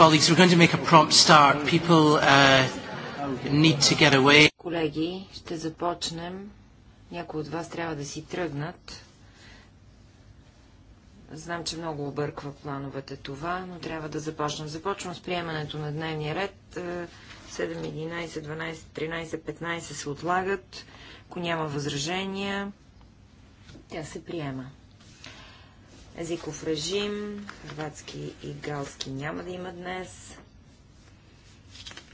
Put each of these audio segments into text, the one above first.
Colleagues, we're going to make a prompt start. People uh, need to get away. Колеги, ще започнем. Някои от вас трябва да си тръгнат. Знам, че много обърква плановете това, но трябва да започнем. Започвам с приемането на дневния ред. 7, 11, 12, 13, 15 се отлагат. Ако няма възражения, тя се приема. Езиков режим. Хрватски и галски няма да има днес.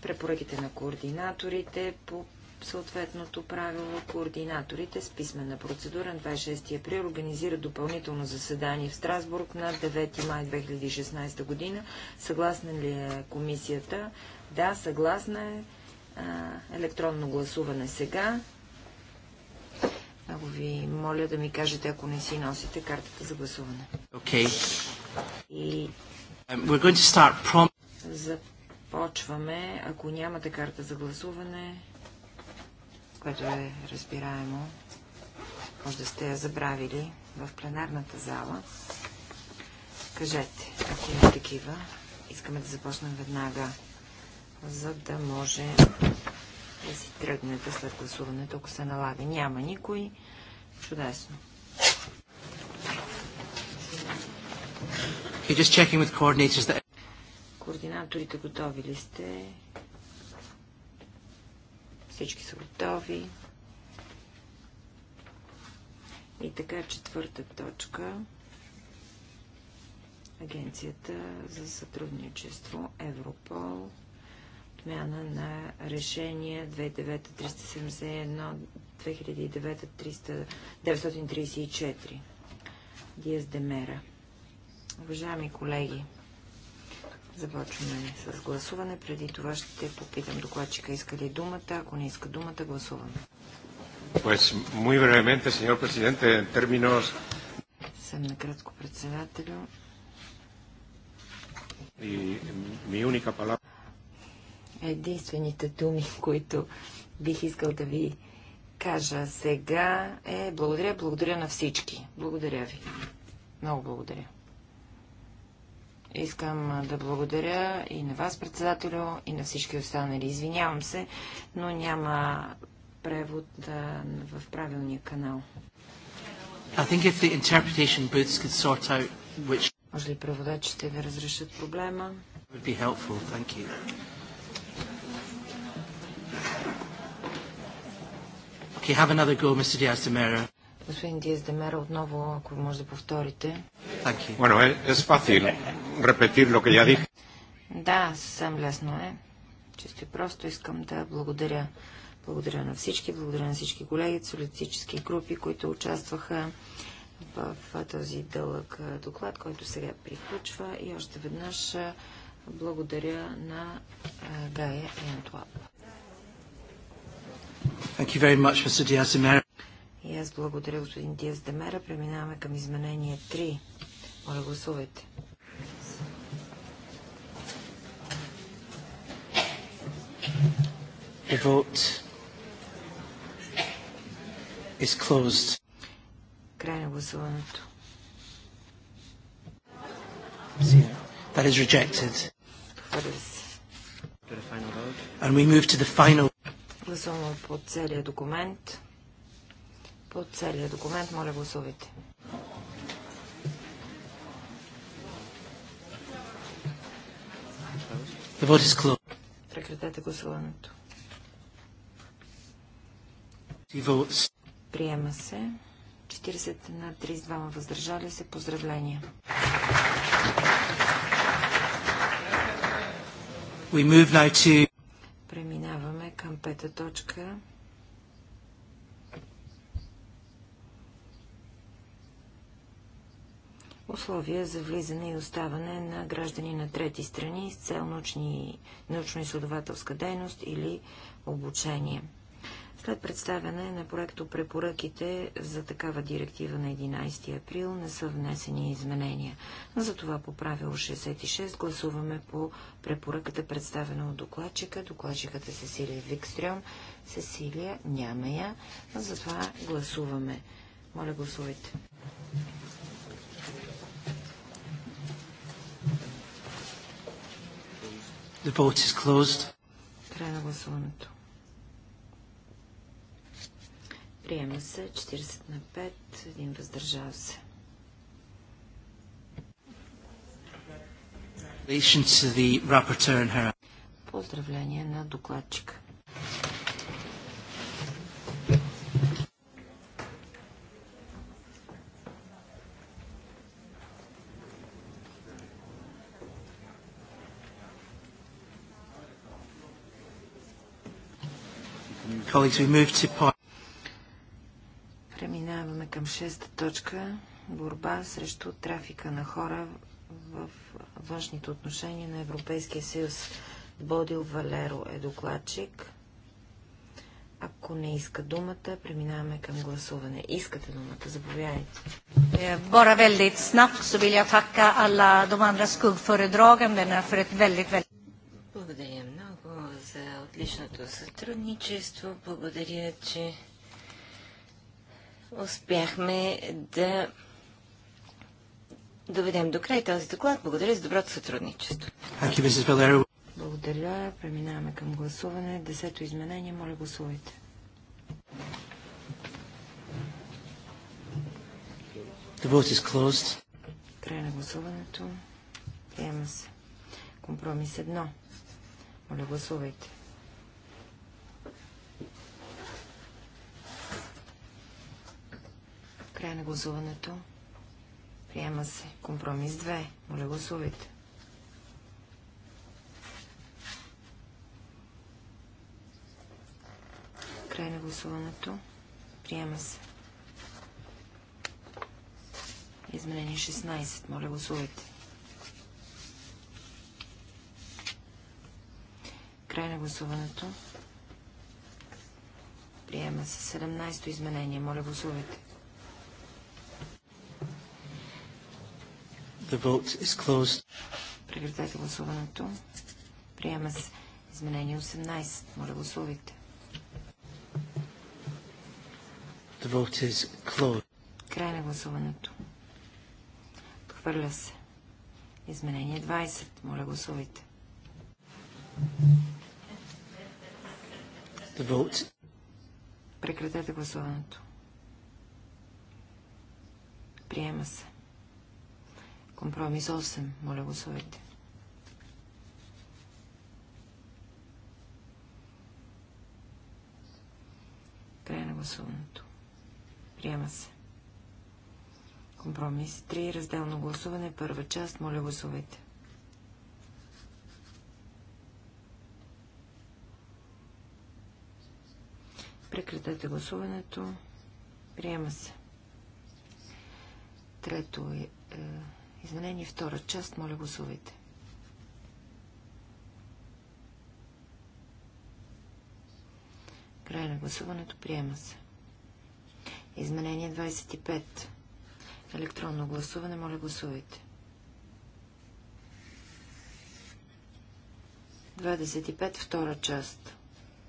Препоръките на координаторите по съответното правило. Координаторите с писмена процедура на 26 април организират допълнително заседание в Страсбург на 9 май 2016 година. Съгласна ли е комисията? Да, съгласна е. електронно гласуване сега. Много ви моля да ми кажете, ако не си носите картата за гласуване. Okay. И... Um, we're going to start prom... Започваме, ако нямате карта за гласуване, което е разбираемо, може да сте я забравили в пленарната зала. Кажете, ако има такива, искаме да започнем веднага, за да може да си тръгнете след гласуването, ако се налага. Няма никой. Чудесно. That... Координаторите готови ли сте? Всички са готови. И така, четвърта точка. Агенцията за сътрудничество Европол отмяна на решение 29.371. 2009-934. Диас Демера. Уважаеми колеги, започваме с гласуване. Преди това ще попитам докладчика иска ли думата. Ако не иска думата, гласуваме. Pues muy brevemente, señor presidente, en términos... Съм накратко председателю. И ми уника единствените думи, които бих искал да ви кажа сега е благодаря, благодаря на всички. Благодаря ви. Много благодаря. Искам да благодаря и на вас, председателю, и на всички останали. Извинявам се, но няма превод в правилния канал. I think if the interpretation booths could sort out which... Може ли преводачите да разрешат проблема? It would be helpful, thank you. Okay, have another go, Mr. Diaz de Mera. Господин де Мера, отново, ако може да повторите. Bueno, es fácil repetir lo que ya dije. Да, съвсем лесно е. Чисто и просто искам да благодаря. Благодаря на всички, благодаря на всички колеги, солидически групи, които участваха в този дълъг доклад, който сега приключва. И още веднъж благодаря на Гая и Антуапа. Thank you very Much, Mr. Diaz de Mera. И аз благодаря, господин Диаз де Мера. Преминаваме към изменение 3. Моля, гласувайте. The vote is closed. Край на гласуването. That is rejected. And we move to the final. Гласуваме по целия документ. По целия документ, моля гласувайте. Прекратете гласуването. Приема се. 40 на 32 въздържали се. Поздравления. To... Преминаваме към пета точка. Условия за влизане и оставане на граждани на трети страни с цел научно-изследователска дейност или обучение. След представяне на проекто препоръките за такава директива на 11 април не са внесени изменения. Затова по правило 66 гласуваме по препоръката представена от докладчика. Докладчиката е Сесилия Викстрион. Сесилия няма я. Затова гласуваме. Моля, гласувайте. The vote is closed. Край на гласуването. Приема се 40 на 5, един въздържал се. Поздравление на докладчика. Colleagues, we move to part шеста точка борба срещу трафика на хора в външните отношения на Европейския съюз. Бодил Валеро е докладчик. Ако не иска думата, преминаваме към гласуване. Искате думата, заповядайте. Bara väldigt snabbt så vill jag tacka alla de andra skuggföredragandena för ett Благодаря много за отличното сътрудничество. Благодаря, че успяхме да доведем до край този доклад. Благодаря за доброто сътрудничество. Благодаря. Преминаваме към гласуване. Десето изменение. Моля, гласувайте. The vote is closed. Край на гласуването. Приема се. Компромис 1. Моля, гласувайте. Край на гласуването. Приема се. Компромис 2. Моля гласувайте. Край на гласуването. Приема се. Изменение 16. Моля гласувайте. Край на гласуването. Приема се 17-то изменение. Моля гласувайте. The vote is closed. Прекратете гласуването. Приема се изменение 18. Моля гласувайте. The vote is closed. Край на гласуването. Отхвърля се. Изменение 20. Моля гласувайте. The vote. Прекратете гласуването. Приема се. Компромис 8. Моля, совете. Край на гласуването. Приема се. Компромис 3. Разделно гласуване. Първа част. Моля, совете. Прекратете гласуването. Приема се. Трето е, е Изменение втора част. Моля, гласувайте. Край на гласуването. Приема се. Изменение 25. Електронно гласуване. Моля, гласувайте. 25. Втора част.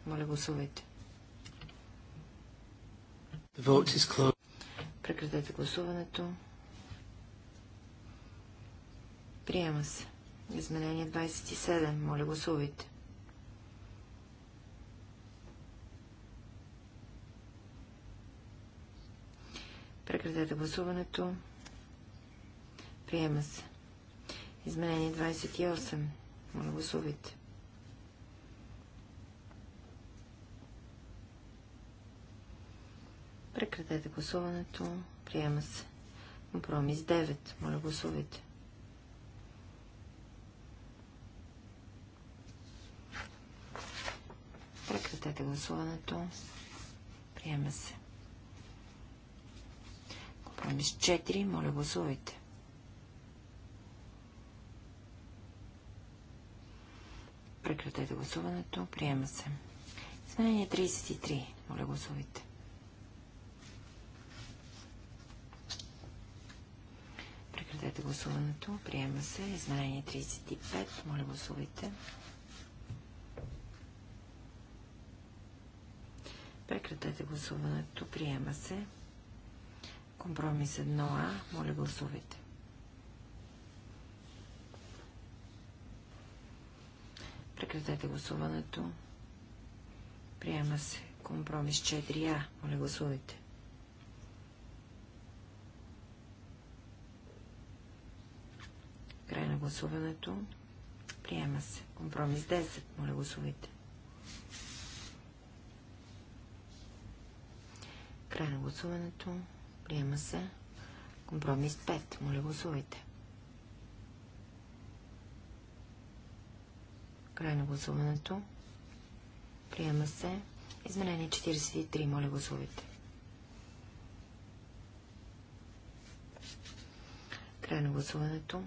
Моля, гласувайте. Прекратете гласуването. Приема се. Изменение 27. Моля гласувайте. Прекратете гласуването. Приема се. Изменение 28. Моля гласувайте. Прекратете гласуването. Приема се. Компромис 9. Моля гласувайте. Прекратете гласуването. Приема се. Компромис 4. Моля, гласувайте. Прекратете гласуването. Приема се. Изменение 33. Моля, гласувайте. Прекратете гласуването. Приема се. Изменение 35. Моля, гласувайте. Гласувайте. Прекратете гласуването. Приема се. Компромис 1А. Моля гласувайте. Прекратете гласуването. Приема се. Компромис 4А. Моля гласувайте. Край на гласуването. Приема се. Компромис 10. Моля гласувайте. Край на гласуването. Приема се. Компромис 5. Моля, гласувайте. Край на гласуването. Приема се. Изменение 43. Моля, гласувайте. Край на гласуването.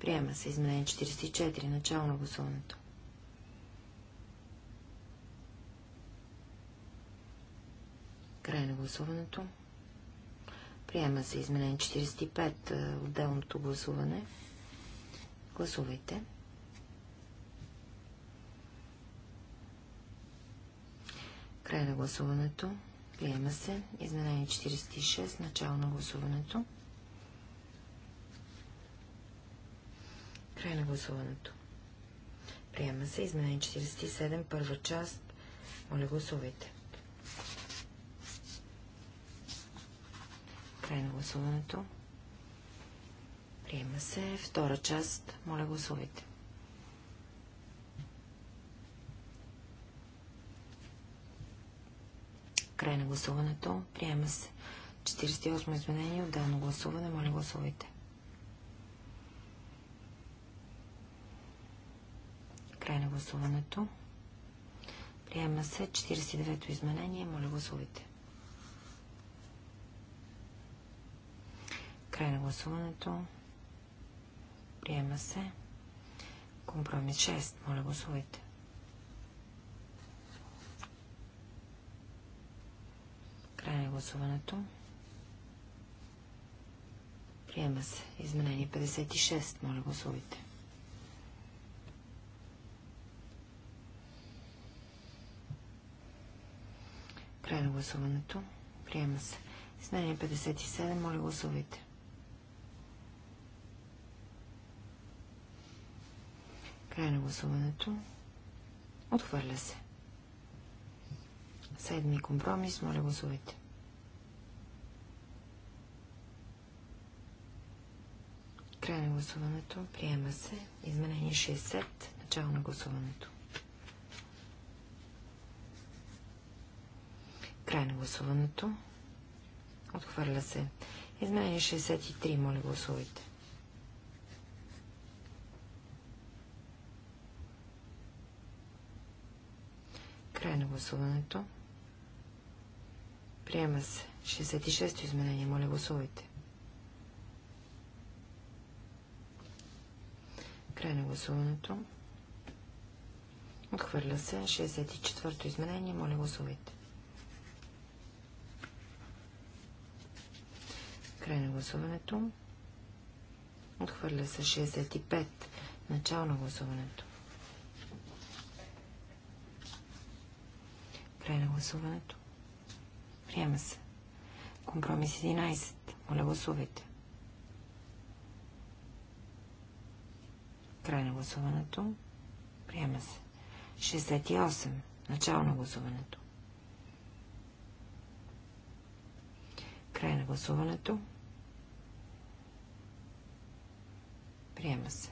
Приема се. Изменение 44. Начало на гласуването. Край на гласуването. Приема се изменение 45, отделното гласуване. Гласувайте. Край на гласуването. Приема се. Изменение 46. Начало на гласуването. Край на гласуването. Приема се. Изменение 47. Първа част. Моля гласувайте. Край на гласуването. Приема се. Втора част. Моля, гласувайте. Край на гласуването. Приема се. 48 изменение. Отдавано гласуване. Моля, гласувайте. Край на гласуването. Приема се 49-то изменение. Моля, гласувайте. Край на гласуването. Приема се. Компромис 6. Моля, гласувайте. Край на гласуването. Приема се. Изменение 56. Моля, гласувайте. Край на гласуването. Приема се. Изменение 57. Моля, гласувайте. Край на гласуването. Отхвърля се. Седми компромис. Моля гласувайте. Край на гласуването. Приема се. Изменение 60. Начало на гласуването. Край на гласуването. Отхвърля се. Изменение 63. Моля гласувайте. Край на гласуването. Приема се. 66-то изменение. Моля, гласувайте. Край на гласуването. Отхвърля се. 64-то изменение. Моля, гласувайте. Край на гласуването. Отхвърля се 65. Начало на гласуването. Край на гласуването. Приема се. Компромис 11. Моля, гласувайте. Край на гласуването. Приема се. 68. Начало на гласуването. Край на гласуването. Приема се.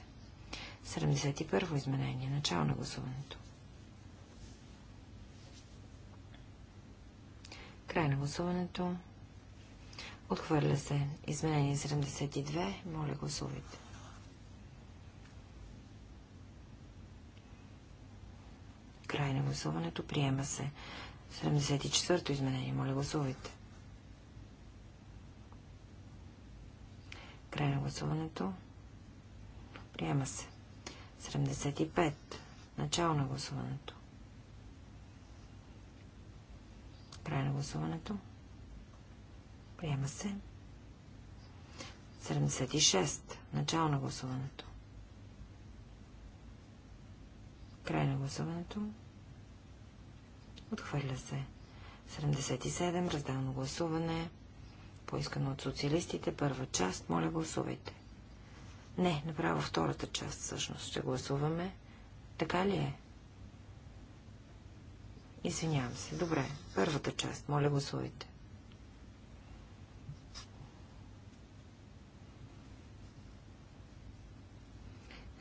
71. Изменение. Начало на гласуването. Край на гласуването. Отхвърля се. Изменение 72. Моля, гласувайте. Край на гласуването. Приема се. 74-то изменение. Моля, гласувайте. Край на гласуването. Приема се. 75. Начало на гласуването. Край на гласуването. Приема се. 76. Начало на гласуването. Край на гласуването. Отхвърля се. 77. Разделно гласуване. Поискано от социалистите. Първа част. Моля, гласувайте. Не, направо втората част всъщност ще гласуваме. Така ли е? Извинявам се. Добре. Първата част. Моля, гласувайте.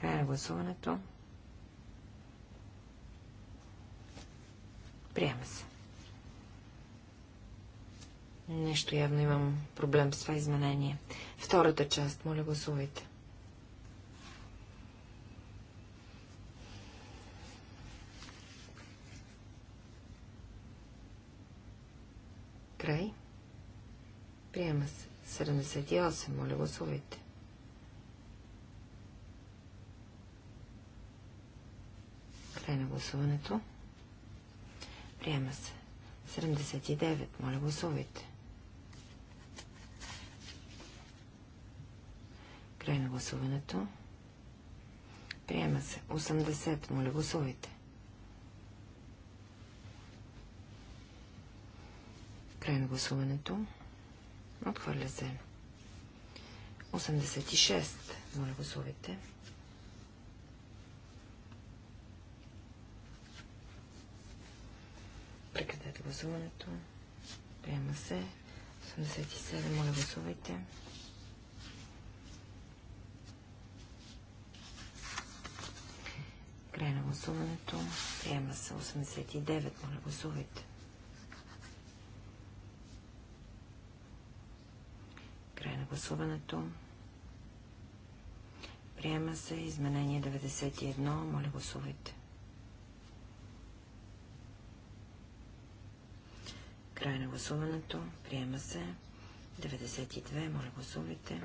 Край на гласуването. Приема се. Нещо явно имам проблем с това изменение. Втората част. Моля, гласувайте. 78. Моля, гласувайте. Край на гласуването. Приема се. 79. Моля, гласувайте. Край на гласуването. Приема се. 80. Моля, гласувайте. Край на гласуването. Отхвърля се. 86. Моля, гласувайте. Прекратете гласуването. Приема се. 87. Моля, гласувайте. Край на гласуването. Приема се 89. Моля, гласувайте. гласуването. Приема се изменение 91. Моля, гласувайте. Край на гласуването. Приема се 92. Моля, гласувайте.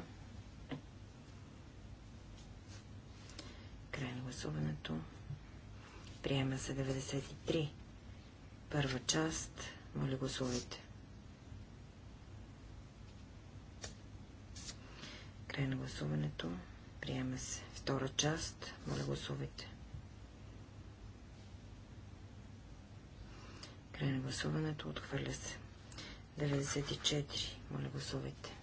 Край на гласуването. Приема се 93. Първа част. Моля, гласувайте. Край на гласуването. Приема се. Втора част. Моля гласувайте. Край на гласуването. Отхвърля се. 94. Моля гласувайте.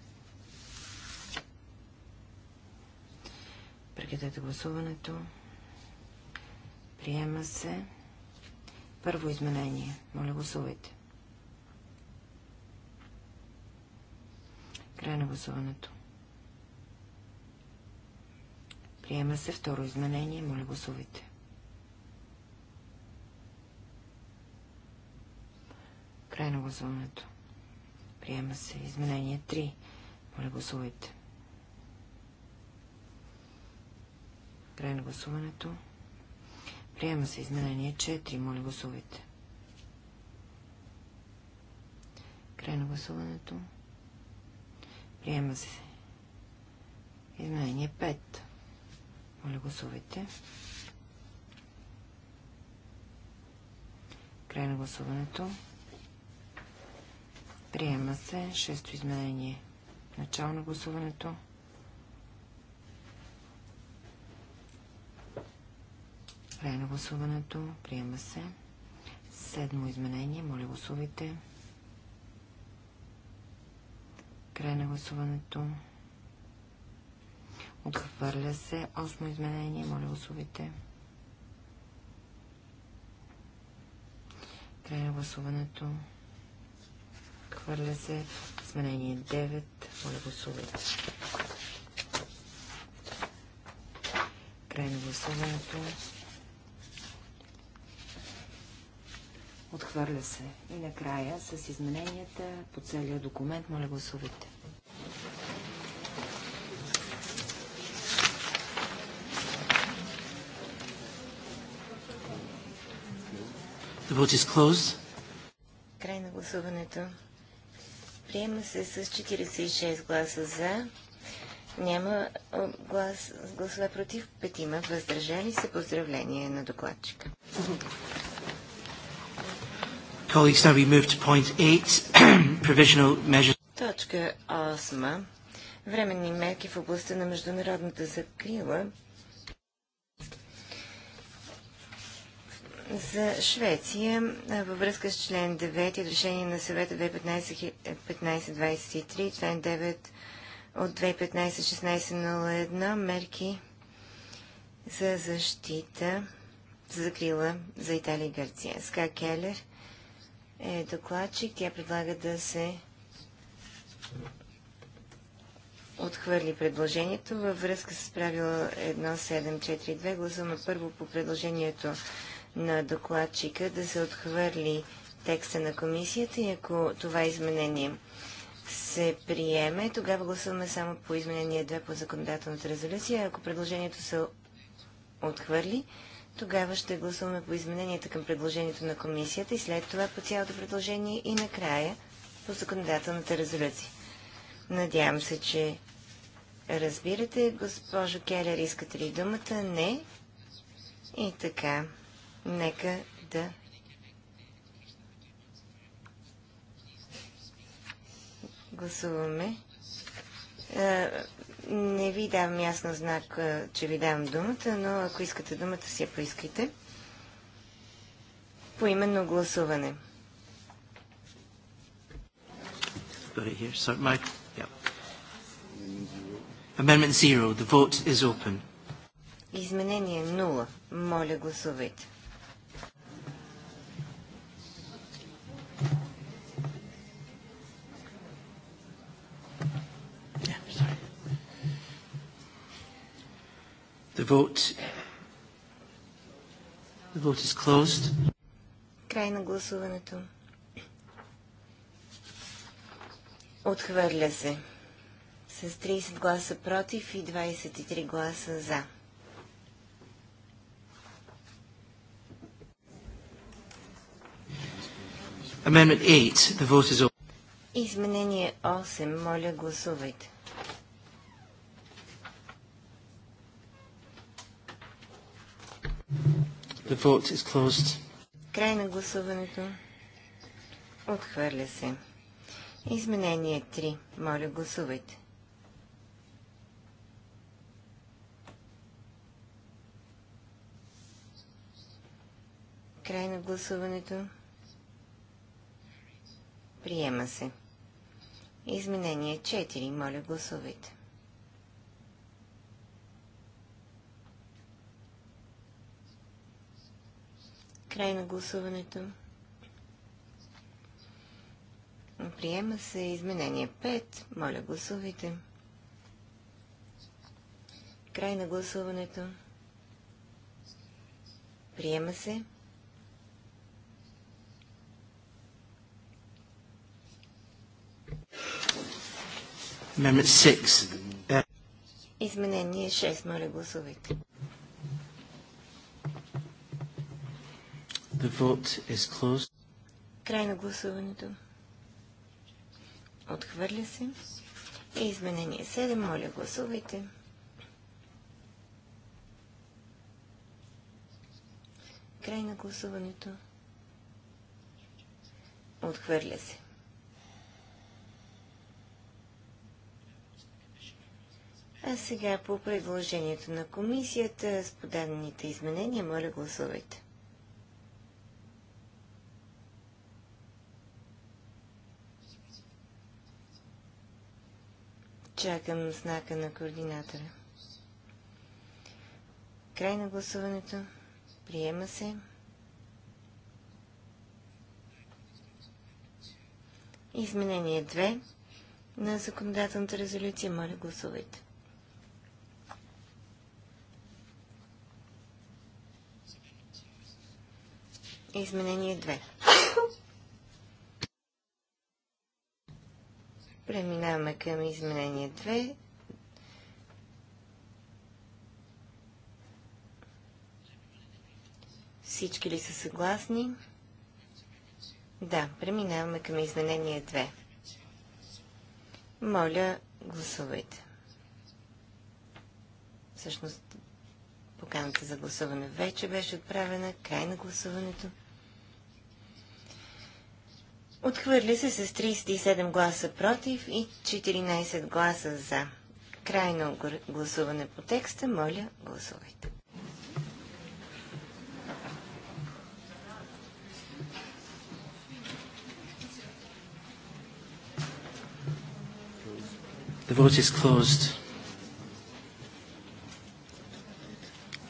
Прекратете гласуването. Приема се. Първо изменение. Моля гласувайте. Край на гласуването. Приема се второ изменение. Моля гласувайте. Край на гласуването. Приема се изменение 3. Моля гласувайте. Край на гласуването. Приема се изменение 4. Моля гласувайте. Край на гласуването. Приема се изменение 5. Моля, гласувайте. Край на гласуването. Приема се шесто изменение. Начало на гласуването. Край на гласуването. Приема се. Седмо изменение. Моля, гласувайте. Край на гласуването. Отхвърля се. Осмо изменение. Моля, гласувайте. Край на гласуването. Отхвърля се. Изменение 9. Моля, гласувайте. Край на гласуването. Отхвърля се. И накрая с измененията по целия документ, моля гласувайте. vote is closed. Край на гласуването. Приема се с 46 гласа за, няма глас, гласове против, петима въздържали се. Поздравление на докладчика. Colleagues, now we move to point 8, provisional measures. Точка 8. Временни мерки в областта на международната закрила за Швеция във връзка с член 9 и решение на съвета 2015-23, член 9 от 2015-1601, мерки за защита, за закрила за Италия и Гърция. Ска Келер е докладчик. Тя предлага да се отхвърли предложението във връзка с правило 1742. Гласуваме първо по предложението на докладчика да се отхвърли текста на комисията и ако това изменение се приеме, тогава гласуваме само по изменение 2 по законодателната резолюция. Ако предложението се отхвърли, тогава ще гласуваме по измененията към предложението на комисията и след това по цялото предложение и накрая по законодателната резолюция. Надявам се, че разбирате. Госпожо Келер, искате ли думата? Не. И така нека да гласуваме. Е, не ви давам ясно знак, че ви давам думата, но ако искате думата, си я поискайте. Поименно гласуване. Изменение 0. Моля, гласувайте. vote. The vote is closed. Край на гласуването. Отхвърля се. С 30 гласа против и 23 гласа за. Amendment 8. The vote is open. Изменение 8. Моля, гласувайте. The vote is closed. Край на гласуването. Отхвърля се. Изменение 3. Моля, гласувайте. Край на гласуването. Приема се. Изменение 4. Моля, гласувайте. Край на гласуването. Приема се изменение 5. Моля, гласувайте. Край на гласуването. Приема се. Изменение 6. Моля, гласувайте. The vote is closed. Край на гласуването. Отхвърля се. И изменение 7. Моля, гласувайте. Край на гласуването. Отхвърля се. А сега по предложението на комисията с подадените изменения, моля гласувайте. Чакам знака на координатора. Край на гласуването. Приема се. Изменение 2 на законодателната резолюция. Моля, гласувайте. Изменение 2. Преминаваме към изменение 2. Всички ли са съгласни? Да, преминаваме към изменение 2. Моля, гласувайте. Всъщност, поканата за гласуване вече беше отправена. Край на гласуването. Отхвърли се с 37 гласа против и 14 гласа за. Крайно гласуване по текста. Моля, гласувайте. The vote is closed.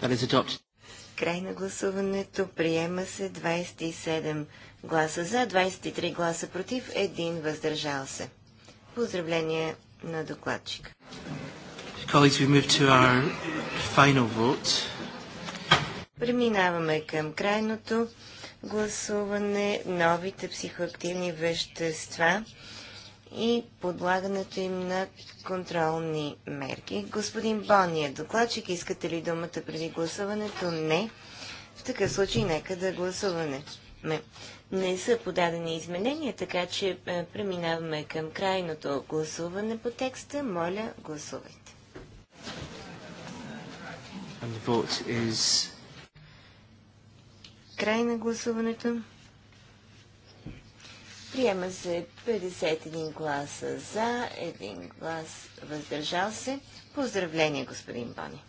That is adopted. Край на гласуването приема се 27 гласа за, 23 гласа против, 1 въздържал се. Поздравление на докладчик. Преминаваме към крайното гласуване, новите психоактивни вещества и подлагането им на контролни мерки. Господин Бония, докладчик, искате ли думата преди гласуването? Не. В такъв случай нека да гласуваме не са подадени изменения, така че е, преминаваме към крайното гласуване по текста. Моля, гласувайте. Край на гласуването. Приема се 51 гласа за, 1 глас въздържал се. Поздравление, господин Бони.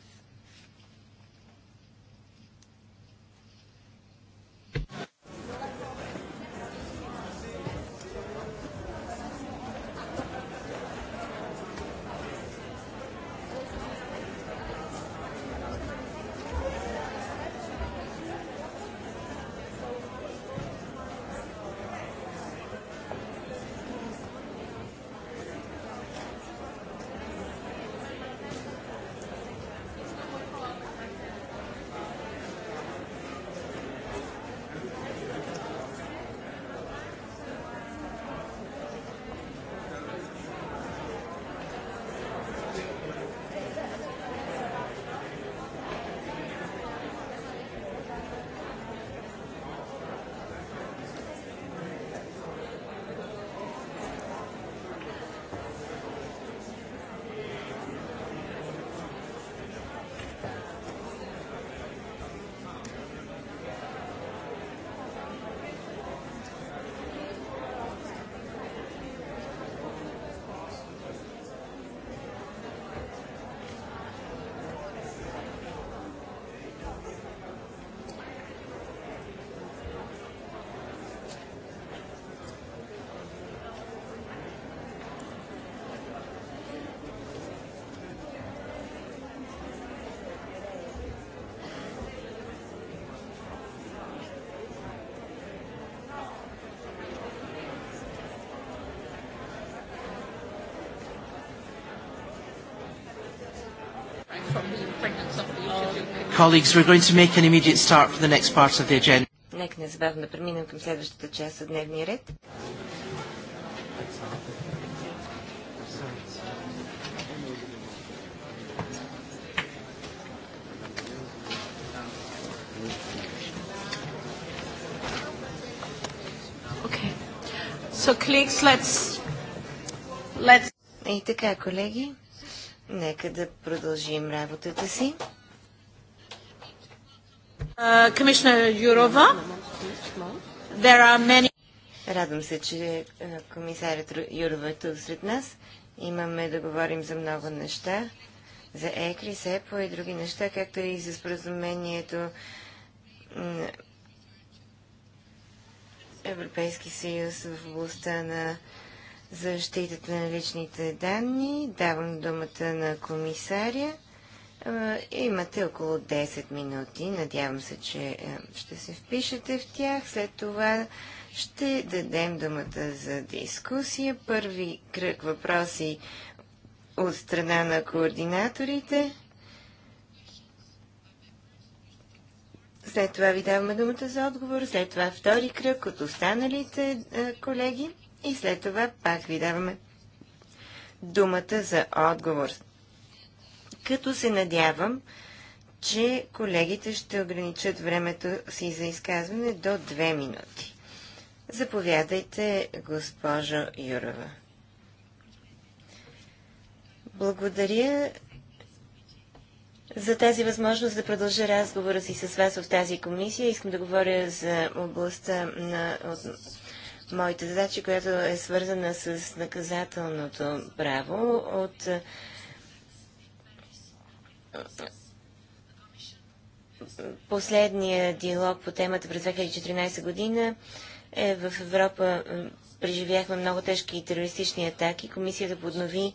colleagues, we're going to make an immediate start for the next part of the agenda. Нека незабавно да преминем към следващата част от дневния ред. И така, колеги, нека да продължим работата си. Юрова, uh, Радвам се, че е, комисарят Юрова е тук сред нас. Имаме да говорим за много неща, за ЕКРИ, СЕПО и други неща, както и за споразумението Европейски съюз в областта на защитата на личните данни. Давам думата на комисаря. Имате около 10 минути. Надявам се, че ще се впишете в тях. След това ще дадем думата за дискусия. Първи кръг въпроси от страна на координаторите. След това ви даваме думата за отговор. След това втори кръг от останалите колеги. И след това пак ви даваме думата за отговор като се надявам, че колегите ще ограничат времето си за изказване до две минути. Заповядайте, госпожо Юрова. Благодаря за тази възможност да продължа разговора си с вас в тази комисия. Искам да говоря за областта на от, моите задачи, която е свързана с наказателното право. От последния диалог по темата през 2014 година е, в Европа преживяхме много тежки терористични атаки. Комисията поднови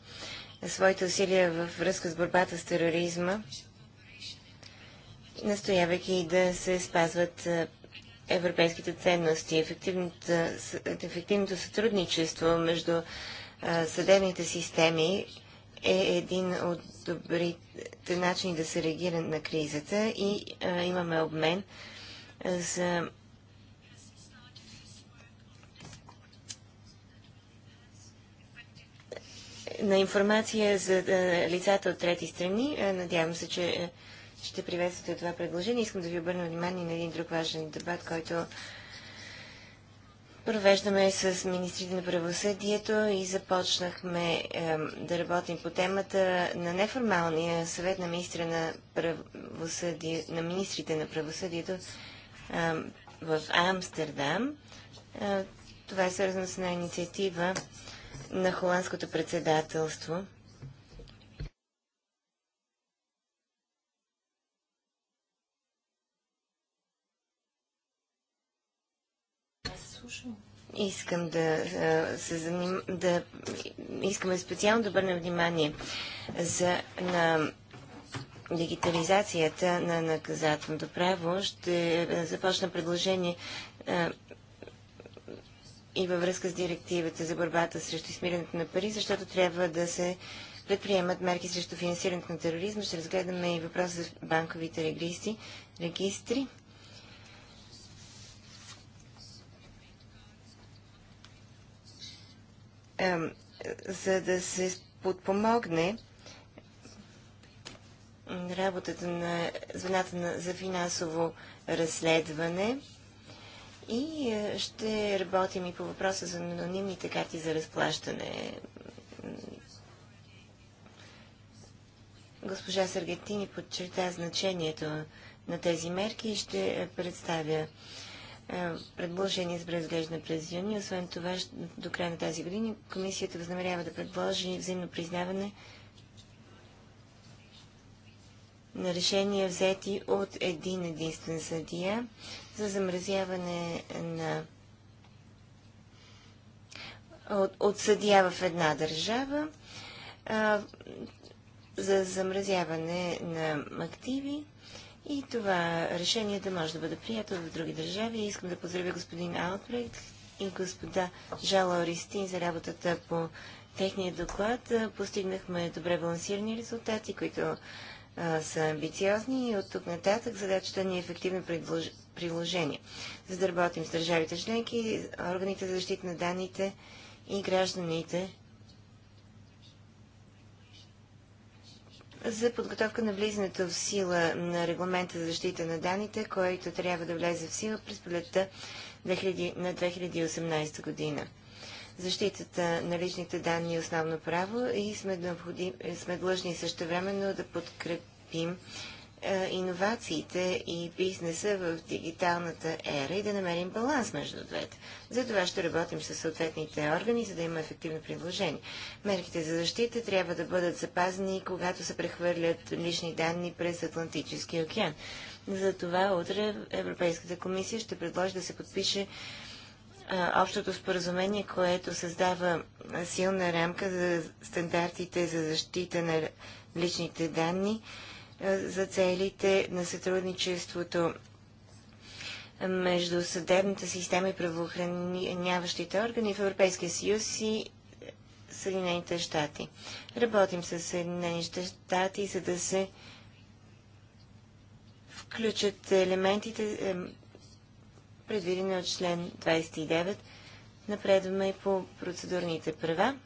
своите усилия във връзка с борбата с тероризма, настоявайки да се спазват европейските ценности. Ефективното, ефективното сътрудничество между съдебните системи е един от добрите начини да се реагира на кризата и а, имаме обмен за на информация за лицата от трети страни. Надявам се, че ще приветствате това предложение. Искам да ви обърна внимание на един друг важен дебат, който провеждаме с министрите на правосъдието и започнахме е, да работим по темата на неформалния съвет на, министра на, правосъдие, на министрите на правосъдието е, в Амстердам. Е, това е свързано с една инициатива на холандското председателство искам да, се заним... да искаме специално да обърнем внимание за, на дигитализацията на наказателното право. Ще започна предложение и във връзка с директивата за борбата срещу измирането на пари, защото трябва да се предприемат мерки срещу финансирането на тероризма. Ще разгледаме и въпроса за банковите регистри. регистри. за да се подпомогне работата на звената за финансово разследване и е, ще работим и по въпроса за анонимните карти за разплащане. Госпожа Саргентини подчерта значението на тези мерки и ще представя е, предложение за преразглеждане през юни. Освен това, до края на тази година комисията възнамерява да предложи взаимно признаване на решения взети от един единствен съдия за замразяване на от, от съдия в една държава а, за замразяване на активи и това решение да може да бъде прието в други държави. Искам да поздравя господин Аутбрейт и господа Жала Ористин за работата по техния доклад. Постигнахме добре балансирани резултати, които а, са амбициозни и от тук нататък задачата ни е ефективно предлож... приложение. За да работим с държавите членки, органите за защита на данните и гражданите за подготовка на влизането в сила на регламента за защита на данните, който трябва да влезе в сила през пролетта на 2018 година. Защитата на личните данни е основно право и сме, сме длъжни времено да подкрепим иновациите и бизнеса в дигиталната ера и да намерим баланс между двете. За това ще работим с съответните органи, за да има ефективно приложение. Мерките за защита трябва да бъдат запазени, когато се прехвърлят лични данни през Атлантическия океан. За това утре Европейската комисия ще предложи да се подпише общото споразумение, което създава силна рамка за стандартите за защита на личните данни за целите на сътрудничеството между съдебната система и правоохраняващите органи в Европейския съюз и Съединените щати. Работим с Съединените щати, за да се включат елементите, е, предвидени от член 29. Напредваме и по процедурните права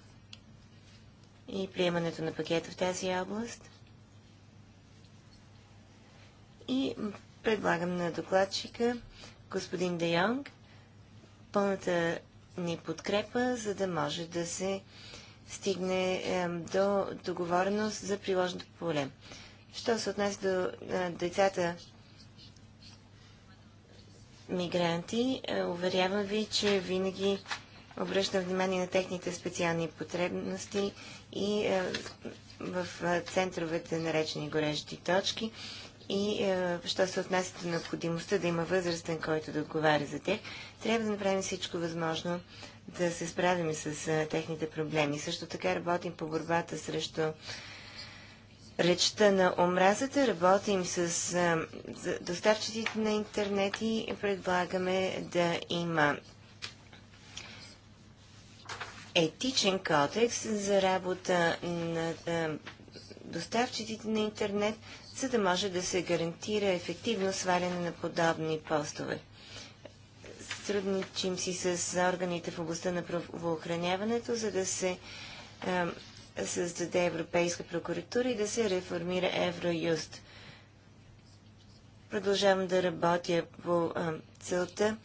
и приемането на пакета в тази област. И предлагам на докладчика господин Де Йонг пълната ни подкрепа, за да може да се стигне до договореност за приложното поле. Що се отнася до е, децата мигранти, е, уверявам ви, че винаги обръщам внимание на техните специални потребности и е, в центровете, наречени горещи точки, и е, що се отнася до необходимостта да има възрастен, който да отговаря за тях, трябва да направим всичко възможно да се справим с е, техните проблеми. Също така работим по борбата срещу речта на омразата, работим с е, доставчиците на интернет и предлагаме да има етичен кодекс за работа на е, доставчиците на интернет, за да може да се гарантира ефективно сваляне на подобни постове. Сътрудничим си с органите в областта на правоохраняването, за да се е, създаде Европейска прокуратура и да се реформира Евроюст. Продължавам да работя по е, целта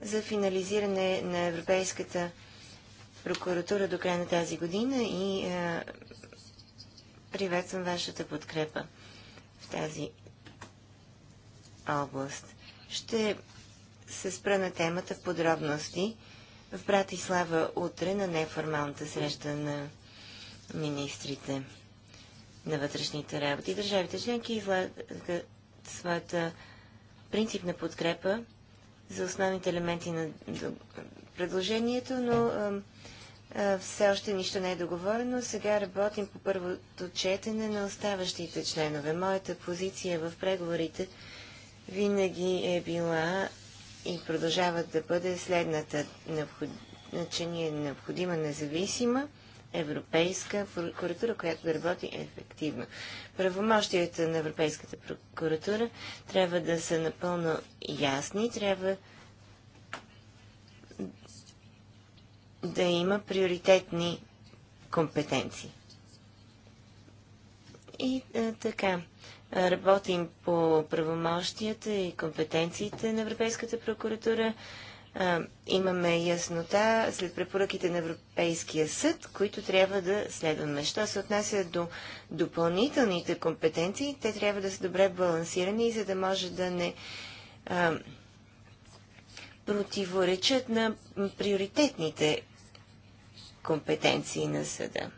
за финализиране на Европейската прокуратура до края на тази година и е, приветствам вашата подкрепа тази област. Ще се спра на темата в подробности в Братислава утре на неформалната среща на министрите на вътрешните работи. Държавите членки излагат своята принципна подкрепа за основните елементи на предложението, но все още нищо не е договорено. Сега работим по първото четене на оставащите членове. Моята позиция в преговорите винаги е била и продължава да бъде следната, че значи, ни е необходима независима европейска прокуратура, която да работи ефективно. Правомощията на Европейската прокуратура трябва да са напълно ясни, трябва да има приоритетни компетенции. И а, така, работим по правомощията и компетенциите на Европейската прокуратура. А, имаме яснота след препоръките на Европейския съд, които трябва да следваме. Що се отнася до допълнителните компетенции, те трябва да са добре балансирани, за да може да не а, противоречат на приоритетните компетенции на съда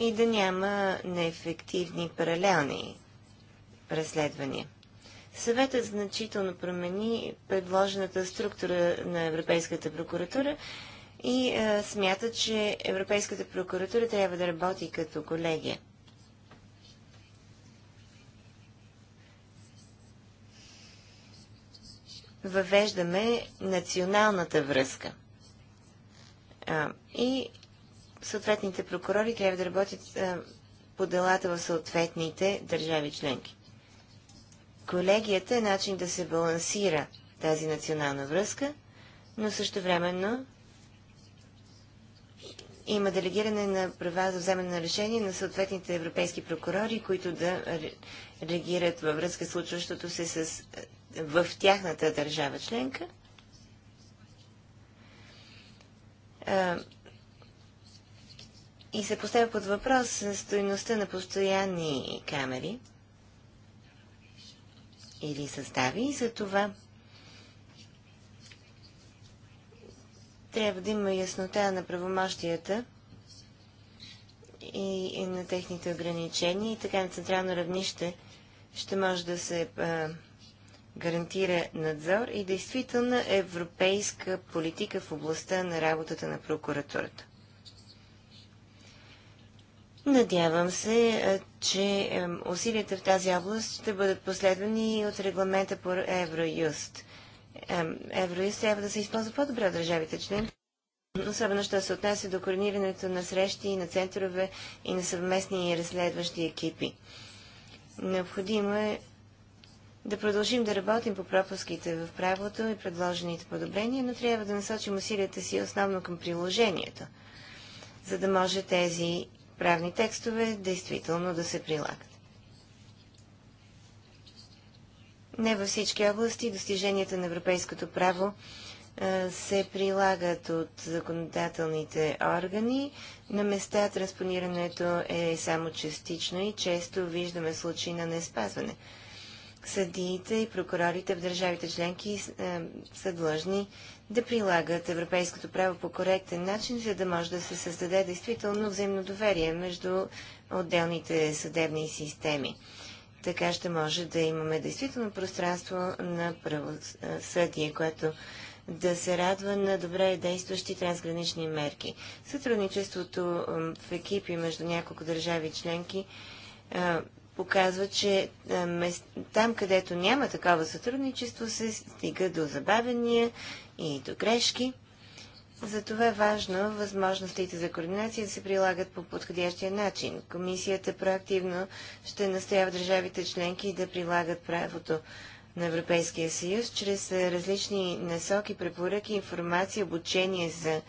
и да няма неефективни паралелни разследвания. Съветът значително промени предложената структура на Европейската прокуратура и а, смята, че Европейската прокуратура трябва да работи като колегия. Въвеждаме националната връзка – а, и съответните прокурори трябва да работят а, по делата в съответните държави членки. Колегията е начин да се балансира тази национална връзка, но също времено има делегиране на права за вземане на решение на съответните европейски прокурори, които да реагират във връзка с случващото се с, в тяхната държава членка и се поставя под въпрос стоеността на постоянни камери или състави и за това трябва да има яснота на правомощията и, и на техните ограничения и така на централно равнище ще може да се а, гарантира надзор и действителна европейска политика в областта на работата на прокуратурата. Надявам се, е, че е, усилията в тази област ще бъдат последвани и от регламента по Евроюст. Е, Евроюст трябва да се използва по-добре от държавите членки, особено що се отнася до координирането на срещи, и на центрове и на съвместни разследващи екипи. Необходимо е да продължим да работим по пропуските в правото и предложените подобрения, но трябва да насочим усилията си основно към приложението, за да може тези правни текстове действително да се прилагат. Не във всички области достиженията на европейското право се прилагат от законодателните органи. На места транспонирането е само частично и често виждаме случаи на неспазване. спазване съдиите и прокурорите в държавите членки е, са длъжни да прилагат европейското право по коректен начин, за да може да се създаде действително взаимно доверие между отделните съдебни системи. Така ще може да имаме действително пространство на правосъдие, което да се радва на добре действащи трансгранични мерки. Сътрудничеството в екипи между няколко държави членки показва, че там, където няма такова сътрудничество, се стига до забавения и до грешки. Затова е важно възможностите за координация да се прилагат по подходящия начин. Комисията проактивно ще настоява държавите членки да прилагат правото на Европейския съюз чрез различни насоки, препоръки, информация, обучение за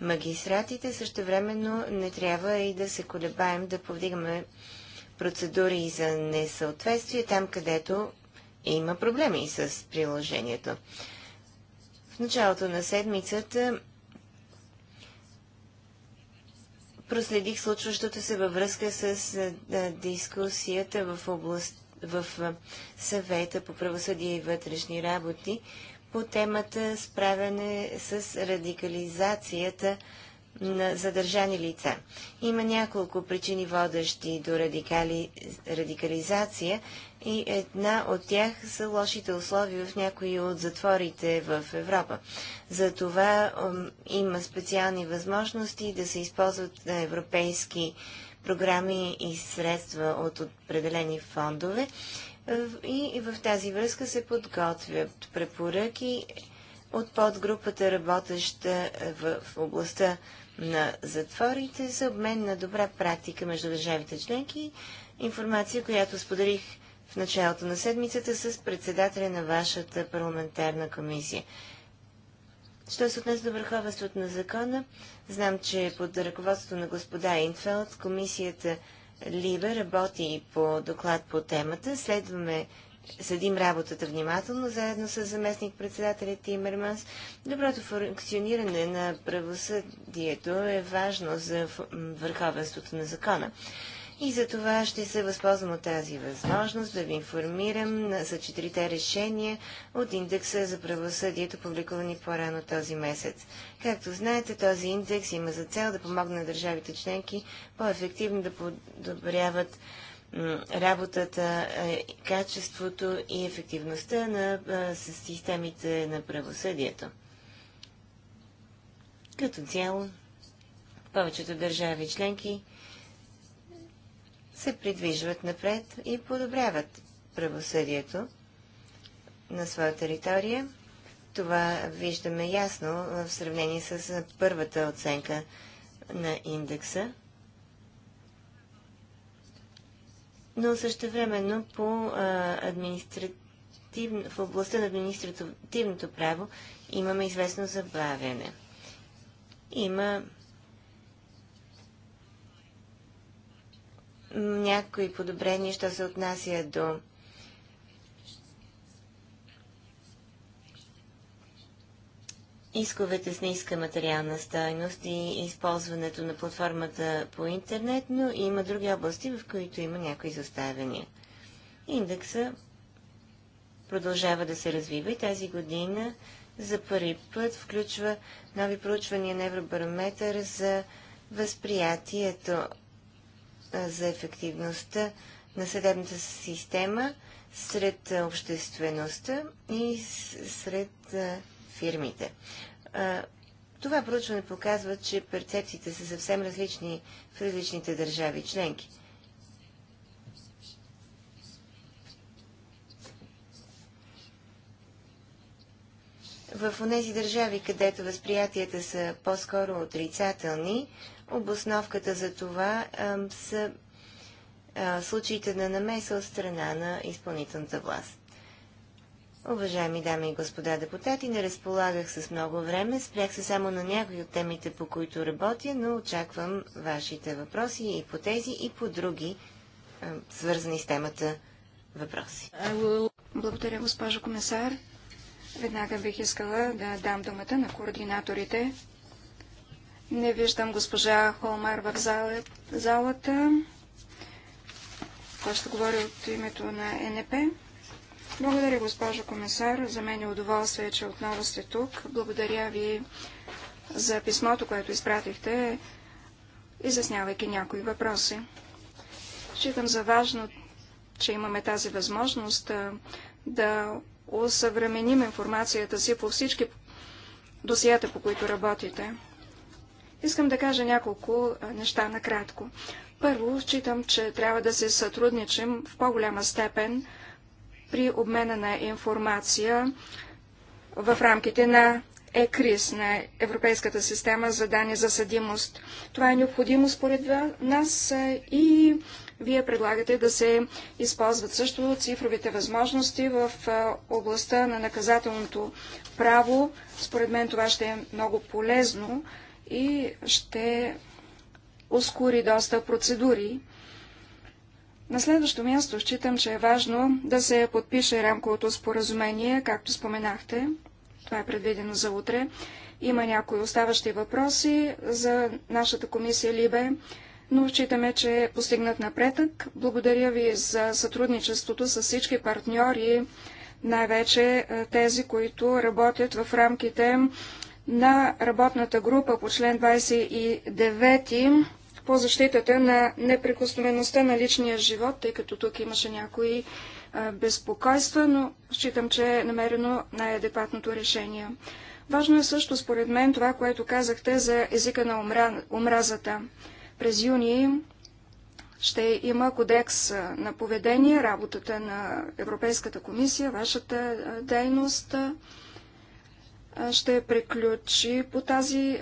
магистратите. Също времено не трябва и да се колебаем да повдигаме процедури за несъответствие там, където има проблеми с приложението. В началото на седмицата проследих случващото се във връзка с дискусията в, област, в съвета по правосъдие и вътрешни работи по темата справяне с радикализацията на задържани лица. Има няколко причини водещи до радикали, радикализация и една от тях са лошите условия в някои от затворите в Европа. За това има специални възможности да се използват европейски програми и средства от определени фондове. И в тази връзка се подготвят препоръки от подгрупата, работеща в областта на затворите за обмен на добра практика между държавите членки, информация, която споделих в началото на седмицата с председателя на вашата парламентарна комисия. Що се отнесе до върховенството на закона, знам, че под ръководството на господа Инфелд комисията Либе работи по доклад по темата. Следваме съдим работата внимателно, заедно с заместник председателя Тимерманс. Доброто функциониране на правосъдието е важно за върховенството на закона. И за това ще се възползвам от тази възможност да ви информирам за четирите решения от индекса за правосъдието, публикувани по-рано този месец. Както знаете, този индекс има за цел да помогне на държавите членки по-ефективно да подобряват работата, е, качеството и ефективността на системите на правосъдието. Като цяло, повечето държави членки се придвижват напред и подобряват правосъдието на своя територия. Това виждаме ясно в сравнение с първата оценка на индекса. но времено по административно, в областта на административното право имаме известно забавяне. Има някои подобрения, що се отнася до исковете с ниска материална стойност и използването на платформата по интернет, но има други области, в които има някои изоставяния. Индекса продължава да се развива и тази година за първи път включва нови проучвания на Евробарометър за възприятието за ефективността на съдебната система сред обществеността и сред фирмите. Това проучване показва, че перцепциите са съвсем различни в различните държави членки. В тези държави, където възприятията са по-скоро отрицателни, обосновката за това са случаите на намеса от страна на изпълнителната власт. Уважаеми дами и господа депутати, не разполагах с много време, спрях се само на някои от темите, по които работя, но очаквам вашите въпроси и по тези, и по други, свързани с темата въпроси. Благодаря, госпожо комисар. Веднага бих искала да дам думата на координаторите. Не виждам госпожа Холмар в залата. Кой ще говори от името на НП? Благодаря, госпожо комисар. За мен е удоволствие, че отново сте тук. Благодаря ви за писмото, което изпратихте, изяснявайки някои въпроси. Считам за важно, че имаме тази възможност да усъвременим информацията си по всички досията, по които работите. Искам да кажа няколко неща накратко. Първо, считам, че трябва да се сътрудничим в по-голяма степен при обмена на информация в рамките на ЕКРИС, на Европейската система за данни за съдимост. Това е необходимо според нас и вие предлагате да се използват също цифровите възможности в областта на наказателното право. Според мен това ще е много полезно и ще ускори доста процедури на следващо място считам, че е важно да се подпише рамковото споразумение, както споменахте. Това е предвидено за утре. Има някои оставащи въпроси за нашата комисия Либе, но считаме, че е постигнат напредък. Благодаря ви за сътрудничеството с всички партньори, най-вече е, тези, които работят в рамките на работната група по член 29 по защитата на неприкосновеността на личния живот, тъй като тук имаше някои безпокойства, но считам, че е намерено най-адекватното решение. Важно е също, според мен, това, което казахте за езика на омразата. През юни ще има кодекс на поведение, работата на Европейската комисия, вашата дейност ще приключи по тази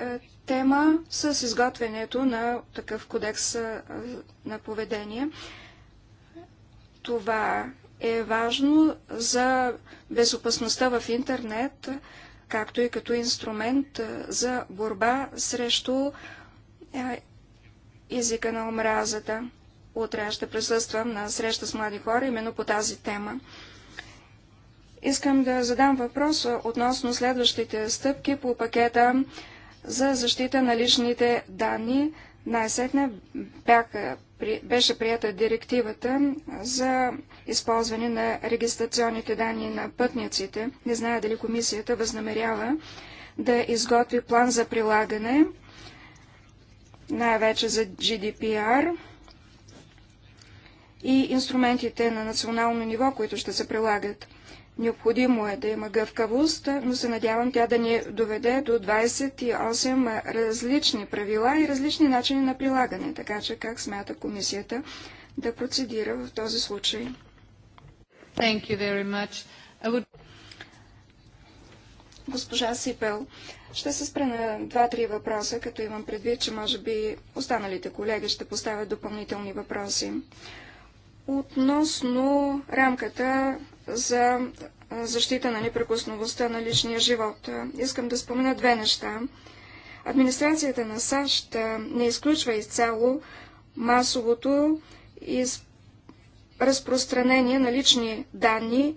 тема с изготвянето на такъв кодекс на поведение. Това е важно за безопасността в интернет, както и като инструмент за борба срещу езика на омразата. Утре ще присъствам на среща с млади хора именно по тази тема. Искам да задам въпрос относно следващите стъпки по пакета за защита на личните данни. Най-сетне беше прията директивата за използване на регистрационните данни на пътниците. Не зная дали комисията възнамерява да изготви план за прилагане, най-вече за GDPR и инструментите на национално ниво, които ще се прилагат. Необходимо е да има гъвкавост, но се надявам тя да ни доведе до 28 различни правила и различни начини на прилагане, така че как смята комисията да процедира в този случай. Thank you very much. would... Госпожа Сипел, ще се спра на два-три въпроса, като имам предвид, че може би останалите колеги ще поставят допълнителни въпроси. Относно рамката за защита на непрекосновостта на личния живот, искам да спомена две неща. Администрацията на САЩ не изключва изцяло масовото из... разпространение на лични данни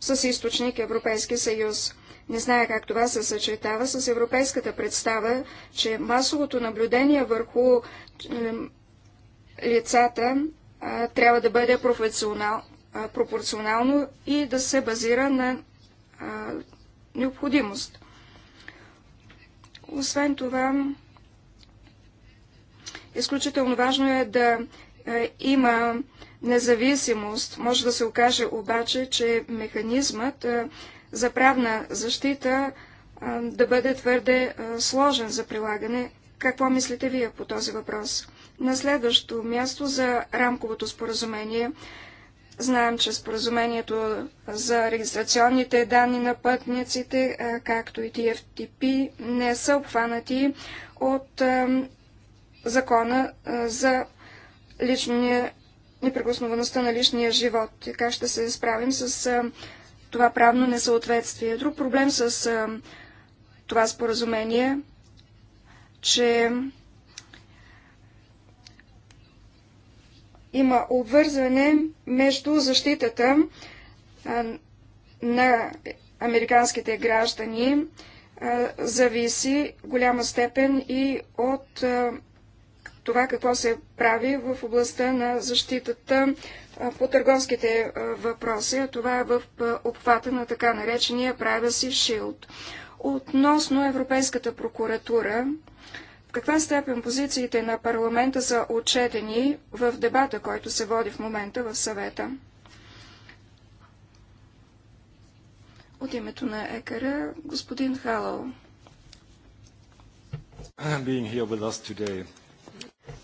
с източник Европейски съюз. Не зная как това се съчетава с европейската представа, че масовото наблюдение върху лицата а, трябва да бъде професионал, а, пропорционално и да се базира на а, необходимост. Освен това, изключително важно е да има независимост. Може да се окаже обаче, че механизмът за правна защита да бъде твърде сложен за прилагане. Какво мислите вие по този въпрос? На следващо място за рамковото споразумение. Знаем, че споразумението за регистрационните данни на пътниците, както и TFTP, не са обхванати от закона за личния неприкосновеността на личния живот. Така ще се справим с това правно несъответствие. Друг проблем с това споразумение, че има обвързване между защитата на американските граждани, зависи в голяма степен и от това какво се прави в областта на защитата по търговските въпроси, а това е в обхвата на така наречения Privacy Shield. Относно Европейската прокуратура, каква степен позициите на парламента са отчетени в дебата, който се води в момента в съвета. От името на ЕКР, господин Халал.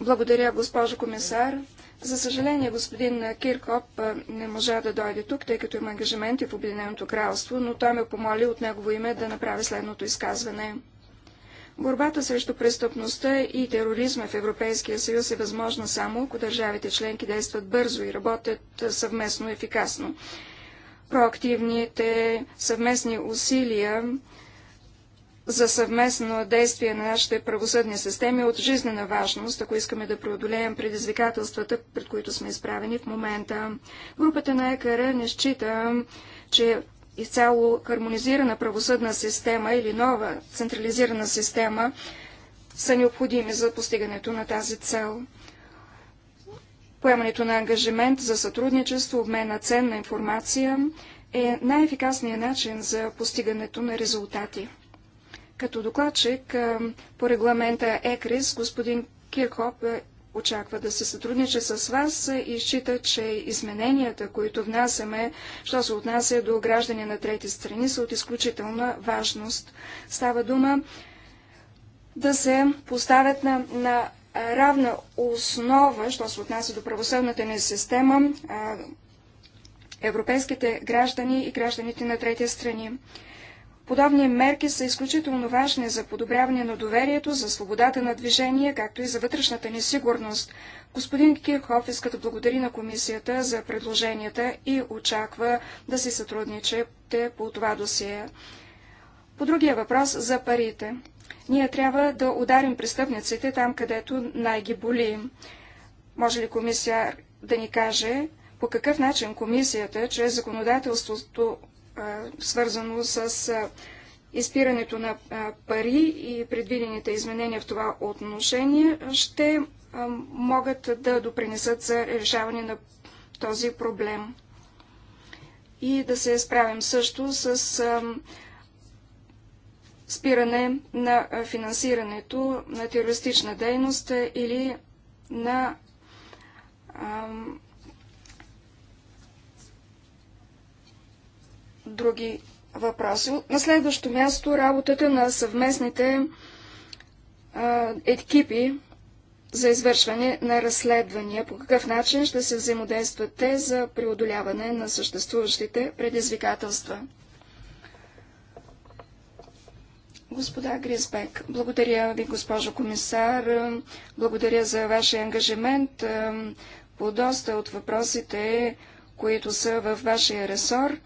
Благодаря, госпожо комисар. За съжаление, господин Киркоп не можа да дойде тук, тъй като има ангажименти в Обединеното кралство, но той ме помоли от негово име да направи следното изказване. Борбата срещу престъпността и тероризма в Европейския съюз е възможна само ако държавите членки действат бързо и работят съвместно ефикасно. Проактивните съвместни усилия за съвместно действие на нашите правосъдни системи е от жизнена важност, ако искаме да преодолеем предизвикателствата, пред които сме изправени в момента. Групата на ЕКР не счита, че изцяло хармонизирана правосъдна система или нова централизирана система са необходими за постигането на тази цел. Поемането на ангажимент за сътрудничество, обмен на ценна информация е най-ефикасният начин за постигането на резултати. Като докладчик по регламента ЕКРИС, господин Кирхоп очаква да се сътрудничи с вас и счита, че измененията, които внасяме, що се отнася до граждани на трети страни, са от изключителна важност. Става дума да се поставят на, на равна основа, що се отнася до правосъдната ни система, европейските граждани и гражданите на трети страни. Подобни мерки са изключително важни за подобряване на доверието, за свободата на движение, както и за вътрешната несигурност. Господин Кирхов иска да благодари на комисията за предложенията и очаква да си сътрудничате по това досие. По другия въпрос за парите. Ние трябва да ударим престъпниците там, където най-ги боли. Може ли комисия да ни каже по какъв начин комисията, чрез законодателството свързано с изпирането на пари и предвидените изменения в това отношение ще могат да допринесат за решаване на този проблем. И да се справим също с спиране на финансирането на терористична дейност или на други въпроси. На следващо място работата на съвместните екипи за извършване на разследвания. По какъв начин ще се взаимодействат те за преодоляване на съществуващите предизвикателства? Господа Гризбек, благодаря ви, госпожо комисар. Благодаря за вашия ангажимент по доста от въпросите, които са във вашия ресор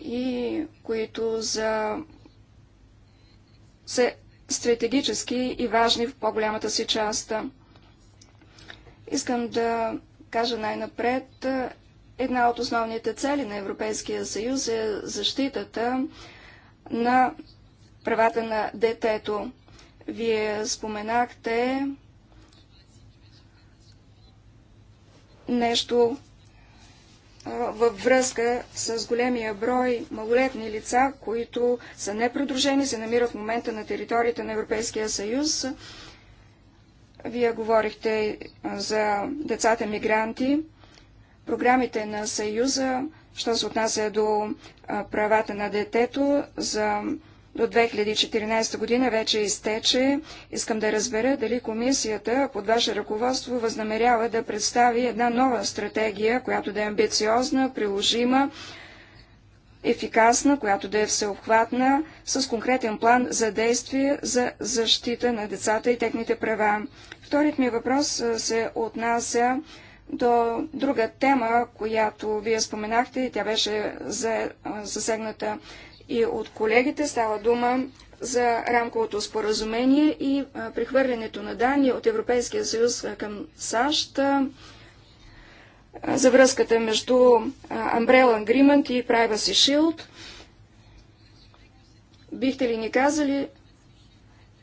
и които за... са стратегически и важни в по-голямата си част. Искам да кажа най-напред, една от основните цели на Европейския съюз е защитата на правата на детето. Вие споменахте нещо, във връзка с големия брой малолетни лица, които са непродружени, се намират в момента на територията на Европейския съюз. Вие говорихте за децата мигранти. Програмите на Съюза, що се отнася до правата на детето, за до 2014 година вече изтече. Искам да разбера дали комисията под ваше ръководство възнамерява да представи една нова стратегия, която да е амбициозна, приложима, ефикасна, която да е всеобхватна, с конкретен план за действие за защита на децата и техните права. Вторият ми въпрос се отнася до друга тема, която вие споменахте и тя беше засегната и от колегите става дума за рамковото споразумение и прехвърлянето на данни от Европейския съюз към САЩ за връзката между Umbrella Agreement и Privacy Shield. Бихте ли ни казали,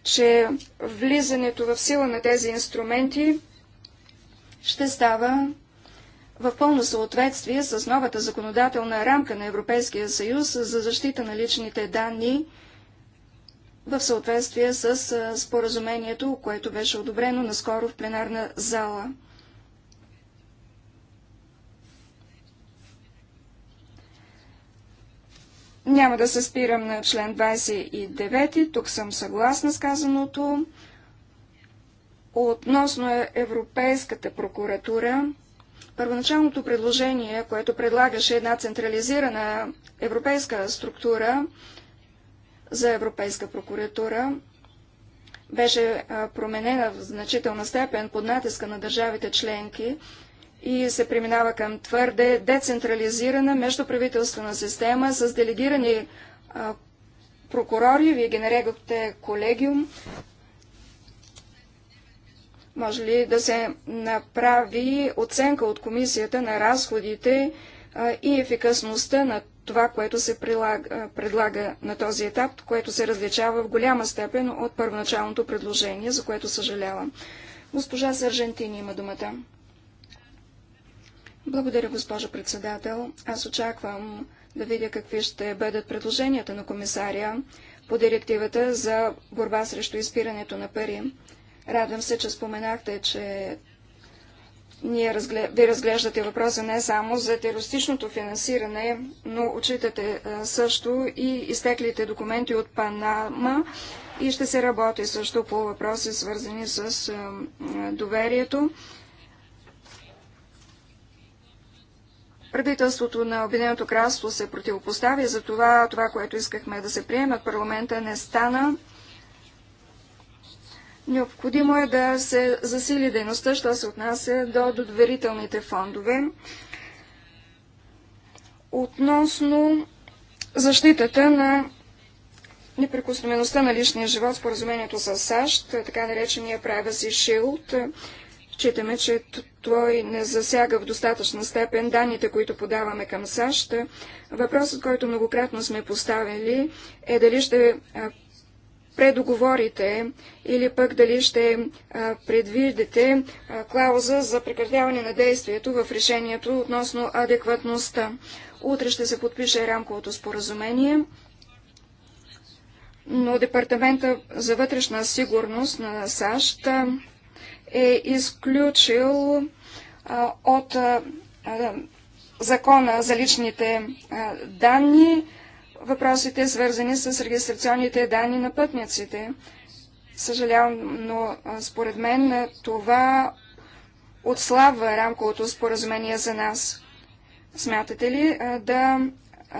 че влизането в сила на тези инструменти ще става в пълно съответствие с новата законодателна рамка на Европейския съюз за защита на личните данни в съответствие с споразумението, което беше одобрено наскоро в пленарна зала. Няма да се спирам на член 29. Тук съм съгласна с казаното. Относно Европейската прокуратура, Първоначалното предложение, което предлагаше една централизирана европейска структура за Европейска прокуратура, беше променена в значителна степен под натиска на държавите членки и се преминава към твърде децентрализирана междуправителствена система с делегирани прокурори. Вие ги колегиум. Може ли да се направи оценка от комисията на разходите и ефикасността на това, което се прилага, предлага на този етап, което се различава в голяма степен от първоначалното предложение, за което съжалявам. Госпожа Сържентини има думата. Благодаря, госпожо председател. Аз очаквам да видя какви ще бъдат предложенията на комисаря по директивата за борба срещу изпирането на пари. Радвам се, че споменахте, че ние разгле... ви разглеждате въпроса не само за терористичното финансиране, но отчитате е, също и изтеклите документи от Панама и ще се работи също по въпроси, свързани с е, е, доверието. Правителството на Обединеното кралство се противопостави за това, това, което искахме да се приеме от парламента, не стана. Необходимо е да се засили дейността, що се отнася до доверителните фондове. Относно защитата на неприкосновеността на личния живот, споразумението с САЩ, така наречения Privacy Shield, Читаме, че той не засяга в достатъчна степен данните, които подаваме към САЩ. Въпросът, който многократно сме поставили, е дали ще предоговорите или пък дали ще предвидите клауза за прекратяване на действието в решението относно адекватността. Утре ще се подпише рамковото споразумение, но Департамента за вътрешна сигурност на САЩ е изключил от закона за личните данни въпросите, свързани с регистрационните данни на пътниците. Съжалявам, но според мен това отслабва рамковото споразумение за нас. Смятате ли да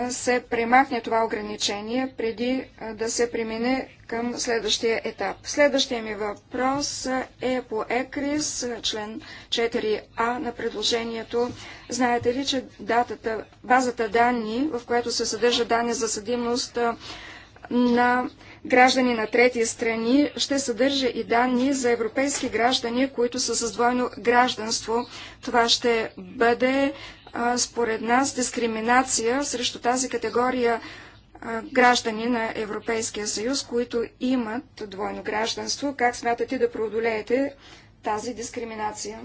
се премахне това ограничение, преди да се премине към следващия етап. Следващия ми въпрос е по ЕКРИС, член 4А на предложението. Знаете ли, че датата, базата данни, в която се съдържа данни за съдимост на граждани на трети страни, ще съдържа и данни за европейски граждани, които са с двойно гражданство. Това ще бъде според нас, дискриминация срещу тази категория граждани на Европейския съюз, които имат двойно гражданство. Как смятате да преодолеете тази дискриминация?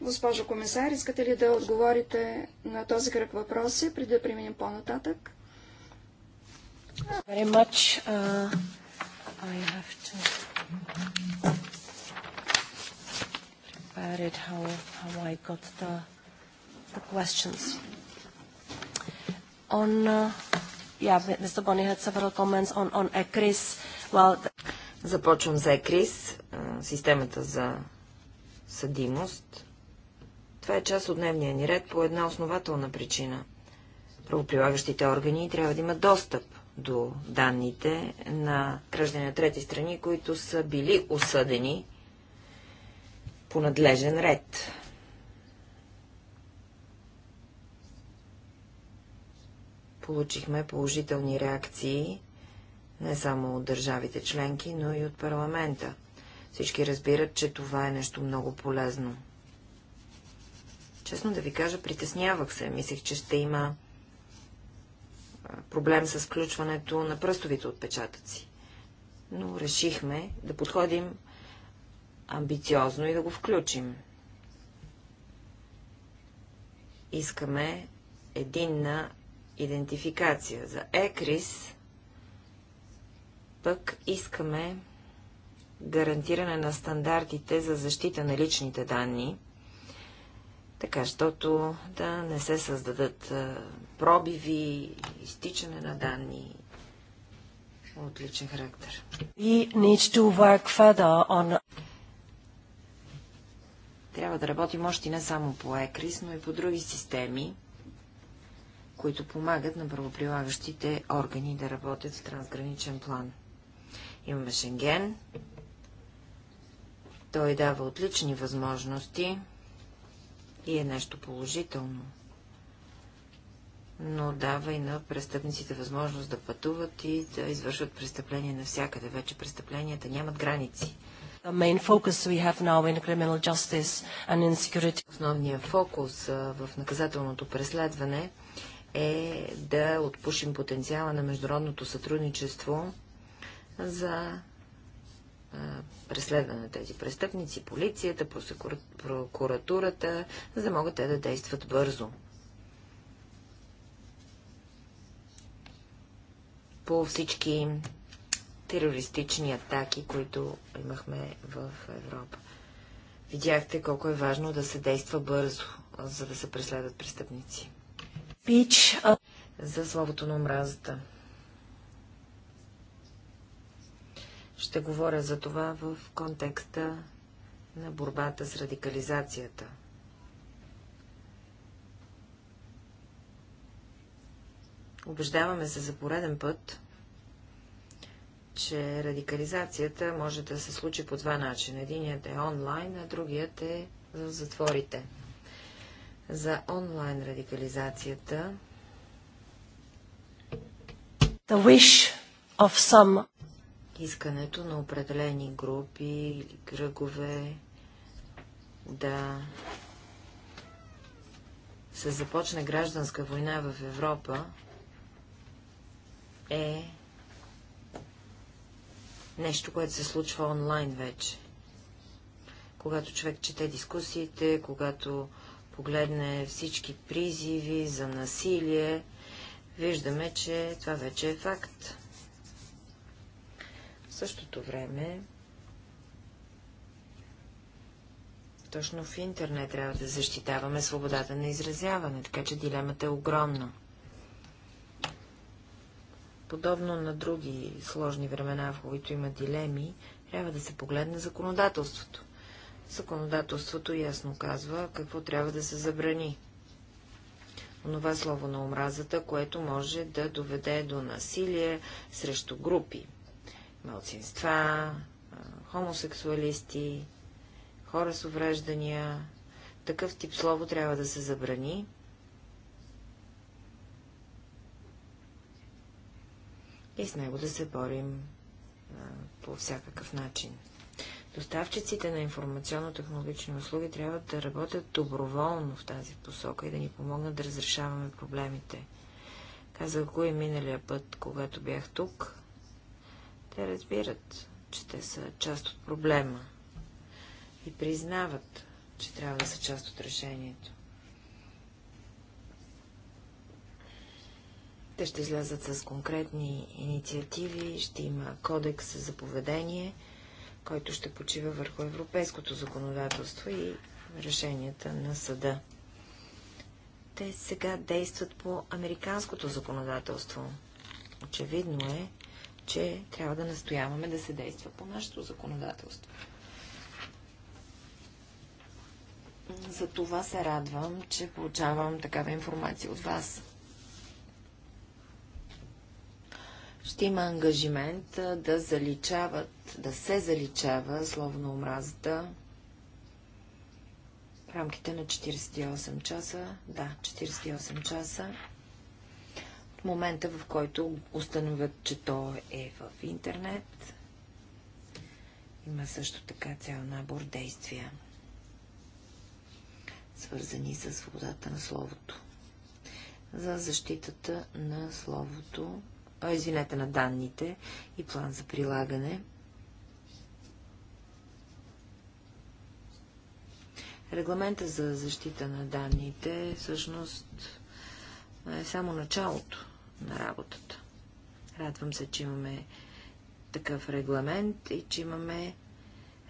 Госпожо комисар, искате ли да отговорите на този кръг въпроси, преди да преминем по-нататък? Very much. Uh, I have to prepare it how, how I got the the questions. On, uh, yeah, Mr. Bonney had several comments on, on ECRIS. Well, the... Започвам за ЕКРИС, системата за съдимост. Това е част от дневния ни ред по една основателна причина. Правоприлагащите органи трябва да имат достъп до данните на граждани на трети страни, които са били осъдени по надлежен ред. Получихме положителни реакции не само от държавите членки, но и от парламента. Всички разбират, че това е нещо много полезно. Честно да ви кажа, притеснявах се. Мислех, че ще има проблем с включването на пръстовите отпечатъци. Но решихме да подходим амбициозно и да го включим. Искаме единна идентификация. За ЕКРИС пък искаме гарантиране на стандартите за защита на личните данни, така, защото да не се създадат пробиви, изтичане на данни от личен характер. On... Трябва да работим още не само по ЕКРИС, но и по други системи, които помагат на правоприлагащите органи да работят в трансграничен план. Имаме Шенген. Той дава отлични възможности и е нещо положително. Но дава и на престъпниците възможност да пътуват и да извършват престъпления навсякъде. Вече престъпленията нямат граници. Основният фокус в наказателното преследване е да отпушим потенциала на международното сътрудничество за преследване на тези престъпници, полицията, прокуратурата, за да могат те да действат бързо. По всички терористични атаки, които имахме в Европа. Видяхте колко е важно да се действа бързо, за да се преследват престъпници speech... за словото на омразата. Ще говоря за това в контекста на борбата с радикализацията. Убеждаваме се за пореден път, че радикализацията може да се случи по два начина. Единият е онлайн, а другият е в затворите за онлайн радикализацията. The wish of some... Искането на определени групи или кръгове да се започне гражданска война в Европа е нещо, което се случва онлайн вече. Когато човек чете дискусиите, когато погледне всички призиви за насилие, виждаме, че това вече е факт. В същото време, точно в интернет трябва да защитаваме свободата на изразяване, така че дилемата е огромна. Подобно на други сложни времена, в които има дилеми, трябва да се погледне законодателството. Законодателството ясно казва какво трябва да се забрани. Онова слово на омразата, което може да доведе до насилие срещу групи, малцинства, хомосексуалисти, хора с увреждания. Такъв тип слово трябва да се забрани. И с него да се борим а, по всякакъв начин. Доставчиците на информационно-технологични услуги трябва да работят доброволно в тази посока и да ни помогнат да разрешаваме проблемите. Казах го и миналия път, когато бях тук. Те разбират, че те са част от проблема и признават, че трябва да са част от решението. Те ще излязат с конкретни инициативи, ще има кодекс за поведение – който ще почива върху европейското законодателство и решенията на съда. Те сега действат по американското законодателство. Очевидно е, че трябва да настояваме да се действа по нашето законодателство. За това се радвам, че получавам такава информация от вас. ще има ангажимент да заличават, да се заличава словно омразата в рамките на 48 часа, да, 48 часа, от момента в който установят, че то е в интернет. Има също така цял набор действия, свързани с свободата на словото. За защитата на словото извинете, на данните и план за прилагане. Регламента за защита на данните всъщност е само началото на работата. Радвам се, че имаме такъв регламент и че имаме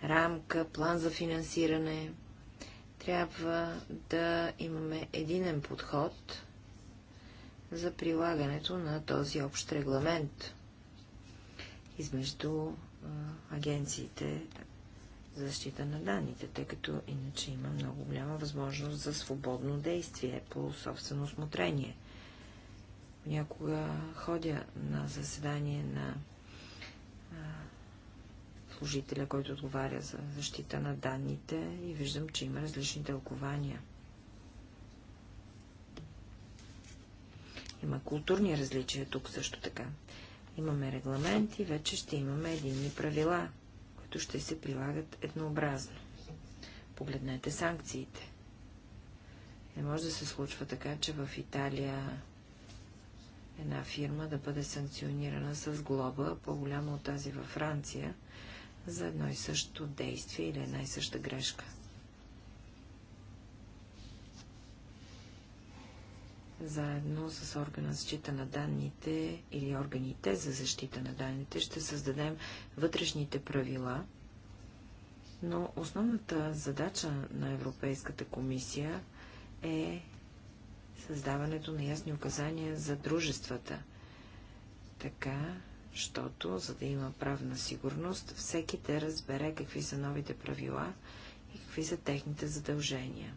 рамка, план за финансиране. Трябва да имаме единен подход за прилагането на този общ регламент измежду агенциите за защита на данните, тъй като иначе има много голяма възможност за свободно действие по собствено осмотрение. Понякога ходя на заседание на служителя, който отговаря за защита на данните и виждам, че има различни тълкования – Има културни различия тук също така. Имаме регламент и вече ще имаме единни правила, които ще се прилагат еднообразно. Погледнете санкциите. Не може да се случва така, че в Италия една фирма да бъде санкционирана с глоба, по-голяма от тази във Франция, за едно и също действие или една и съща грешка. заедно с органа за защита на данните или органите за защита на данните ще създадем вътрешните правила, но основната задача на Европейската комисия е създаването на ясни указания за дружествата, така, защото, за да има правна сигурност, всеки да разбере какви са новите правила и какви са техните задължения.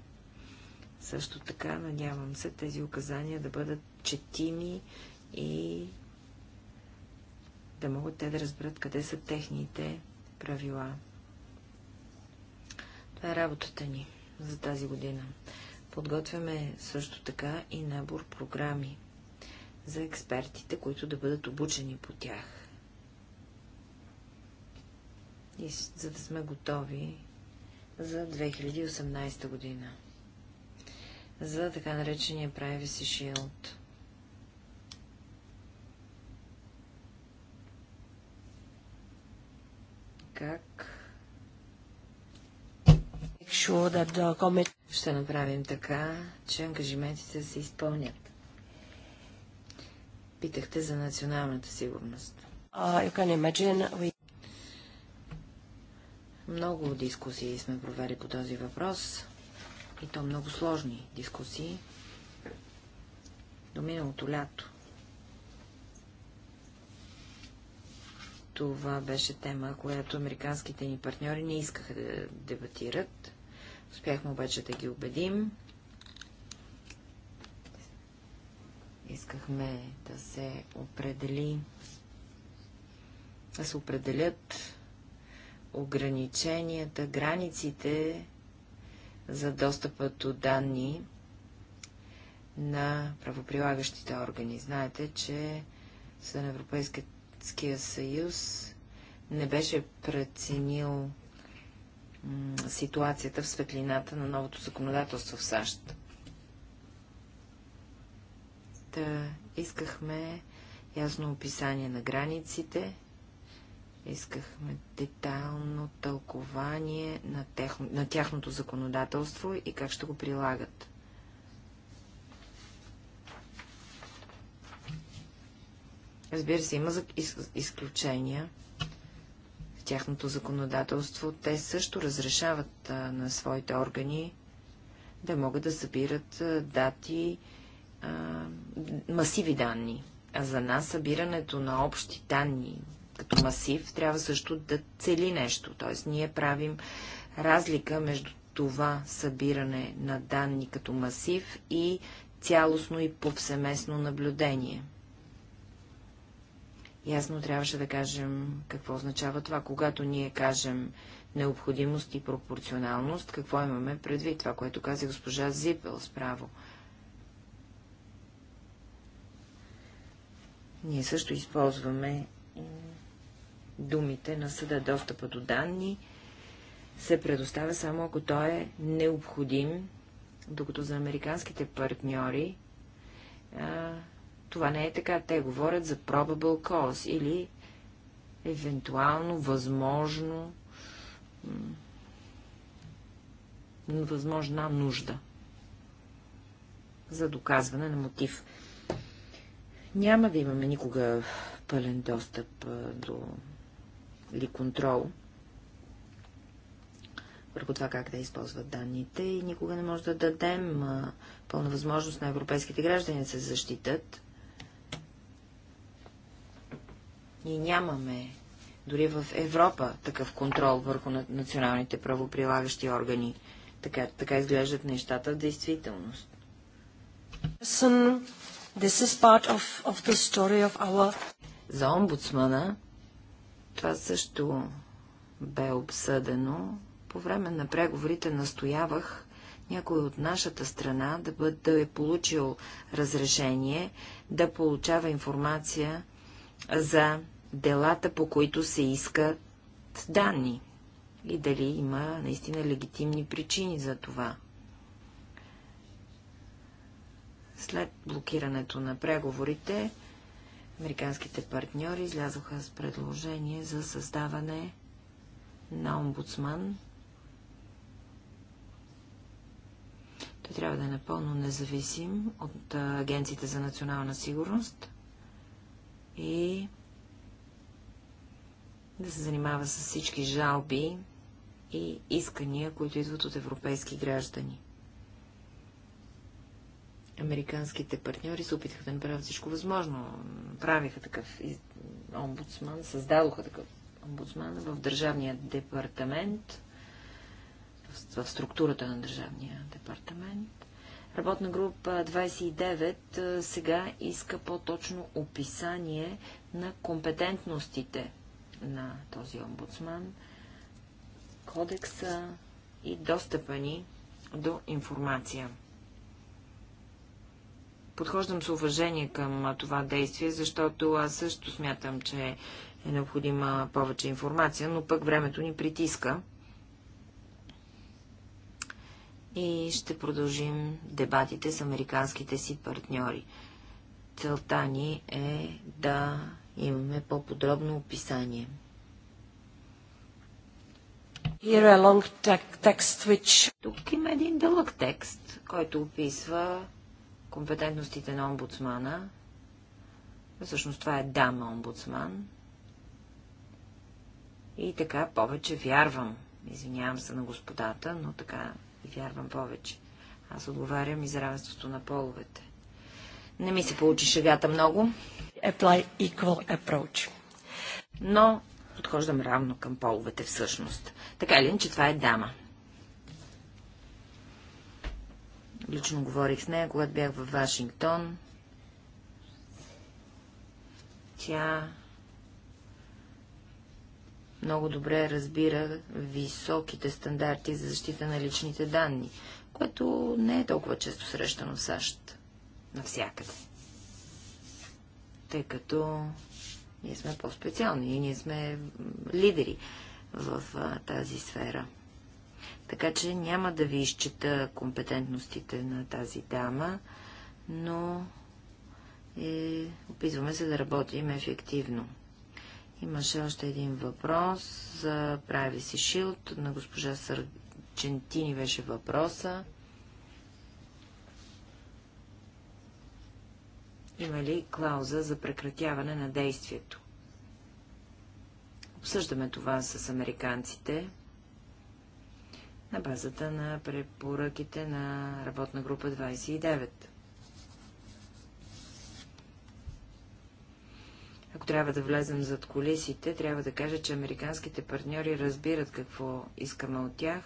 Също така надявам се тези указания да бъдат четими и да могат те да разберат къде са техните правила. Това е работата ни за тази година. Подготвяме също така и набор програми за експертите, които да бъдат обучени по тях. И за да сме готови за 2018 година за така наречения Privacy Shield. Как ще направим така, че ангажиментите се изпълнят? Питахте за националната сигурност. Uh, Много дискусии сме провели по този въпрос и то много сложни дискусии до миналото лято. Това беше тема, която американските ни партньори не искаха да дебатират. Успяхме обаче да ги убедим. Искахме да се определи да се определят ограниченията, границите за достъпа до данни на правоприлагащите органи. Знаете, че Сън Европейския съюз не беше преценил ситуацията в светлината на новото законодателство в САЩ. Та искахме ясно описание на границите, Искахме детайлно тълкование на, техно, на тяхното законодателство и как ще го прилагат. Разбира се, има изключения в тяхното законодателство. Те също разрешават на своите органи да могат да събират дати, масиви данни. А за нас събирането на общи данни, като масив, трябва също да цели нещо. Т.е. ние правим разлика между това събиране на данни като масив и цялостно и повсеместно наблюдение. Ясно трябваше да кажем какво означава това. Когато ние кажем необходимост и пропорционалност, какво имаме предвид? Това, което каза госпожа Зипел справо. Ние също използваме думите на съда достъпа до данни се предоставя само ако той е необходим, докато за американските партньори а, това не е така. Те говорят за probable cause или евентуално, възможно, възможна нужда за доказване на мотив. Няма да имаме никога пълен достъп до или контрол върху това как да използват данните и никога не може да дадем а, пълна възможност на европейските граждани да се защитат. И нямаме дори в Европа такъв контрол върху националните правоприлагащи органи. Така, така изглеждат нещата в действителност. За омбудсмана това също бе обсъдено. По време на преговорите настоявах някой от нашата страна да, бъд, да е получил разрешение да получава информация за делата, по които се искат данни и дали има наистина легитимни причини за това. След блокирането на преговорите, Американските партньори излязоха с предложение за създаване на омбудсман. Той трябва да е напълно независим от агенциите за национална сигурност и да се занимава с всички жалби и искания, които идват от европейски граждани американските партньори се опитаха да направят всичко възможно. Правиха такъв омбудсман, създадоха такъв омбудсман в Държавния департамент, в, в структурата на Държавния департамент. Работна група 29 сега иска по-точно описание на компетентностите на този омбудсман, кодекса и достъпа ни до информация. Подхождам с уважение към това действие, защото аз също смятам, че е необходима повече информация, но пък времето ни притиска. И ще продължим дебатите с американските си партньори. Целта ни е да имаме по-подробно описание. Here a long text, which... Тук има един дълъг текст, който описва компетентностите на омбудсмана. Всъщност това е дама омбудсман. И така повече вярвам. Извинявам се на господата, но така и вярвам повече. Аз отговарям и за равенството на половете. Не ми се получи шегата много. Apply equal approach. Но подхождам равно към половете всъщност. Така ли, че това е дама. Лично говорих с нея, когато бях в Вашингтон. Тя много добре разбира високите стандарти за защита на личните данни, което не е толкова често срещано в САЩ. Навсякъде. Тъй като ние сме по-специални и ние сме лидери в а, тази сфера. Така че няма да ви изчета компетентностите на тази дама, но е, опитваме се да работим ефективно. Имаше още един въпрос за прави си шилд. На госпожа Сърчентини беше въпроса. Има ли клауза за прекратяване на действието? Обсъждаме това с американците на базата на препоръките на работна група 29. Ако трябва да влезем зад колисите, трябва да кажа, че американските партньори разбират какво искаме от тях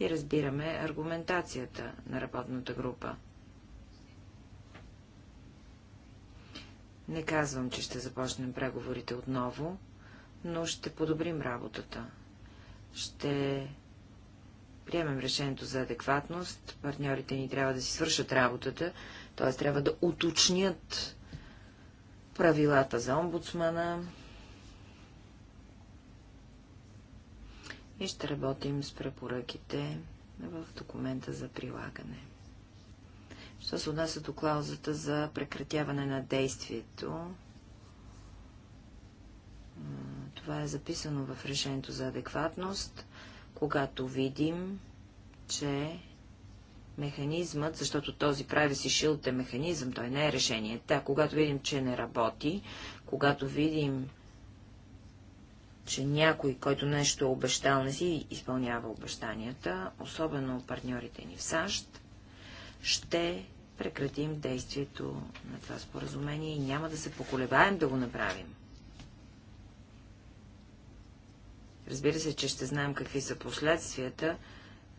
и разбираме аргументацията на работната група. Не казвам, че ще започнем преговорите отново, но ще подобрим работата. Ще приемем решението за адекватност, партньорите ни трябва да си свършат работата, т.е. трябва да уточнят правилата за омбудсмана и ще работим с препоръките в документа за прилагане. Що се отнася до клаузата за прекратяване на действието, това е записано в решението за адекватност когато видим, че механизмът, защото този прави си шилд е механизъм, той не е решение. Та, когато видим, че не работи, когато видим, че някой, който нещо е обещал, не си изпълнява обещанията, особено партньорите ни в САЩ, ще прекратим действието на това споразумение и няма да се поколебаем да го направим. Разбира се, че ще знаем какви са последствията,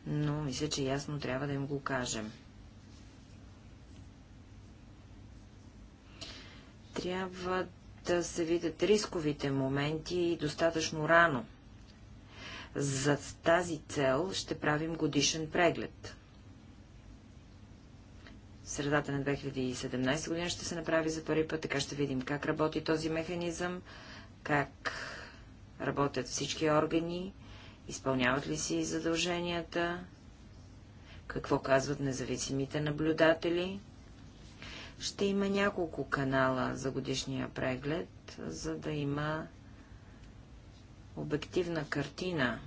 но мисля, че ясно трябва да им го кажем. Трябва да се видят рисковите моменти достатъчно рано. За тази цел ще правим годишен преглед. В средата на 2017 година ще се направи за първи път, така ще видим как работи този механизъм, как работят всички органи, изпълняват ли си задълженията, какво казват независимите наблюдатели. Ще има няколко канала за годишния преглед, за да има обективна картина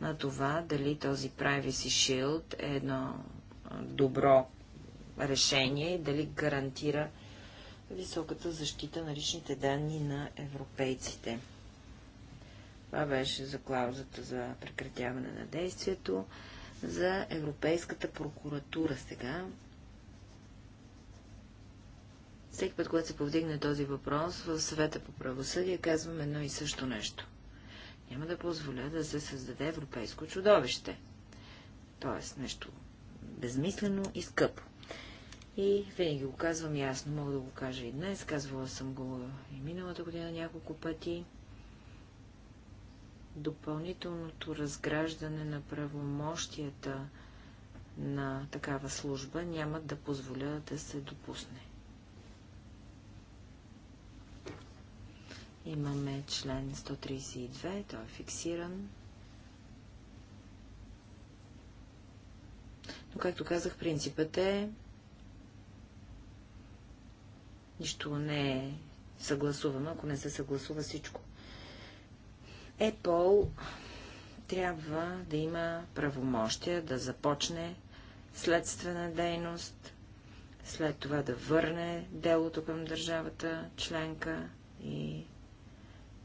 на това, дали този Privacy Shield е едно добро решение и дали гарантира високата защита на личните данни на европейците. Това беше за клаузата за прекратяване на действието. За Европейската прокуратура сега. Всеки път, когато се повдигне този въпрос, в съвета по правосъдие казвам едно и също нещо. Няма да позволя да се създаде европейско чудовище. Тоест нещо безмислено и скъпо. И винаги го казвам ясно, мога да го кажа и днес, казвала съм го и миналата година няколко пъти допълнителното разграждане на правомощията на такава служба няма да позволя да се допусне. Имаме член 132, той е фиксиран. Но, както казах, принципът е нищо не е съгласувано, ако не се съгласува всичко. Apple трябва да има правомощия да започне следствена дейност, след това да върне делото към държавата членка и,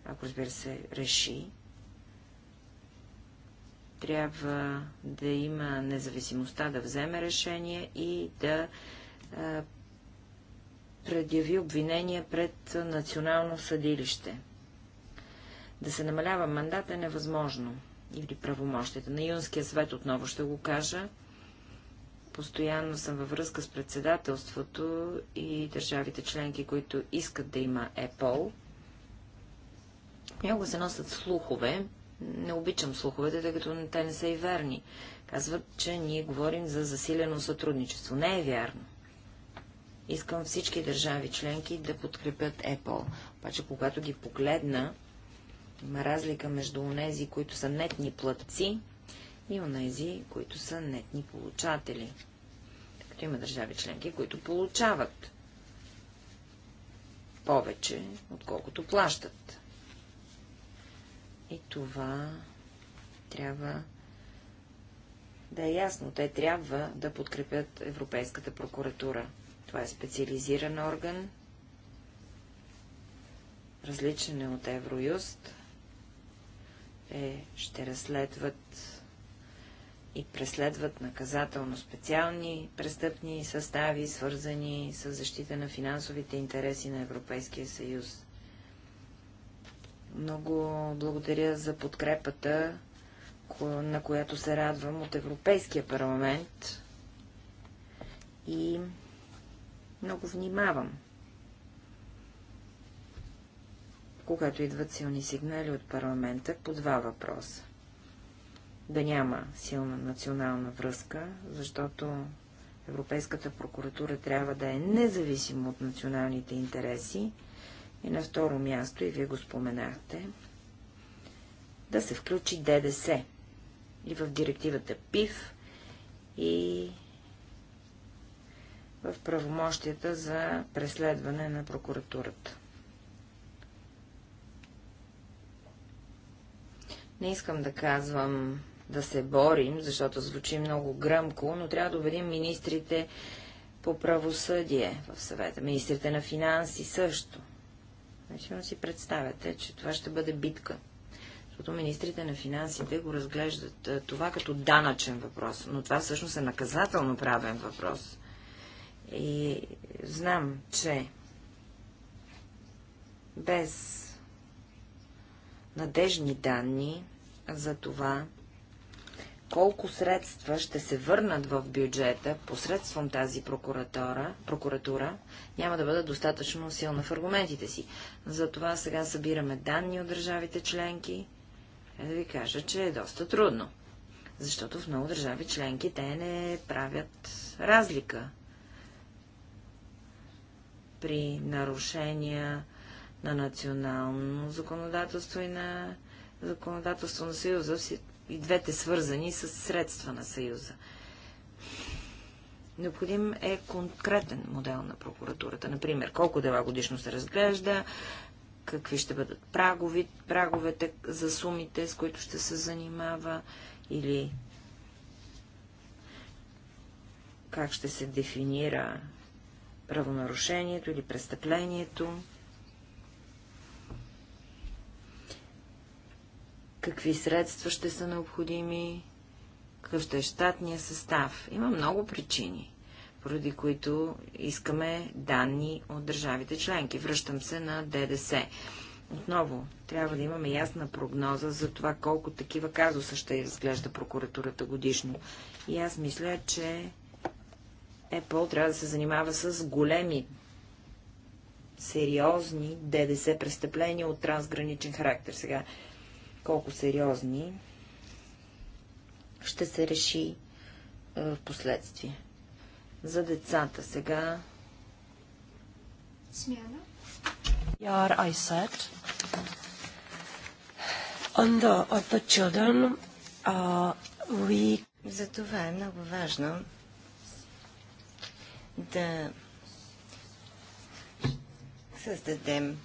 ако разбира се, реши, трябва да има независимостта да вземе решение и да а, предяви обвинения пред национално съдилище. Да се намалява мандат е невъзможно. Или правомощите. На Юнския свет отново ще го кажа. Постоянно съм във връзка с председателството и държавите членки, които искат да има ЕПОЛ. Много се носят слухове. Не обичам слуховете, тъй като те не са и верни. Казват, че ние говорим за засилено сътрудничество. Не е вярно. Искам всички държави членки да подкрепят ЕПОЛ. Обаче, когато ги погледна, има разлика между онези, които са нетни платци и онези, които са нетни получатели. Като има държави членки, които получават повече, отколкото плащат. И това трябва да е ясно. Те трябва да подкрепят Европейската прокуратура. Това е специализиран орган, различен е от Евроюст. Те ще разследват и преследват наказателно специални престъпни състави, свързани с защита на финансовите интереси на Европейския съюз. Много благодаря за подкрепата, на която се радвам от Европейския парламент и много внимавам когато идват силни сигнали от парламента по два въпроса. Да няма силна национална връзка, защото Европейската прокуратура трябва да е независима от националните интереси и на второ място, и вие го споменахте, да се включи ДДС и в директивата ПИВ и в правомощията за преследване на прокуратурата. Не искам да казвам да се борим, защото звучи много гръмко, но трябва да убедим министрите по правосъдие в съвета, министрите на финанси също. Значи но си представяте, че това ще бъде битка. Защото министрите на финансите го разглеждат това като данъчен въпрос, но това всъщност е наказателно правен въпрос. И знам, че без надежни данни за това, колко средства ще се върнат в бюджета посредством тази прокуратура, прокуратура няма да бъда достатъчно силна в аргументите си. Затова сега събираме данни от държавите членки. Е да ви кажа, че е доста трудно. Защото в много държави членки те не правят разлика при нарушения на национално законодателство и на законодателство на Съюза, и двете свързани с средства на Съюза. Необходим е конкретен модел на прокуратурата. Например, колко дела годишно се разглежда, какви ще бъдат прагови, праговете за сумите, с които ще се занимава или как ще се дефинира правонарушението или престъплението. какви средства ще са необходими, какъв ще е щатния състав. Има много причини, поради които искаме данни от държавите членки. Връщам се на ДДС. Отново, трябва да имаме ясна прогноза за това колко такива казуса ще разглежда прокуратурата годишно. И аз мисля, че Apple трябва да се занимава с големи, сериозни ДДС престъпления от трансграничен характер. Сега, колко сериозни ще се реши е, в последствие. За децата сега. Смяна. Яр, I said. On the, on the children, uh, we... За това е много важно да създадем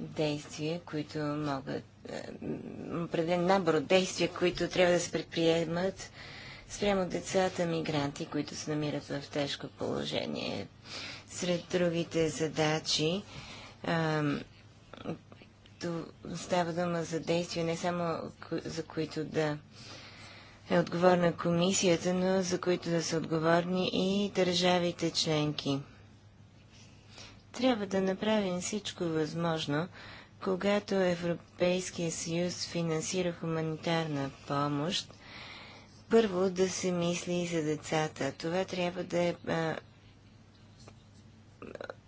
действия, които могат е, определен набор от действия, които трябва да се предприемат спрямо децата мигранти, които се намират в тежко положение. Сред другите задачи е, става дума за действия не само за които да е отговорна комисията, но за които да са отговорни и държавите членки. Трябва да направим всичко възможно, когато Европейския съюз финансира хуманитарна помощ, първо да се мисли и за децата. Това трябва да е а,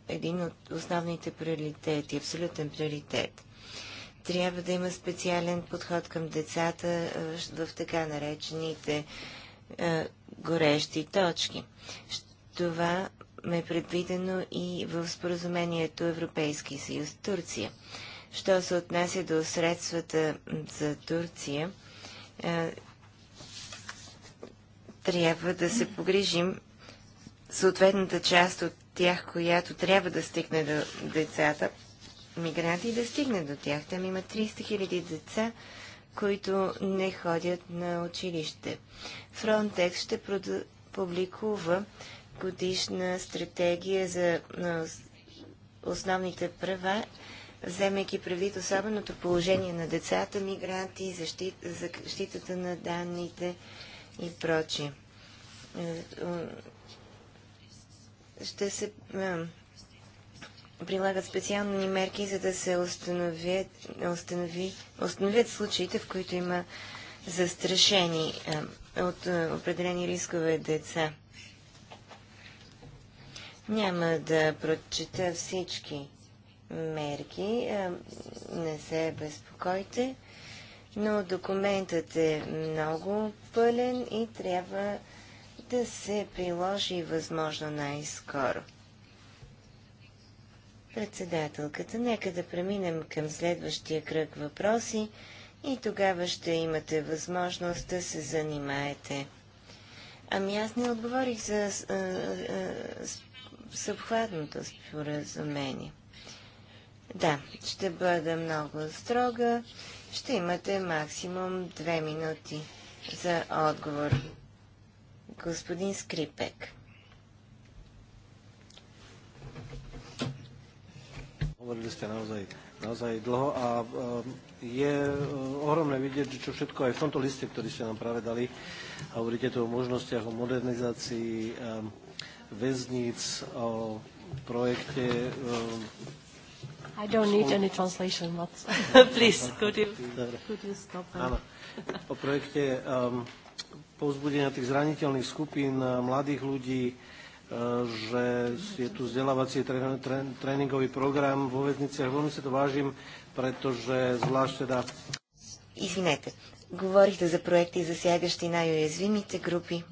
един от основните приоритети, абсолютен приоритет. Трябва да има специален подход към децата в така наречените а, горещи точки. Това ме е предвидено и в споразумението Европейски съюз Турция. Що се отнася до средствата за Турция, е, трябва да се погрижим съответната част от тях, която трябва да стигне до децата, мигранти, да стигне до тях. Там има 300 000 деца, които не ходят на училище. Фронтекс ще публикува годишна стратегия за основните права вземайки предвид особеното положение на децата, мигранти, защитата на данните и прочие. Е, ще се е, прилагат специални мерки, за да се установят, установи, установят случаите, в които има застрашени е, от определени рискове деца. Няма да прочета всички мерки. Е, не се безпокойте, но документът е много пълен и трябва да се приложи възможно най-скоро. Председателката, нека да преминем към следващия кръг въпроси и тогава ще имате възможност да се занимаете. Ами аз не отговорих за е, е, съобхватното споразумение. Да, ще бъда много строга. Ще имате максимум две минути за отговор. Господин Скрипек. Hovorili ste naozaj, naozaj dlho a je ohromné vidieť, čo všetko aj v tomto liste, ktorý ste nám práve dali, hovoríte tu o možnostiach, o modernizácii väzníc, o projekte I don't need any translation, but please, could you, could you stop? Áno. O projekte um, povzbudenia tých zraniteľných skupín mladých ľudí, že je tu vzdelávací tréningový program vo väzniciach. Veľmi sa to vážim, pretože zvlášť teda... Извинете, говорихте за проекти, засягащи най-уязвимите групи.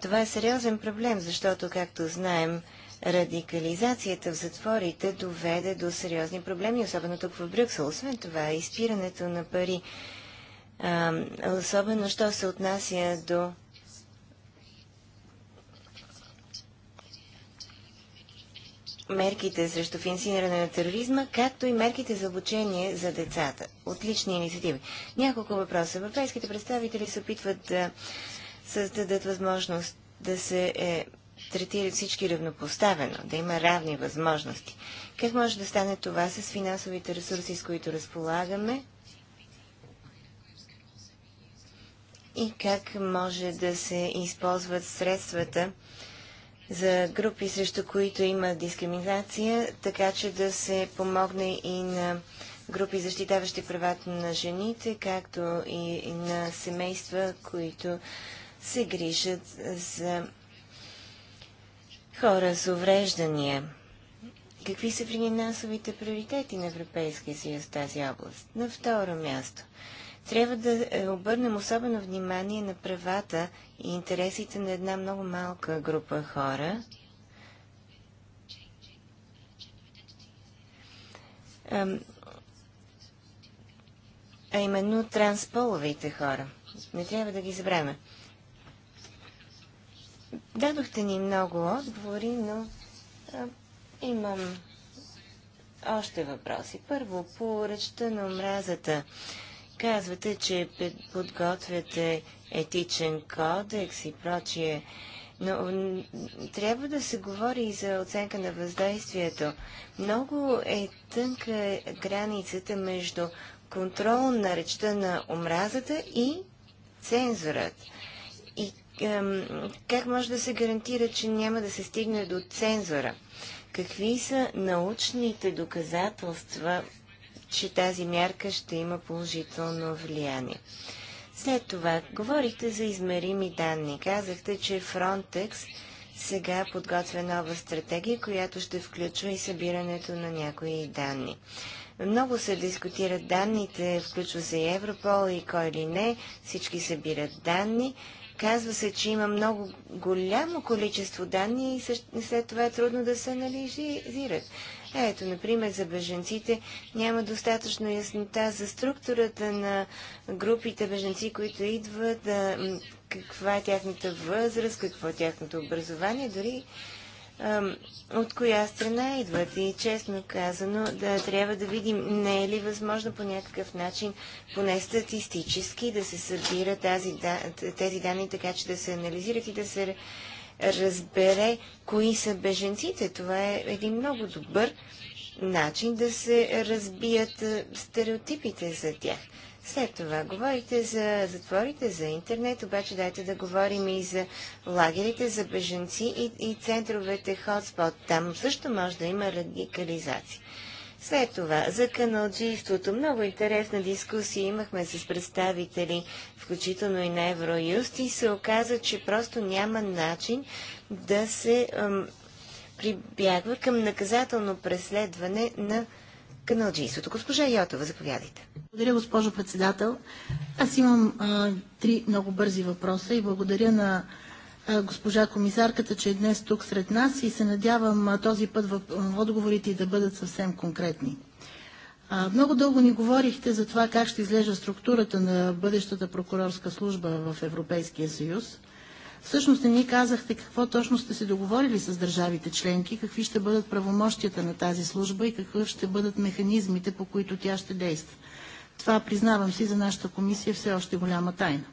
Това е сериозен проблем, защото, както знаем, Радикализацията в затворите доведе до сериозни проблеми, особено тук в Брюксел. Освен това, изпирането на пари, особено що се отнася до мерките срещу финансиране на тероризма, както и мерките за обучение за децата. Отлични инициативи. Няколко въпроса. Европейските представители се опитват да създадат възможност да се е, третират всички равнопоставено, да има равни възможности. Как може да стане това с финансовите ресурси, с които разполагаме? И как може да се използват средствата за групи, срещу които има дискриминация, така че да се помогне и на групи, защитаващи правата на жените, както и на семейства, които се грижат за хора с увреждания. Какви са финансовите приоритети на Европейския съюз в тази област? На второ място. Трябва да е, обърнем особено внимание на правата и интересите на една много малка група хора. А именно трансполовите хора. Не трябва да ги забравяме. Дадохте ни много отговори, но а, имам още въпроси. Първо, по речта на омразата. Казвате, че подготвяте етичен кодекс и прочие, но трябва да се говори и за оценка на въздействието. Много е тънка границата между контрол на речта на омразата и цензурът как може да се гарантира, че няма да се стигне до цензора? Какви са научните доказателства, че тази мярка ще има положително влияние? След това, говорихте за измерими данни. Казахте, че Frontex сега подготвя нова стратегия, която ще включва и събирането на някои данни. Много се дискутират данните, включва се и Европол и кой ли не, всички събират данни. Казва се, че има много голямо количество данни и след това е трудно да се анализират. Ето, например, за беженците няма достатъчно яснота за структурата на групите беженци, които идват, каква е тяхната възраст, какво е тяхното образование, дори от коя страна идват. И честно казано, да трябва да видим не е ли възможно по някакъв начин, поне статистически, да се събира тази, тези данни, така че да се анализират и да се разбере кои са беженците. Това е един много добър начин да се разбият стереотипите за тях. След това говорите за затворите, за интернет, обаче дайте да говорим и за лагерите за беженци и, и центровете хотспот. Там също може да има радикализация. След това, за каналджийството. Много интересна дискусия имахме с представители, включително и на Евроюст, и се оказа, че просто няма начин да се ам, прибягва към наказателно преследване на каналджийството. Госпожа Йотова, заповядайте. Благодаря, госпожо председател. Аз имам а, три много бързи въпроса и благодаря на а, госпожа комисарката, че е днес тук сред нас и се надявам а, този път в отговорите да бъдат съвсем конкретни. А, много дълго ни говорихте за това как ще изглежда структурата на бъдещата прокурорска служба в Европейския съюз – Всъщност не ни казахте какво точно сте се договорили с държавите членки, какви ще бъдат правомощията на тази служба и какви ще бъдат механизмите, по които тя ще действа. Това, признавам си, за нашата комисия е все още голяма тайна.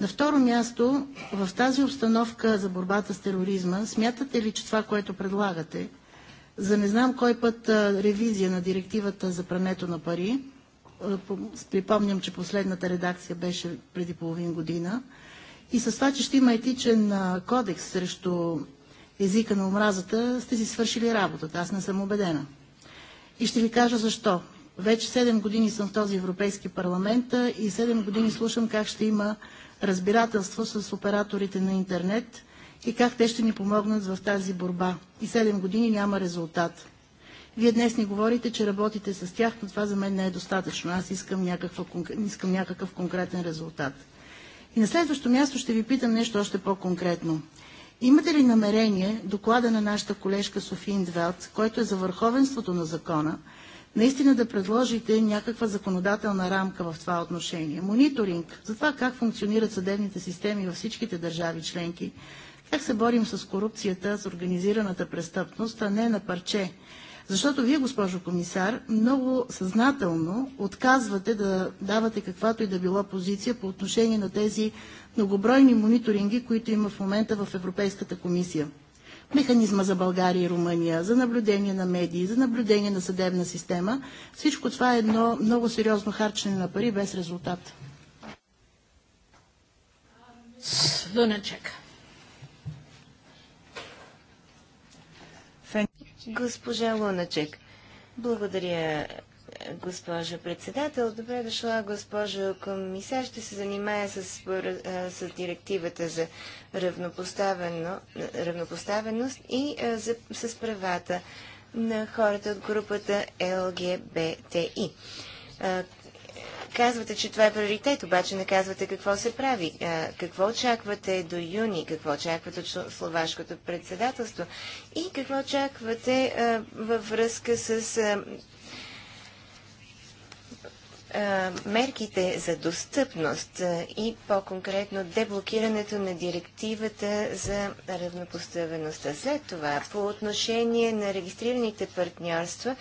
На второ място, в тази обстановка за борбата с тероризма, смятате ли, че това, което предлагате, за не знам кой път ревизия на директивата за прането на пари, припомням, че последната редакция беше преди половин година, и с това, че ще има етичен кодекс срещу езика на омразата, сте си свършили работата. Аз не съм убедена. И ще ви кажа защо. Вече 7 години съм в този Европейски парламент и 7 години слушам как ще има разбирателство с операторите на интернет и как те ще ни помогнат в тази борба. И 7 години няма резултат. Вие днес ни говорите, че работите с тях, но това за мен не е достатъчно. Аз искам, някаква, искам някакъв конкретен резултат. И на следващо място ще ви питам нещо още по-конкретно. Имате ли намерение доклада на нашата колежка Софин Двелт, който е за върховенството на закона, наистина да предложите някаква законодателна рамка в това отношение? Мониторинг за това как функционират съдебните системи във всичките държави членки, как се борим с корупцията, с организираната престъпност, а не на парче, защото вие, госпожо комисар, много съзнателно отказвате да давате каквато и да било позиция по отношение на тези многобройни мониторинги, които има в момента в Европейската комисия. Механизма за България и Румъния, за наблюдение на медии, за наблюдение на съдебна система. Всичко това е едно много сериозно харчене на пари без резултат. Луначек. Госпожа Луначек. Благодаря, госпожо председател. Добре дошла, госпожо комисар. Ще се занимая с, с директивата за равнопоставеност и за, с правата на хората от групата ЛГБТИ. Казвате, че това е приоритет, обаче не казвате какво се прави. А, какво очаквате до юни, какво очаквате от словашкото председателство и какво очаквате а, във връзка с а, мерките за достъпност и по-конкретно деблокирането на директивата за равнопоставеността. След това, по отношение на регистрираните партньорства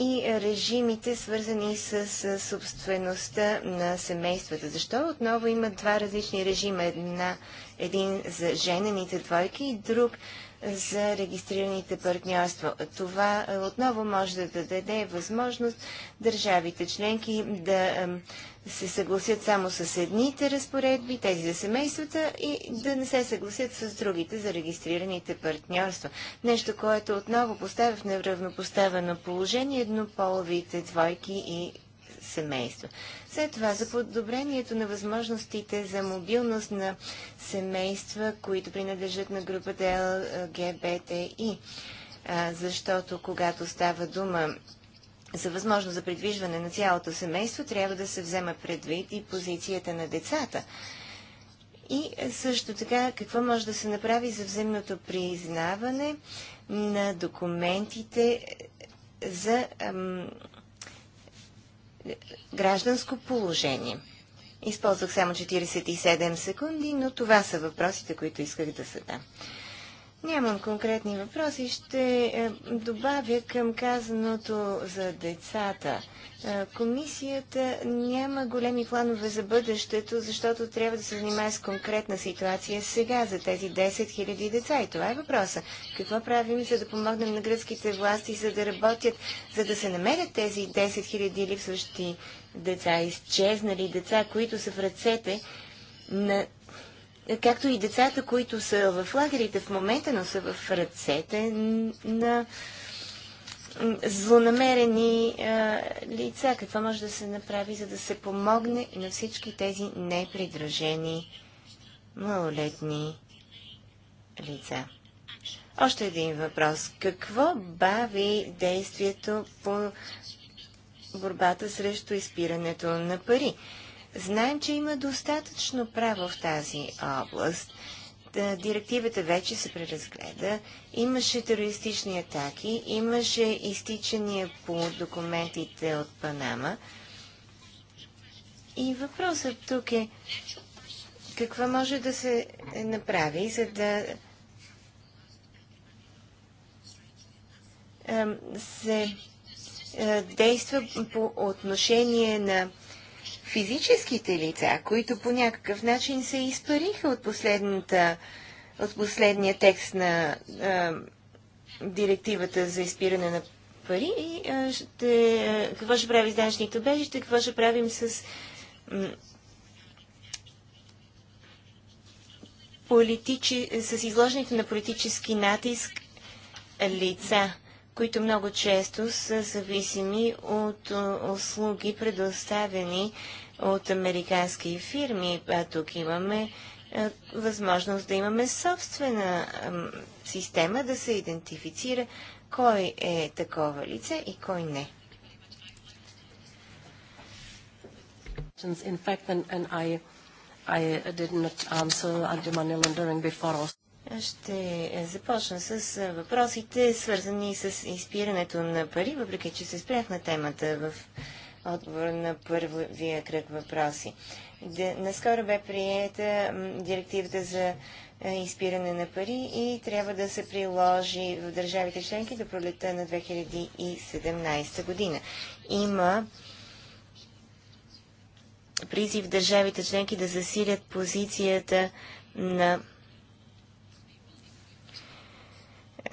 и режимите, свързани с, собствеността на семействата. Защо отново има два различни режима? Една, един за женените двойки и друг за регистрираните партньорства. Това е, отново може да даде възможност държавите членки да се съгласят само с едните разпоредби, тези за семействата и да не се съгласят с другите за регистрираните партньорства. Нещо, което отново поставя в неравнопоставено положение еднополовите двойки и семейства. След това за подобрението на възможностите за мобилност на семейства, които принадлежат на групата ЛГБТИ. защото когато става дума за възможност за придвижване на цялото семейство, трябва да се взема предвид и позицията на децата. И е, също така, какво може да се направи за взаимното признаване на документите е, за ам, гражданско положение. Използвах само 47 секунди, но това са въпросите, които исках да задам. Нямам конкретни въпроси. Ще е, добавя към казаното за децата. Е, комисията няма големи планове за бъдещето, защото трябва да се занимае с конкретна ситуация сега за тези 10 000 деца. И това е въпроса. Какво правим, за да помогнем на гръцките власти, за да работят, за да се намерят тези 10 000 липсващи деца, изчезнали деца, които са в ръцете на както и децата, които са в лагерите в момента, но са в ръцете на злонамерени а, лица. Какво може да се направи, за да се помогне на всички тези непридръжени малолетни лица? Още един въпрос. Какво бави действието по борбата срещу изпирането на пари? Знаем, че има достатъчно право в тази област. Директивата вече се преразгледа. Имаше терористични атаки, имаше изтичания по документите от Панама. И въпросът тук е какво може да се направи, за да се действа по отношение на физическите лица, които по някакъв начин се изпариха от, последната, от последния текст на а, директивата за изпиране на пари, а, ще, а, какво ще прави с данъчните обежища, какво ще правим с политичи, с изложените на политически натиск лица които много често са зависими от услуги, предоставени от американски фирми. А тук имаме възможност да имаме собствена система да се идентифицира кой е такова лице и кой не. In fact, and, and I, I did not answer anti laundering before. Ще започна с въпросите, свързани с изпирането на пари, въпреки че се спрях на темата в отговор на първия кръг въпроси. Де, наскоро бе приета директивата за изпиране на пари и трябва да се приложи в държавите членки до пролета на 2017 година. Има призив държавите членки да засилят позицията на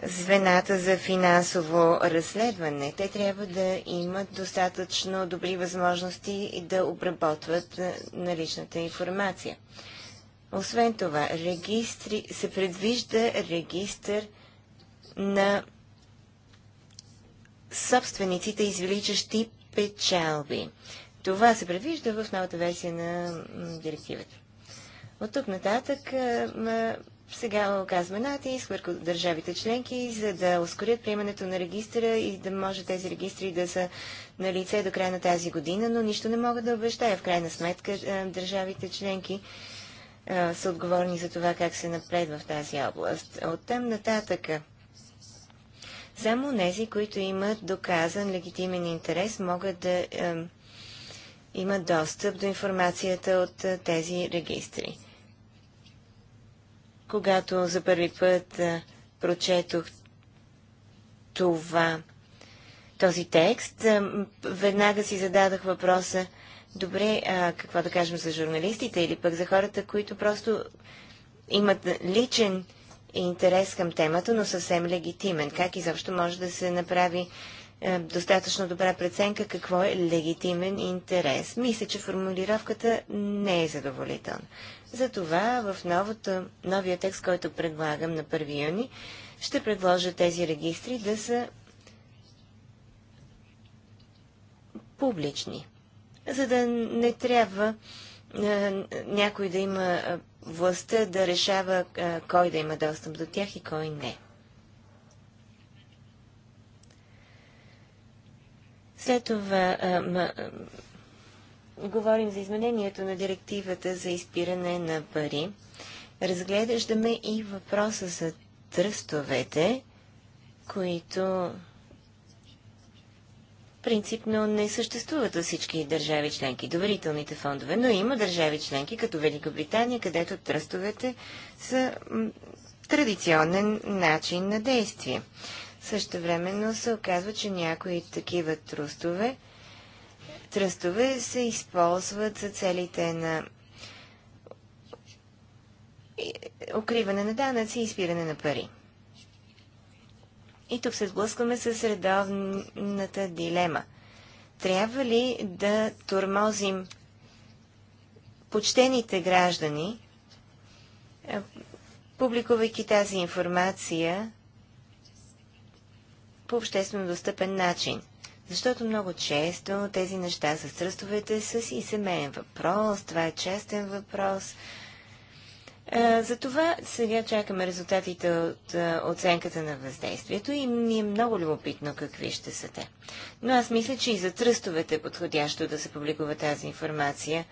звената за финансово разследване. Те трябва да имат достатъчно добри възможности да обработват е, наличната информация. Освен това, регистри, се предвижда регистр на собствениците, извеличащи печалби. Това се предвижда в новата версия на директивата. От тук нататък е, сега оказваме натиск върху държавите членки, за да ускорят приемането на регистъра и да може тези регистри да са на лице до края на тази година, но нищо не мога да обещая. В крайна сметка е, държавите членки е, са отговорни за това как се напредва в тази област. Оттам нататъка само нези, които имат доказан легитимен интерес, могат да е, имат достъп до информацията от тези регистри когато за първи път прочетох това, този текст, веднага си зададох въпроса, добре, а, какво да кажем за журналистите или пък за хората, които просто имат личен интерес към темата, но съвсем легитимен. Как изобщо може да се направи достатъчно добра преценка какво е легитимен интерес? Мисля, че формулировката не е задоволителна. Затова в новото, новия текст, който предлагам на 1 юни, ще предложа тези регистри да са публични, за да не трябва е, някой да има е, властта да решава е, кой да има достъп до тях и кой не. След това говорим за изменението на директивата за изпиране на пари, разглеждаме и въпроса за тръстовете, които принципно не съществуват във всички държави членки, доверителните фондове, но има държави членки, като Великобритания, където тръстовете са традиционен начин на действие. Също времено се оказва, че някои такива тръстове тръстове се използват за целите на укриване на данъци и изпиране на пари. И тук се сблъскваме с редовната дилема. Трябва ли да турмозим почтените граждани, публикувайки тази информация по обществено достъпен начин – защото много често тези неща с тръстовете са си семейен въпрос, това е честен въпрос. Затова сега чакаме резултатите от оценката на въздействието и ни е много любопитно какви ще са те. Но аз мисля, че и за тръстовете е подходящо да се публикува тази информация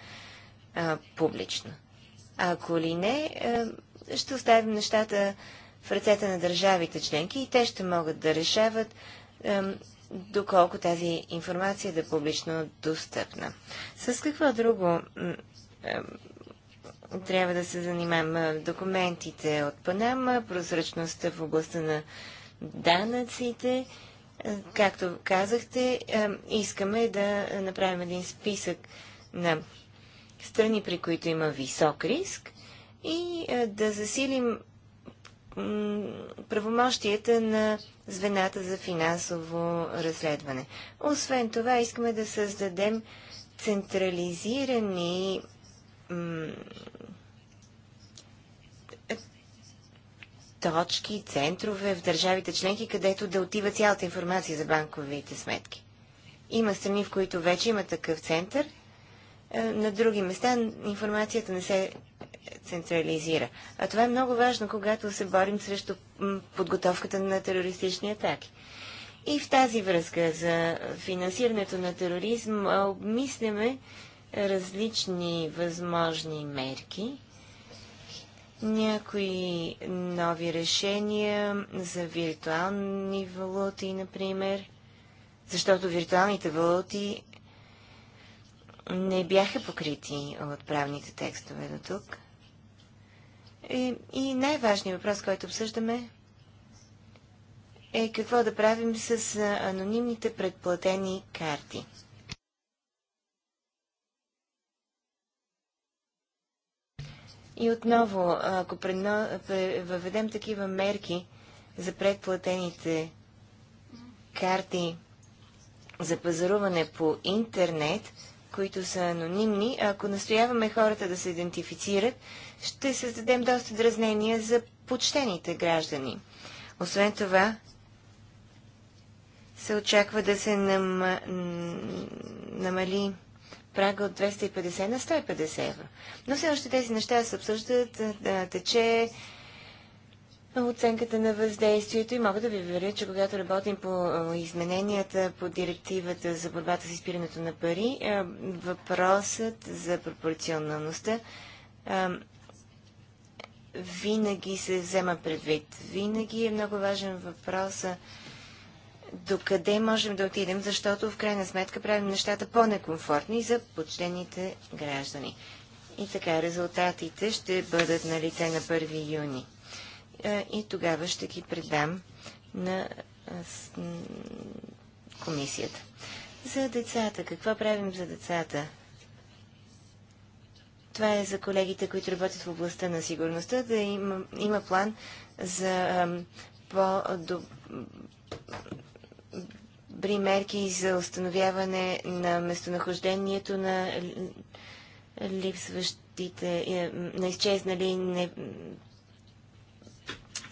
а, публично. Ако ли не, а, ще оставим нещата в ръцете на държавите членки и те ще могат да решават а, доколко тази информация да е публично достъпна. С какво друго трябва да се занимаем. Документите от Панама, прозрачността в областта на данъците. Е, както казахте, е, искаме да направим един списък на страни, при които има висок риск и е, да засилим правомощията на звената за финансово разследване. Освен това, искаме да създадем централизирани точки, центрове в държавите членки, където да отива цялата информация за банковите сметки. Има страни, в които вече има такъв център. На други места информацията не се централизира. А това е много важно, когато се борим срещу подготовката на терористични атаки. И в тази връзка за финансирането на тероризм обмисляме различни възможни мерки, някои нови решения за виртуални валути, например, защото виртуалните валути не бяха покрити от правните текстове до тук. Е, и, най-важният въпрос, който обсъждаме, е какво да правим с анонимните предплатени карти. И отново, ако въведем такива мерки за предплатените карти за пазаруване по интернет, които са анонимни, ако настояваме хората да се идентифицират, ще създадем доста дразнения за почтените граждани. Освен това, се очаква да се нам... намали прага от 250 на 150 евро. Но все още тези неща се обсъждат, да тече оценката на въздействието и мога да ви веря, че когато работим по измененията по директивата за борбата с изпирането на пари, въпросът за пропорционалността винаги се взема предвид. Винаги е много важен въпроса докъде можем да отидем, защото в крайна сметка правим нещата по-некомфортни за почтените граждани. И така, резултатите ще бъдат на лице на 1 юни. И тогава ще ги предам на комисията. За децата. Какво правим за децата? Това е за колегите, които работят в областта на сигурността, да има, има план за по-добри мерки за установяване на местонахождението на липсващите, е, на изчезнали не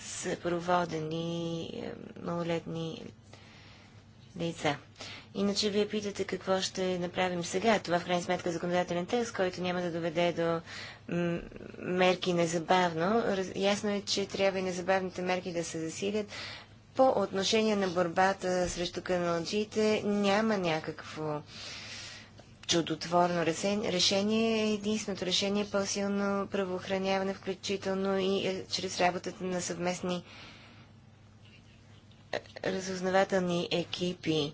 съпроводени е, малолетни лица. Иначе вие питате какво ще направим сега. Това в крайна сметка е законодателен текст, който няма да доведе до мерки незабавно. Раз... Ясно е, че трябва и незабавните мерки да се засилят. По отношение на борбата срещу каналджиите няма някакво чудотворно решение. Единственото решение е по-силно правоохраняване, включително и е, чрез работата на съвместни е, разузнавателни екипи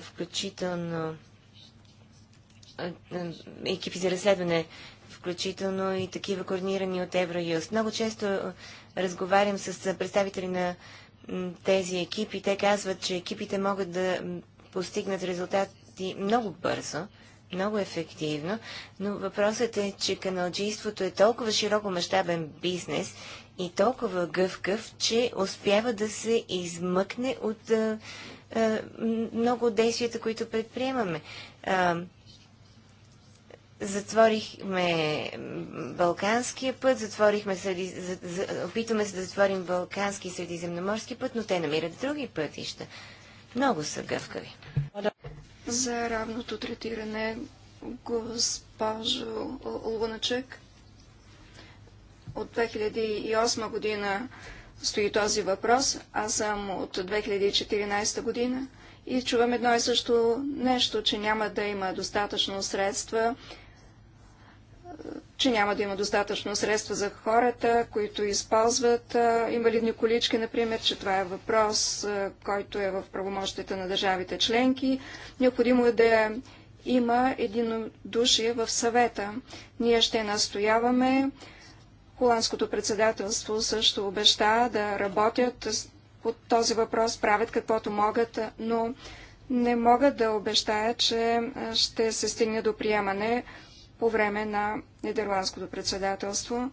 включително екипи за разследване, включително и такива координирани от Евроюст. Много често разговарям с представители на тези екипи. Те казват, че екипите могат да постигнат резултати много бързо, много ефективно, но въпросът е, че каналджийството е толкова широко мащабен бизнес и толкова гъвкав, че успява да се измъкне от а, е, много от действията, които предприемаме. Е, затворихме Балканския път, затворихме среди, опитваме се да затворим Балкански и Средиземноморски път, но те намират други пътища. Много са гъвкави. За равното третиране, госпожо Луначек, от 2008 година стои този въпрос. Аз съм от 2014 година и чувам едно и също нещо, че няма да има достатъчно средства, че няма да има достатъчно средства за хората, които използват инвалидни колички, например, че това е въпрос, който е в правомощите на държавите членки. Необходимо е да има единодушие в съвета. Ние ще настояваме Холандското председателство също обеща да работят по този въпрос, правят каквото могат, но не могат да обещаят, че ще се стигне до приемане по време на Нидерландското председателство.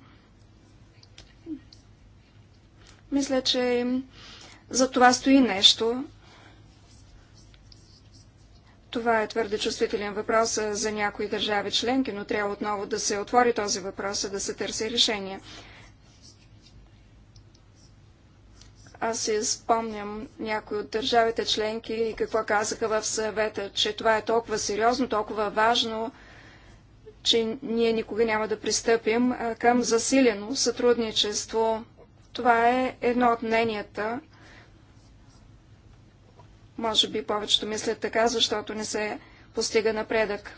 Мисля, че за това стои нещо. Това е твърде чувствителен въпрос за някои държави членки, но трябва отново да се отвори този въпрос, да се търси решение. Аз си спомням някои от държавите членки и какво казаха в съвета, че това е толкова сериозно, толкова важно, че ние никога няма да пристъпим към засилено сътрудничество. Това е едно от мненията, може би повечето мислят така, защото не се постига напредък.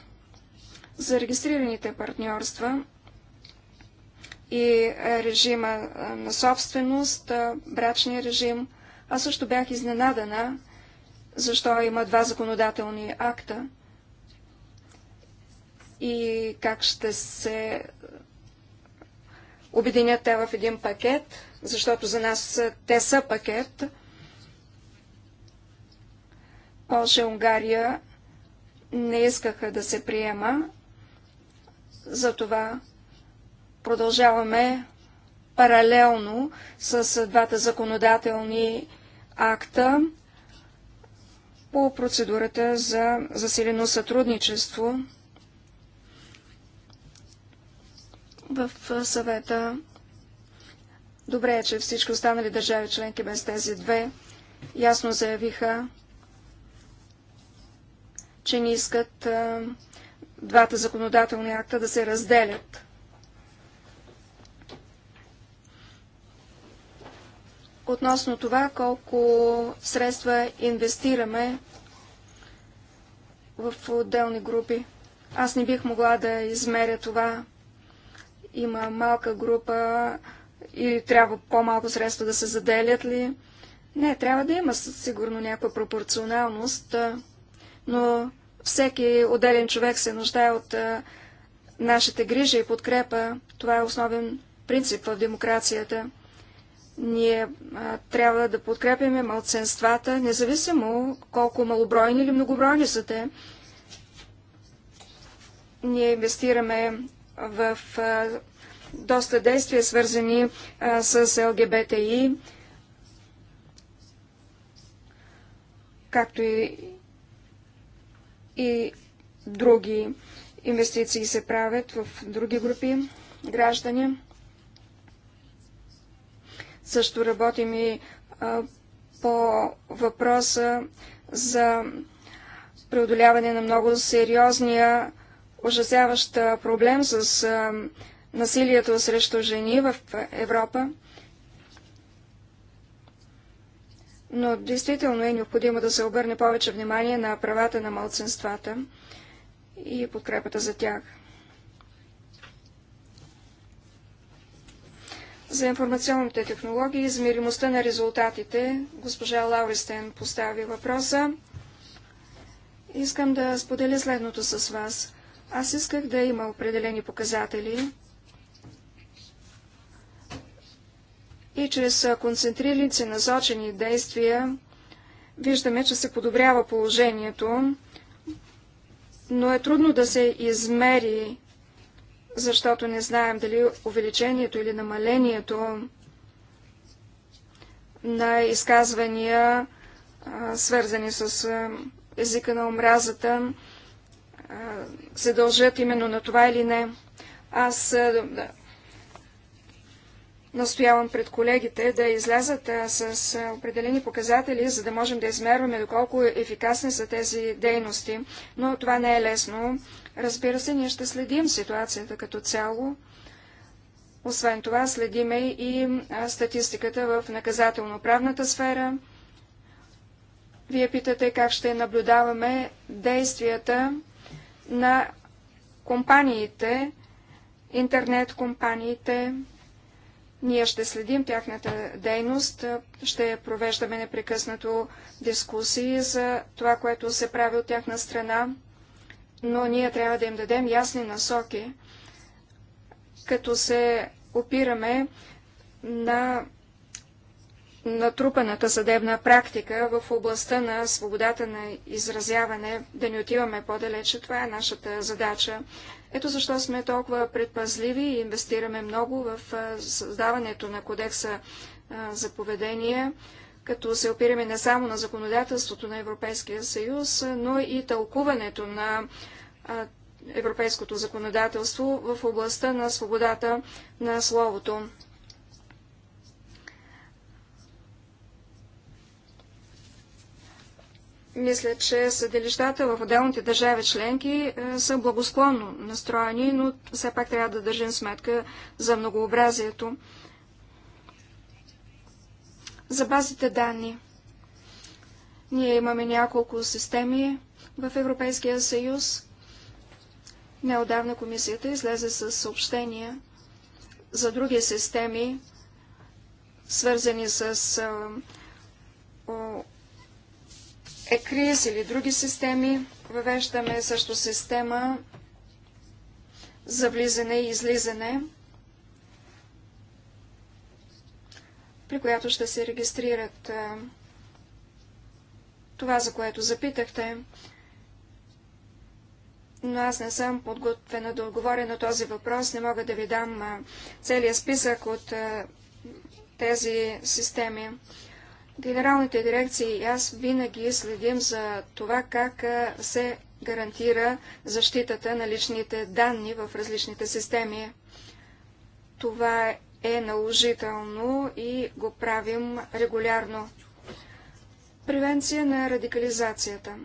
За регистрираните партньорства и режима на собственост, брачния режим, аз също бях изненадана, защо има два законодателни акта и как ще се обединят те в един пакет, защото за нас те са пакет – Полша и Унгария не искаха да се приема, затова продължаваме паралелно с двата законодателни акта по процедурата за засилено сътрудничество в съвета. Добре е, че всички останали държави членки без тези две ясно заявиха, че не искат а, двата законодателни акта да се разделят. Относно това, колко средства инвестираме в отделни групи. Аз не бих могла да измеря това. Има малка група и трябва по-малко средства да се заделят ли. Не, трябва да има сигурно някаква пропорционалност но всеки отделен човек се нуждае от нашите грижи и подкрепа. Това е основен принцип в демокрацията. Ние трябва да подкрепяме малценствата, независимо колко малобройни или многобройни са те. Ние инвестираме в доста действия, свързани с ЛГБТИ, както и и други инвестиции се правят в други групи граждани. Също работим и а, по въпроса за преодоляване на много сериозния ужасяващ проблем с а, насилието срещу жени в Европа. но действително е необходимо да се обърне повече внимание на правата на малцинствата и подкрепата за тях. За информационните технологии и измеримостта на резултатите госпожа Лауристен постави въпроса. Искам да споделя следното с вас. Аз исках да има определени показатели, и чрез концентрирани насочени действия виждаме, че се подобрява положението, но е трудно да се измери, защото не знаем дали увеличението или намалението на изказвания, свързани с езика на омразата, се дължат именно на това или не. Аз настоявам пред колегите да излязат с определени показатели, за да можем да измерваме доколко ефикасни са тези дейности. Но това не е лесно. Разбира се, ние ще следим ситуацията като цяло. Освен това, следиме и статистиката в наказателно-правната сфера. Вие питате как ще наблюдаваме действията на компаниите, интернет компаниите, ние ще следим тяхната дейност, ще провеждаме непрекъснато дискусии за това, което се прави от тяхна страна, но ние трябва да им дадем ясни насоки, като се опираме на натрупаната съдебна практика в областта на свободата на изразяване, да не отиваме по-далече. Това е нашата задача. Ето защо сме толкова предпазливи и инвестираме много в създаването на кодекса за поведение, като се опираме не само на законодателството на Европейския съюз, но и тълкуването на европейското законодателство в областта на свободата на словото. Мисля, че съдилищата в отделните държави членки е, са благосклонно настроени, но все пак трябва да държим сметка за многообразието. За базите данни. Ние имаме няколко системи в Европейския съюз. Неодавна комисията излезе с съобщения за други системи, свързани с е, ЕКРИС или други системи. Въвеждаме също система за влизане и излизане, при която ще се регистрират това, за което запитахте. Но аз не съм подготвена да отговоря на този въпрос. Не мога да ви дам целият списък от тези системи. Генералните дирекции и аз винаги следим за това как се гарантира защитата на личните данни в различните системи. Това е наложително и го правим регулярно. Превенция на радикализацията.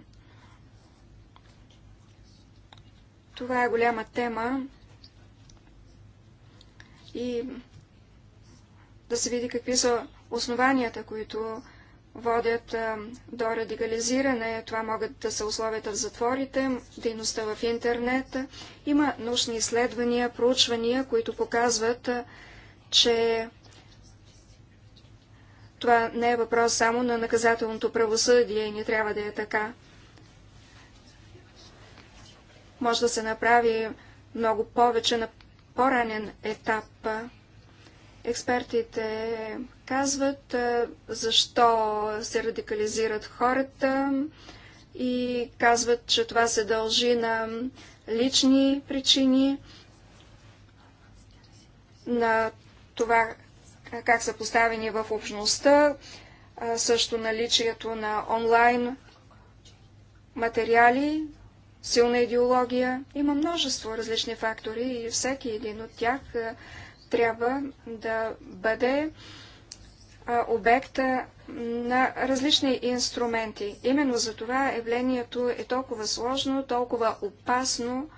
Това е голяма тема и да се види какви са основанията, които водят а, до радикализиране. Това могат да са условията в затворите, дейността в интернет. Има научни изследвания, проучвания, които показват, а, че това не е въпрос само на наказателното правосъдие и не трябва да е така. Може да се направи много повече на по-ранен етап. Експертите казват защо се радикализират хората и казват, че това се дължи на лични причини, на това как са поставени в общността, също наличието на онлайн материали, силна идеология. Има множество различни фактори и всеки един от тях трябва да бъде обект на различни инструменти. Именно за това явлението е толкова сложно, толкова опасно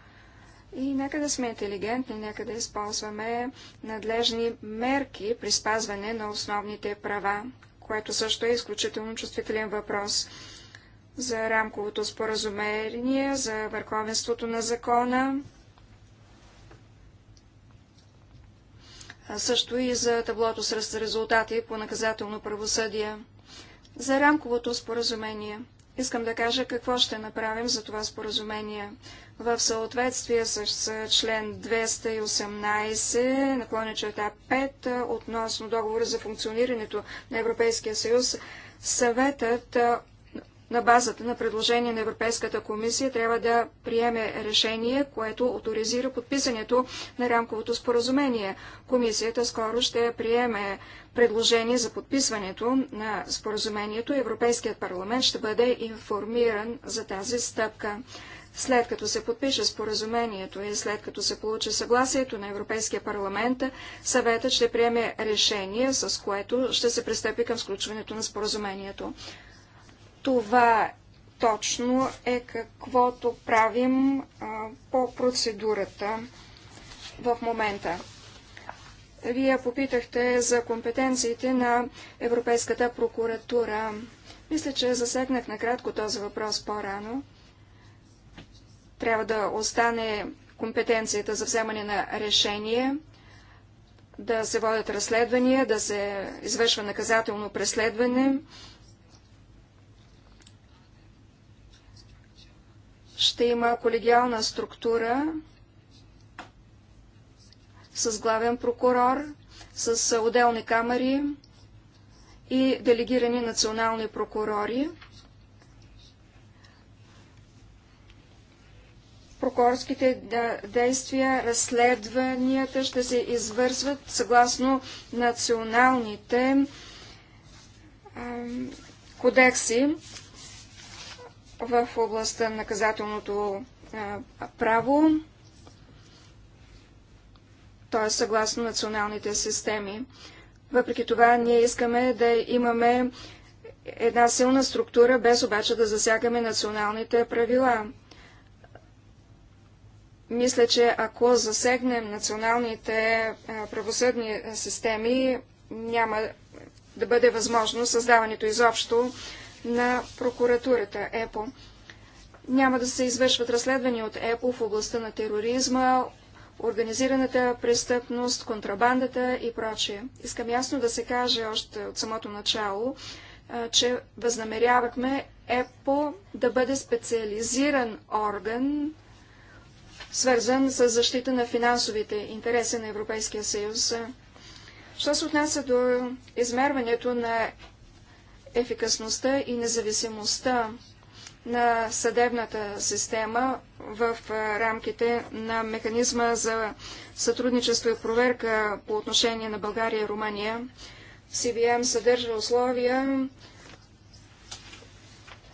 и нека да сме интелигентни, нека да използваме надлежни мерки при спазване на основните права, което също е изключително чувствителен въпрос за рамковото споразумение, за върховенството на закона, също и за таблото с резултати по наказателно правосъдие. За рамковото споразумение. Искам да кажа какво ще направим за това споразумение. В съответствие с член 218, наклоня черта 5, относно договора за функционирането на Европейския съюз, съветът на базата на предложение на Европейската комисия трябва да приеме решение, което авторизира подписането на рамковото споразумение. Комисията скоро ще приеме предложение за подписването на споразумението. Европейският парламент ще бъде информиран за тази стъпка. След като се подпише споразумението и след като се получи съгласието на Европейския парламент, съветът ще приеме решение, с което ще се пристъпи към сключването на споразумението. Това точно е каквото правим а, по процедурата в момента. Вие попитахте за компетенциите на Европейската прокуратура. Мисля, че засегнах накратко този въпрос по-рано. Трябва да остане компетенцията за вземане на решение, да се водят разследвания, да се извършва наказателно преследване, ще има колегиална структура с главен прокурор, с отделни камери и делегирани национални прокурори. прокурорските действия, разследванията ще се извързват съгласно националните кодекси в областта на наказателното право, т.е. съгласно националните системи. Въпреки това, ние искаме да имаме една силна структура, без обаче да засягаме националните правила. Мисля, че ако засегнем националните правосъдни системи, няма да бъде възможно създаването изобщо на прокуратурата ЕПО. Няма да се извършват разследвания от ЕПО в областта на тероризма, организираната престъпност, контрабандата и прочие. Искам ясно да се каже още от самото начало, че възнамерявахме ЕПО да бъде специализиран орган, свързан с защита на финансовите интереси на Европейския съюз. Що се отнася до измерването на ефикасността и независимостта на съдебната система в рамките на механизма за сътрудничество и проверка по отношение на България и Румъния. CBM съдържа условия,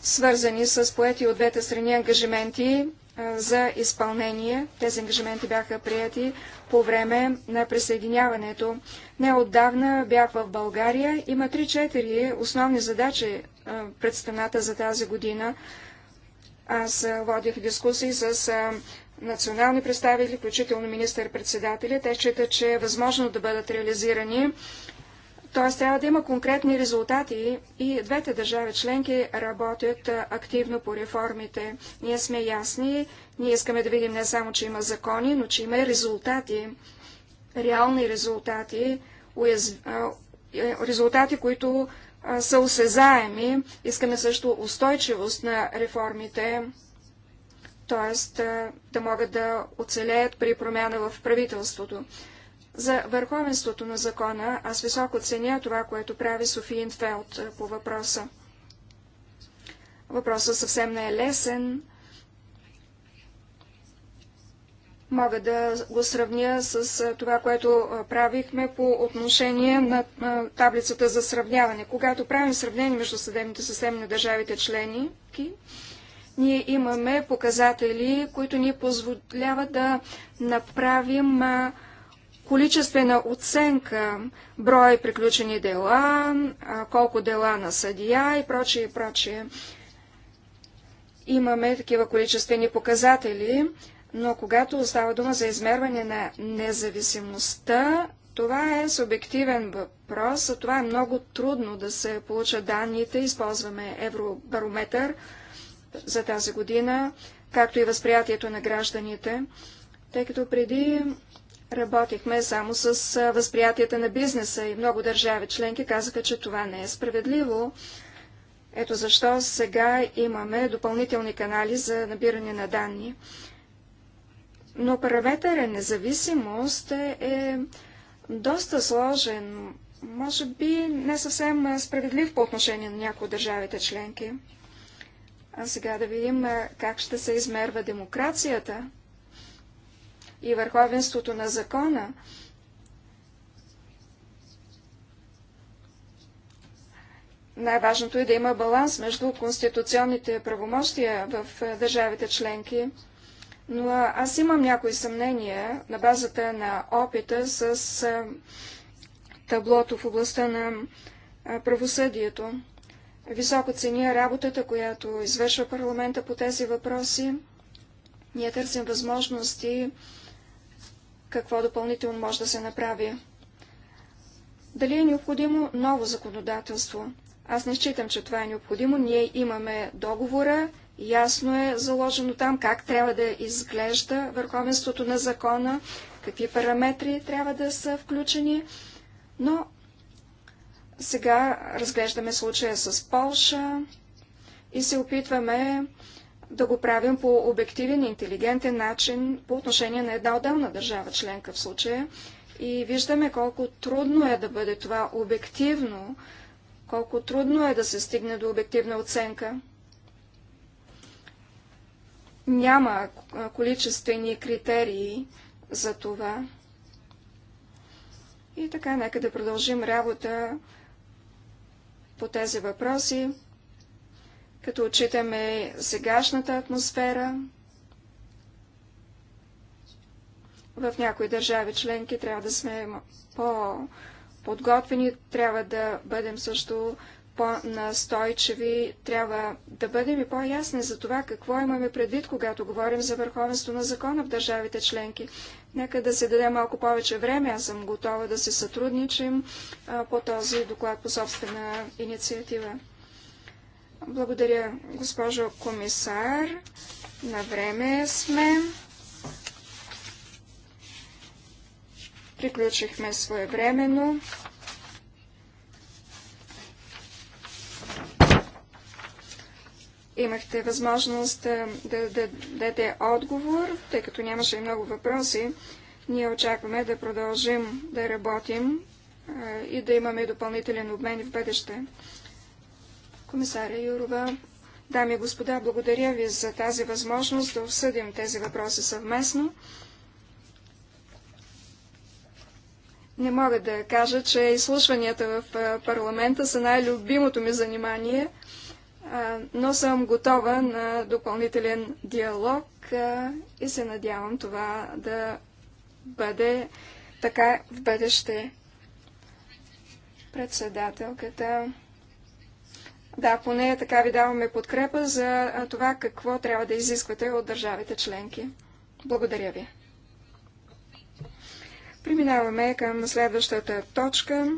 свързани с поети от двете страни ангажименти за изпълнение. Тези ангажименти бяха прияти по време на присъединяването. Не отдавна бях в България. Има 3-4 основни задачи пред страната за тази година. Аз водих дискусии с национални представители, включително министър председатели Те считат, че е възможно да бъдат реализирани т.е. трябва да има конкретни резултати и двете държави членки работят активно по реформите. Ние сме ясни, ние искаме да видим не само, че има закони, но че има и резултати, реални резултати, уяз... Е, резултати, които са осезаеми. Искаме също устойчивост на реформите, т.е. да могат да оцелеят при промяна в правителството. За върховенството на закона аз високо ценя това, което прави Софи Инфелд е, по въпроса. Въпросът съвсем не е лесен. Мога да го сравня с е, това, което е, правихме по отношение на таблицата за сравняване. Когато правим сравнение между съдебните системи на държавите члени, ние имаме показатели, които ни позволяват да направим количествена оценка, брой приключени дела, колко дела на съдия и прочие, и прочие. Имаме такива количествени показатели, но когато става дума за измерване на независимостта, това е субективен въпрос, а това е много трудно да се получат данните. Използваме евробарометър за тази година, както и възприятието на гражданите, тъй като преди работихме само с възприятията на бизнеса и много държави членки казаха, че това не е справедливо. Ето защо сега имаме допълнителни канали за набиране на данни. Но параметъра независимост е, е доста сложен, може би не съвсем справедлив по отношение на някои от държавите членки. А сега да видим как ще се измерва демокрацията и върховенството на закона. Най-важното е да има баланс между конституционните правомощия в е, държавите членки. Но аз имам някои съмнения на базата на опита с е, таблото в областта на е, правосъдието. Високо ценя работата, която извършва парламента по тези въпроси. Ние търсим възможности какво допълнително може да се направи. Дали е необходимо ново законодателство? Аз не считам, че това е необходимо. Ние имаме договора, ясно е заложено там как трябва да изглежда върховенството на закона, какви параметри трябва да са включени. Но сега разглеждаме случая с Полша и се опитваме да го правим по обективен и интелигентен начин по отношение на една отделна държава членка в случая. И виждаме колко трудно е да бъде това обективно, колко трудно е да се стигне до обективна оценка. Няма количествени критерии за това. И така, нека да продължим работа по тези въпроси като отчитаме сегашната атмосфера. В някои държави членки трябва да сме по-подготвени, трябва да бъдем също по-настойчиви, трябва да бъдем и по-ясни за това какво имаме предвид, когато говорим за върховенство на закона в държавите членки. Нека да се даде малко повече време. Аз съм готова да се сътрудничим по този доклад по собствена инициатива. Благодаря, госпожо комисар. На време сме. Приключихме своевременно. Имахте възможност да, да, да дадете отговор, тъй като нямаше и много въпроси. Ние очакваме да продължим да работим и да имаме допълнителен обмен в бъдеще. Комисаря Юрова, дами и господа, благодаря ви за тази възможност да обсъдим тези въпроси съвместно. Не мога да кажа, че изслушванията в парламента са най-любимото ми занимание, но съм готова на допълнителен диалог и се надявам това да бъде така в бъдеще. Председателката да, поне така ви даваме подкрепа за това какво трябва да изисквате от държавите членки. Благодаря ви. Преминаваме към следващата точка.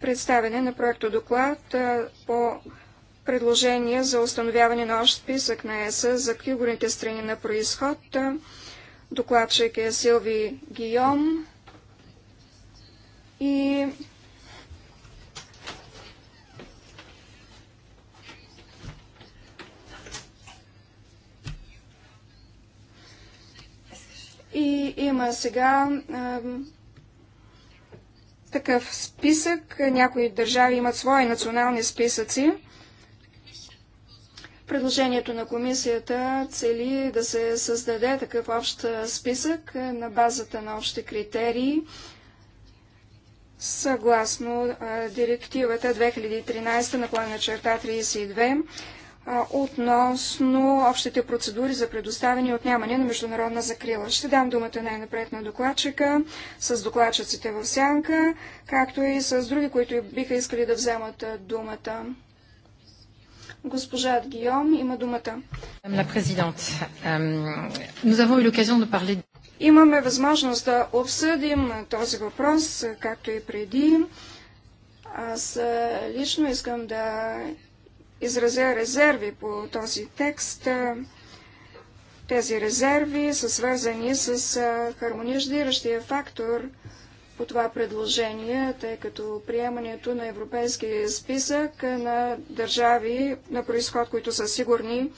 Представяне на проекто доклад по предложение за установяване на общ списък на ЕС за фигурните страни на происход. Докладчик е Силви Гийом. И И има сега а, такъв списък. Някои държави имат свои национални списъци. Предложението на комисията цели да се създаде такъв общ списък на базата на общи критерии, съгласно директивата 2013 на плана черта 32 относно общите процедури за предоставяне и отнямане на международна закрила. Ще дам думата най-напред на докладчика, с докладчиците в сянка, както и с други, които биха искали да вземат думата. Госпожа Гиом има думата. Euh, Имаме възможност да обсъдим този въпрос, както и преди. Аз лично искам да изразя резерви по този текст. Тези резерви са свързани с хармонизиращия фактор – по това предложение, тъй като приемането на европейския списък на държави на происход, които са сигурни,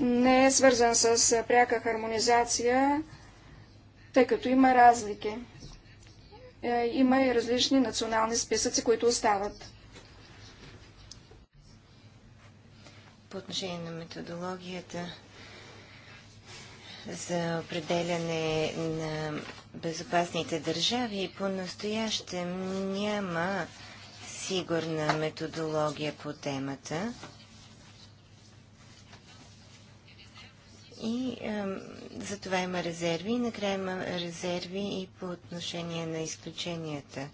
не е свързан с пряка хармонизация, тъй като има разлики. Е, има и различни национални списъци, които остават. По отношение на методологията за определяне на безопасните държави и по-настоящем няма сигурна методология по темата. И а, за това има резерви. Накрая има резерви и по отношение на изключенията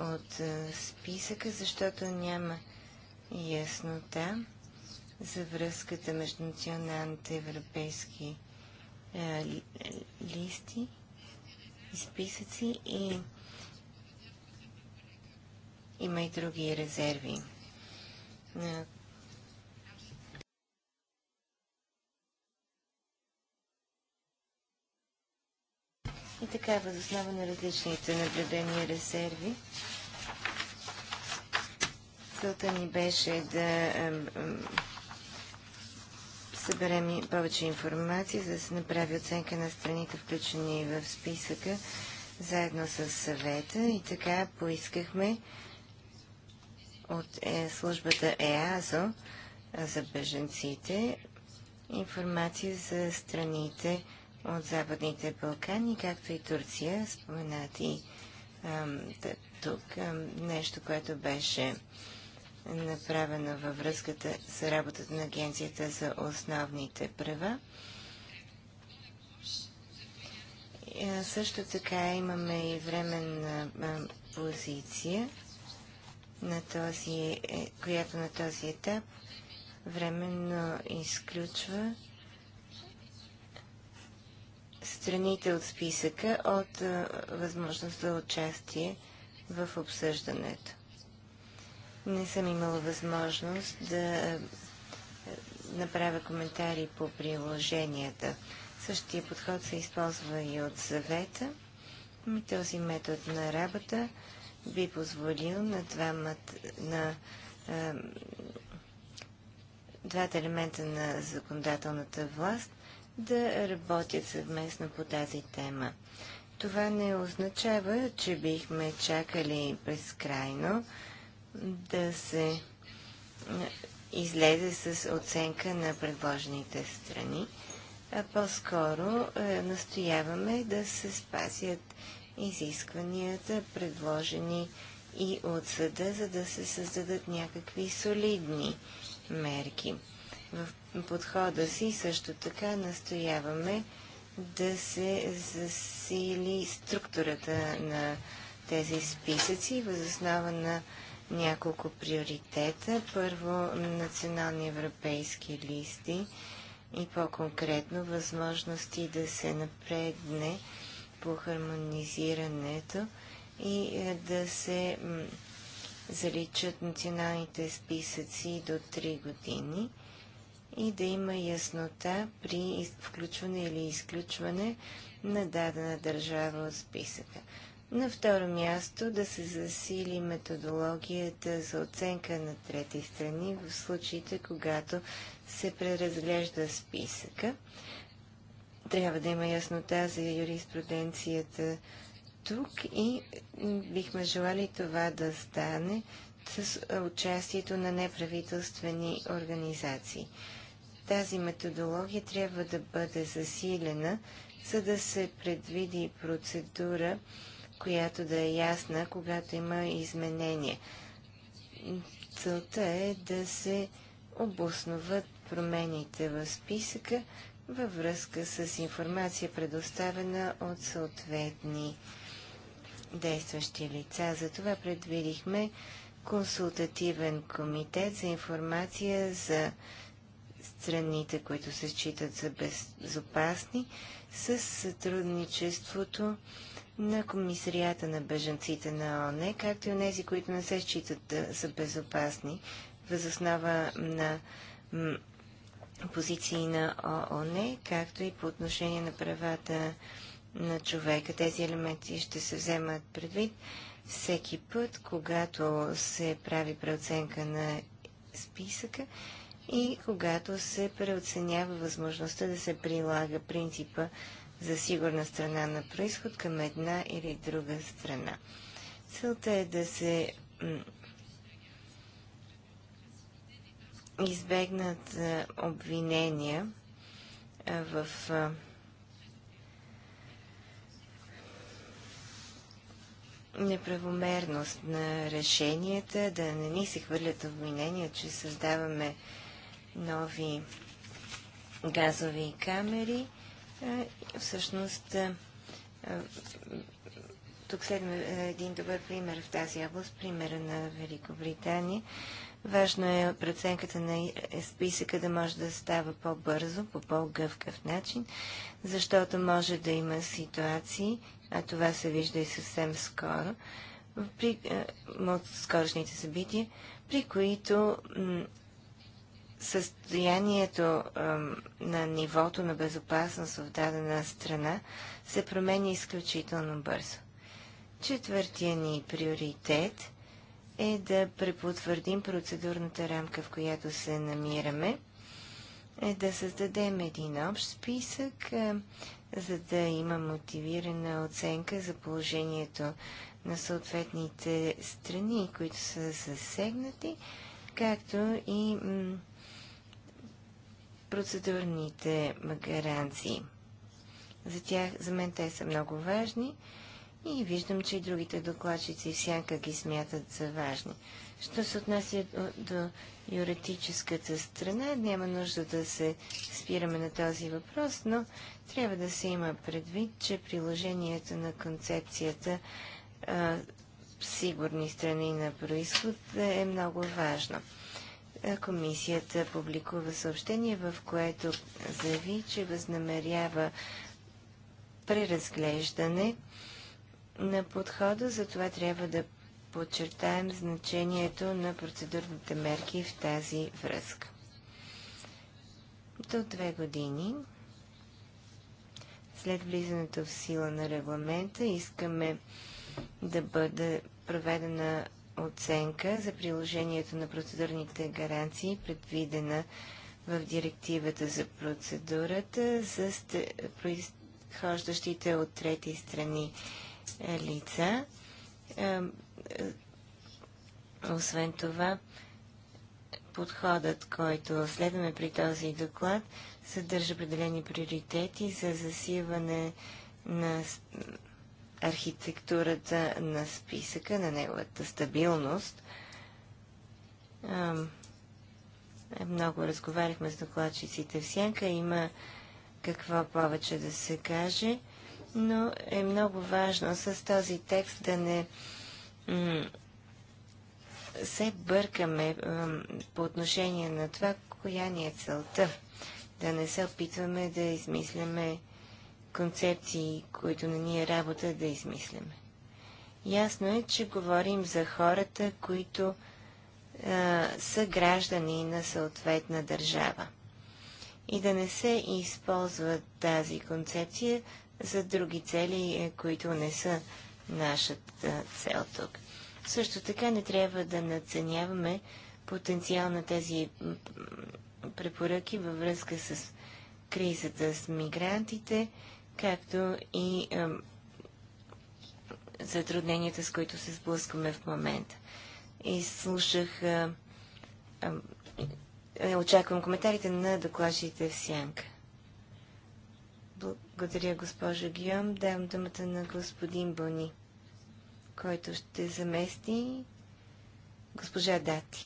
от а, списъка, защото няма яснота за връзката между националните европейски а, листи списъци и има и други резерви. И така, възоснова на различните наблюдения резерви, целта ни беше да съберем и повече информация, за да се направи оценка на страните, включени в списъка, заедно с съвета. И така поискахме от е, службата ЕАЗО за беженците информация за страните от Западните Балкани, както и Турция, споменати тук. нещо, което беше направена във връзката с работата на Агенцията за основните права. Е, също така имаме и временна позиция, на този, е, която на този етап временно изключва страните от списъка от възможност за участие в обсъждането. Не съм имала възможност да е, направя коментари по приложенията. Същия подход се използва и от съвета. този метод на работа би позволил на, двамата, на е, двата елемента на законодателната власт да работят съвместно по тази тема. Това не означава, че бихме чакали безкрайно, да се излезе с оценка на предложените страни. По-скоро е, настояваме да се спазят изискванията, предложени и от съда, за да се създадат някакви солидни мерки. В подхода си също така настояваме да се засили структурата на тези списъци възоснова на няколко приоритета. Първо, национални европейски листи и по-конкретно възможности да се напредне по хармонизирането и е, да се заличат националните списъци до 3 години и да има яснота при включване или изключване на дадена държава от списъка. На второ място да се засили методологията за оценка на трети страни в случаите, когато се преразглежда списъка. Трябва да има яснота за юриспруденцията тук и бихме желали това да стане с участието на неправителствени организации. Тази методология трябва да бъде засилена, за да се предвиди процедура която да е ясна, когато има изменения. Целта е да се обосноват промените в списъка във връзка с информация, предоставена от съответни действащи лица. Затова предвидихме консултативен комитет за информация за страните, които се считат за безопасни, с сътрудничеството на комисарията на бежанците на ОНЕ, както и тези, които не се считат са безопасни, възоснова на позиции на ООН, както и по отношение на правата на човека. Тези елементи ще се вземат предвид всеки път, когато се прави преоценка на списъка и когато се преоценява възможността да се прилага принципа за сигурна страна на происход към една или друга страна. Целта е да се избегнат обвинения в неправомерност на решенията, да не ни се хвърлят обвинения, че създаваме нови газови камери е, всъщност, е, е, тук следва един добър пример в тази област, примера на Великобритания. Важно е преценката на списъка да може да става по-бързо, по по-гъвкав начин, защото може да има ситуации, а това се вижда и съвсем скоро, при, от скорошните събития, при които състоянието на нивото на безопасност в дадена страна се променя изключително бързо. Четвъртия ни приоритет е да препотвърдим процедурната рамка, в която се намираме, е да създадем един общ списък, за да има мотивирана оценка за положението на съответните страни, които са засегнати, както и процедурните гаранции. За тях, за мен те са много важни и виждам, че и другите докладчици всяка ги смятат за важни. Що се отнася до, до юридическата страна, няма нужда да се спираме на този въпрос, но трябва да се има предвид, че приложението на концепцията а, сигурни страни на происход е много важно. Е, комисията публикува съобщение, в което заяви, че възнамерява преразглеждане на подхода, за това трябва да подчертаем значението на процедурните мерки в тази връзка. До две години след влизането в сила на регламента искаме да бъде проведена оценка за приложението на процедурните гаранции, предвидена в директивата за процедурата за произхождащите от трети страни е, лица. Е, е, освен това, подходът, който следваме при този доклад, съдържа определени приоритети за засилване на архитектурата на списъка, на неговата стабилност. Е, много разговаряхме с докладчиците в Сянка. Има какво повече да се каже, но е много важно с този текст да не се бъркаме по отношение на това, коя ни е целта. Да не се опитваме да измисляме концепции, които на ние работа да измисляме. Ясно е, че говорим за хората, които а, са граждани на съответна държава. И да не се използва тази концепция за други цели, е, които не са нашата цел тук. Също така не трябва да наценяваме потенциал на тези препоръки във връзка с кризата с мигрантите както и е, затрудненията, с които се сблъскваме в момента. И слушах, е, е, очаквам коментарите на докладчите в Сянка. Благодаря, госпожа Гиом. Давам думата на господин Бони, който ще замести госпожа Дати.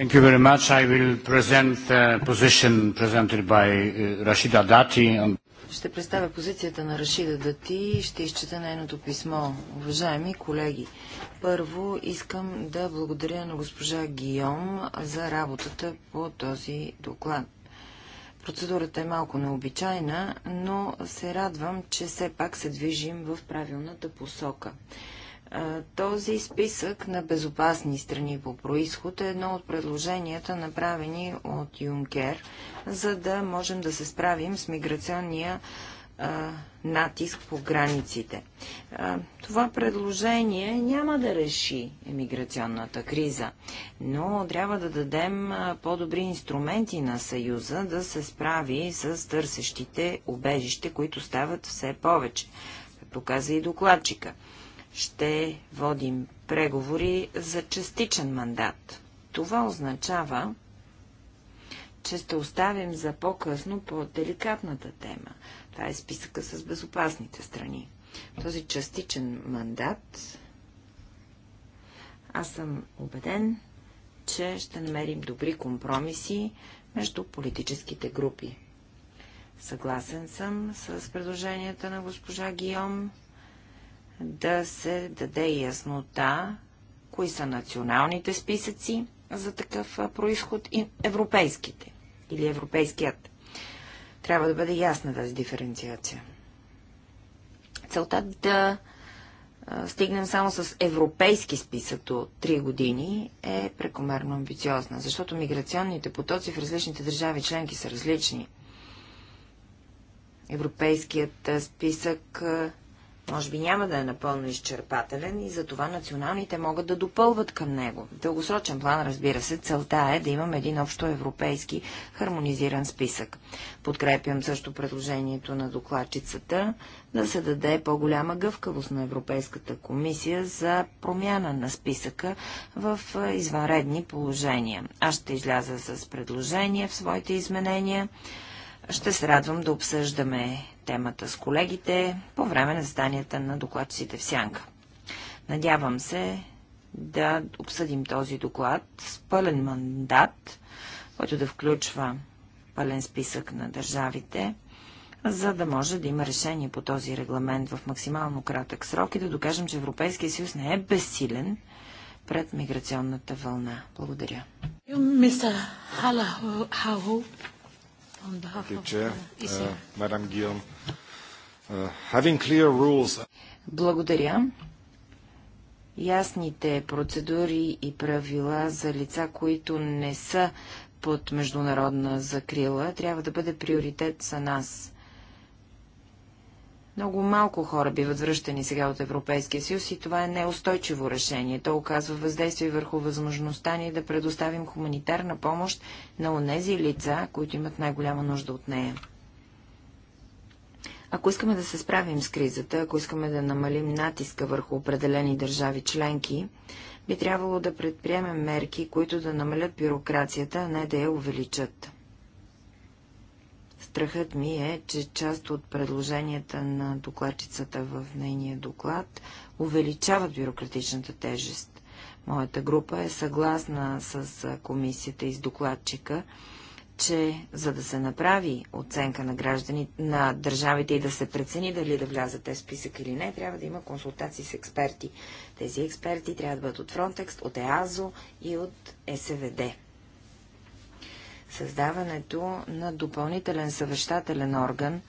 Thank you very much. I will present the uh, position presented by uh, Rashida Dati. On... Ще представя позицията на Рашида Дати и ще изчета нейното писмо. Уважаеми колеги, първо искам да благодаря на госпожа Гийом за работата по този доклад. Процедурата е малко необичайна, но се радвам, че все пак се движим в правилната посока. Този списък на безопасни страни по происход е едно от предложенията, направени от Юнкер, за да можем да се справим с миграционния натиск по границите. това предложение няма да реши емиграционната криза, но трябва да дадем по-добри инструменти на Съюза да се справи с търсещите убежище, които стават все повече, както каза и докладчика ще водим преговори за частичен мандат. Това означава, че ще оставим за по-късно по-деликатната тема. Това е списъка с безопасните страни. Този частичен мандат, аз съм убеден, че ще намерим добри компромиси между политическите групи. Съгласен съм с предложенията на госпожа Гиом да се даде яснота, кои са националните списъци за такъв происход и европейските или европейският. Трябва да бъде ясна тази диференциация. Целта да стигнем само с европейски списък до 3 години е прекомерно амбициозна, защото миграционните потоци в различните държави членки са различни. Европейският списък може би няма да е напълно изчерпателен и затова националните могат да допълват към него. дългосрочен план, разбира се, целта е да имаме един общо европейски хармонизиран списък. Подкрепям също предложението на докладчицата да се даде по-голяма гъвкавост на Европейската комисия за промяна на списъка в извънредни положения. Аз ще изляза с предложение в своите изменения ще се радвам да обсъждаме темата с колегите по време на заданията на докладците в Сянка. Надявам се да обсъдим този доклад с пълен мандат, който да включва пълен списък на държавите, за да може да има решение по този регламент в максимално кратък срок и да докажем, че Европейския съюз не е безсилен пред миграционната вълна. Благодаря on behalf of the uh, uh, Madam Guillaume, uh, having clear rules... Благодаря. Ясните процедури и правила за лица, които не са под международна закрила, трябва да бъде приоритет за нас. Много малко хора биват връщани сега от Европейския съюз и това е неустойчиво решение. То оказва въздействие върху възможността ни да предоставим хуманитарна помощ на онези лица, които имат най-голяма нужда от нея. Ако искаме да се справим с кризата, ако искаме да намалим натиска върху определени държави членки, би трябвало да предприемем мерки, които да намалят бюрокрацията, а не да я увеличат. Страхът ми е, че част от предложенията на докладчицата в нейния доклад увеличават бюрократичната тежест. Моята група е съгласна с комисията и с докладчика, че за да се направи оценка на граждани, на държавите и да се прецени дали да влязат в списък или не, трябва да има консултации с експерти. Тези експерти трябва да бъдат от Frontex, от ЕАЗО и от СВД създаването на допълнителен съвещателен орган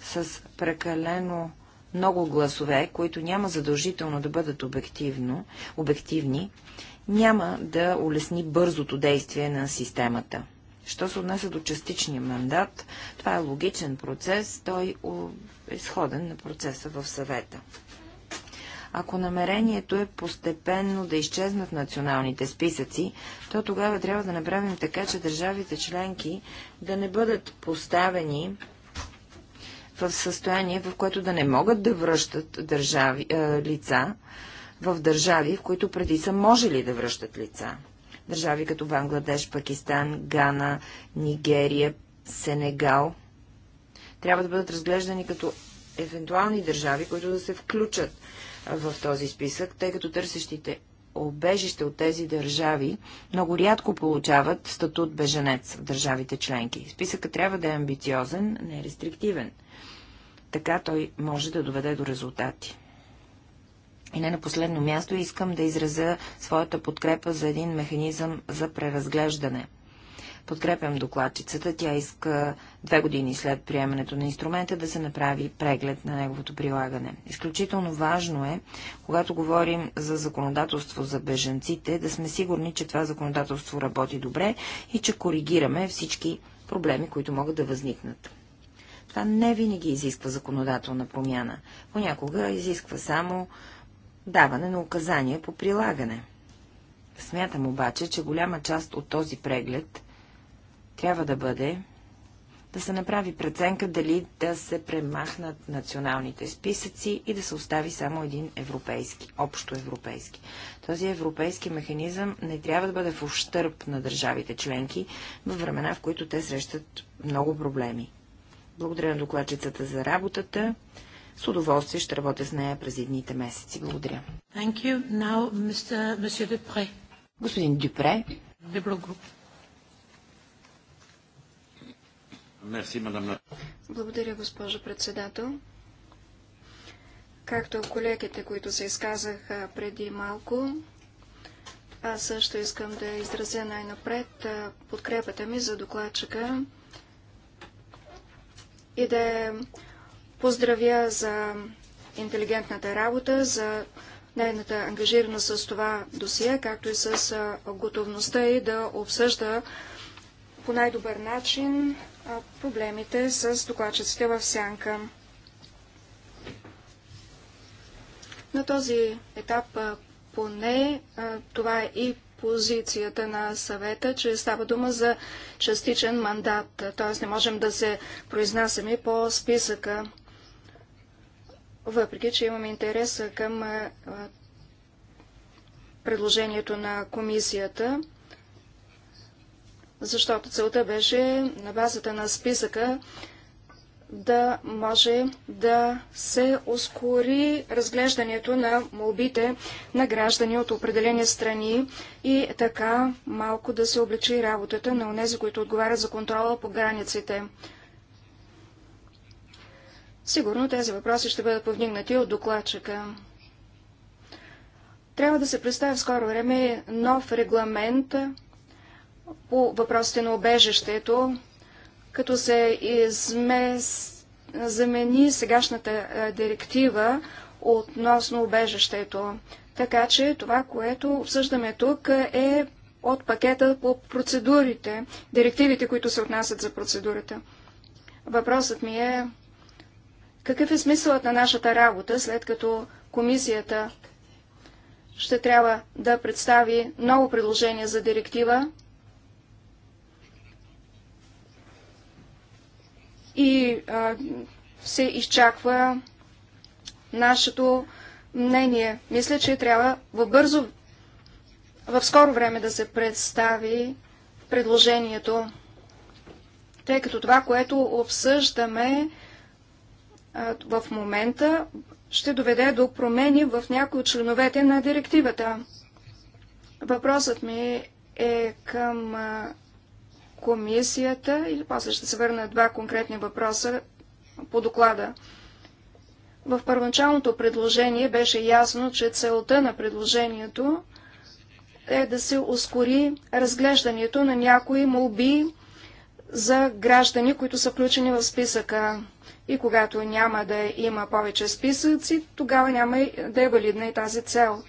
с прекалено много гласове, които няма задължително да бъдат обективно, обективни, няма да улесни бързото действие на системата. Що се отнася до частичния мандат, това е логичен процес, той е сходен на процеса в съвета. Ако намерението е постепенно да изчезнат националните списъци, то тогава трябва да направим така, че държавите членки да не бъдат поставени в състояние, в което да не могат да връщат държави, е, лица в държави, в които преди са можели да връщат лица. Държави като Бангладеш, Пакистан, Гана, Нигерия, Сенегал трябва да бъдат разглеждани като евентуални държави, които да се включат в този списък, тъй като търсещите обежище от тези държави много рядко получават статут беженец в държавите членки. Списъкът трябва да е амбициозен, не е рестриктивен. Така той може да доведе до резултати. И не на последно място искам да изразя своята подкрепа за един механизъм за преразглеждане – Подкрепям докладчицата. Тя иска две години след приемането на инструмента да се направи преглед на неговото прилагане. Изключително важно е, когато говорим за законодателство за беженците, да сме сигурни, че това законодателство работи добре и че коригираме всички проблеми, които могат да възникнат. Това не винаги изисква законодателна промяна. Понякога изисква само даване на указания по прилагане. Смятам обаче, че голяма част от този преглед трябва да бъде да се направи преценка дали да се премахнат националните списъци и да се остави само един европейски, общо европейски. Този европейски механизъм не трябва да бъде в ущърп на държавите членки във времена, в които те срещат много проблеми. Благодаря на докладчицата за работата. С удоволствие ще работя с нея през едните месеци. Благодаря. Thank you. Now, Mr. Monsieur Dupre. Господин Дюпре. Liberal Group. Благодаря, госпожо председател. Както колегите, които се изказаха преди малко, аз също искам да изразя най-напред подкрепата ми за докладчика и да поздравя за интелигентната работа, за нейната ангажираност с това досие, както и с готовността и да обсъжда по най-добър начин проблемите с докладчиците в сянка. На този етап поне това е и позицията на съвета, че става дума за частичен мандат, т.е. не можем да се произнасяме по списъка, въпреки че имаме интерес към предложението на комисията защото целта беше на базата на списъка да може да се ускори разглеждането на молбите на граждани от определени страни и така малко да се облегчи работата на онези, които отговарят за контрола по границите. Сигурно тези въпроси ще бъдат повдигнати от докладчика. Трябва да се представи в скоро време нов регламент по въпросите на обежището, като се измес... замени сегашната директива относно обежището. Така че това, което обсъждаме тук е от пакета по процедурите, директивите, които се отнасят за процедурата. Въпросът ми е какъв е смисълът на нашата работа, след като комисията ще трябва да представи ново предложение за директива, и а, се изчаква нашето мнение. Мисля, че трябва в бързо, в скоро време да се представи предложението, тъй като това, което обсъждаме а, в момента, ще доведе до промени в някои от членовете на директивата. Въпросът ми е към а, комисията и после ще се върна два конкретни въпроса по доклада. В първоначалното предложение беше ясно, че целта на предложението е да се ускори разглеждането на някои молби за граждани, които са включени в списъка. И когато няма да има повече списъци, тогава няма да е валидна и тази цел.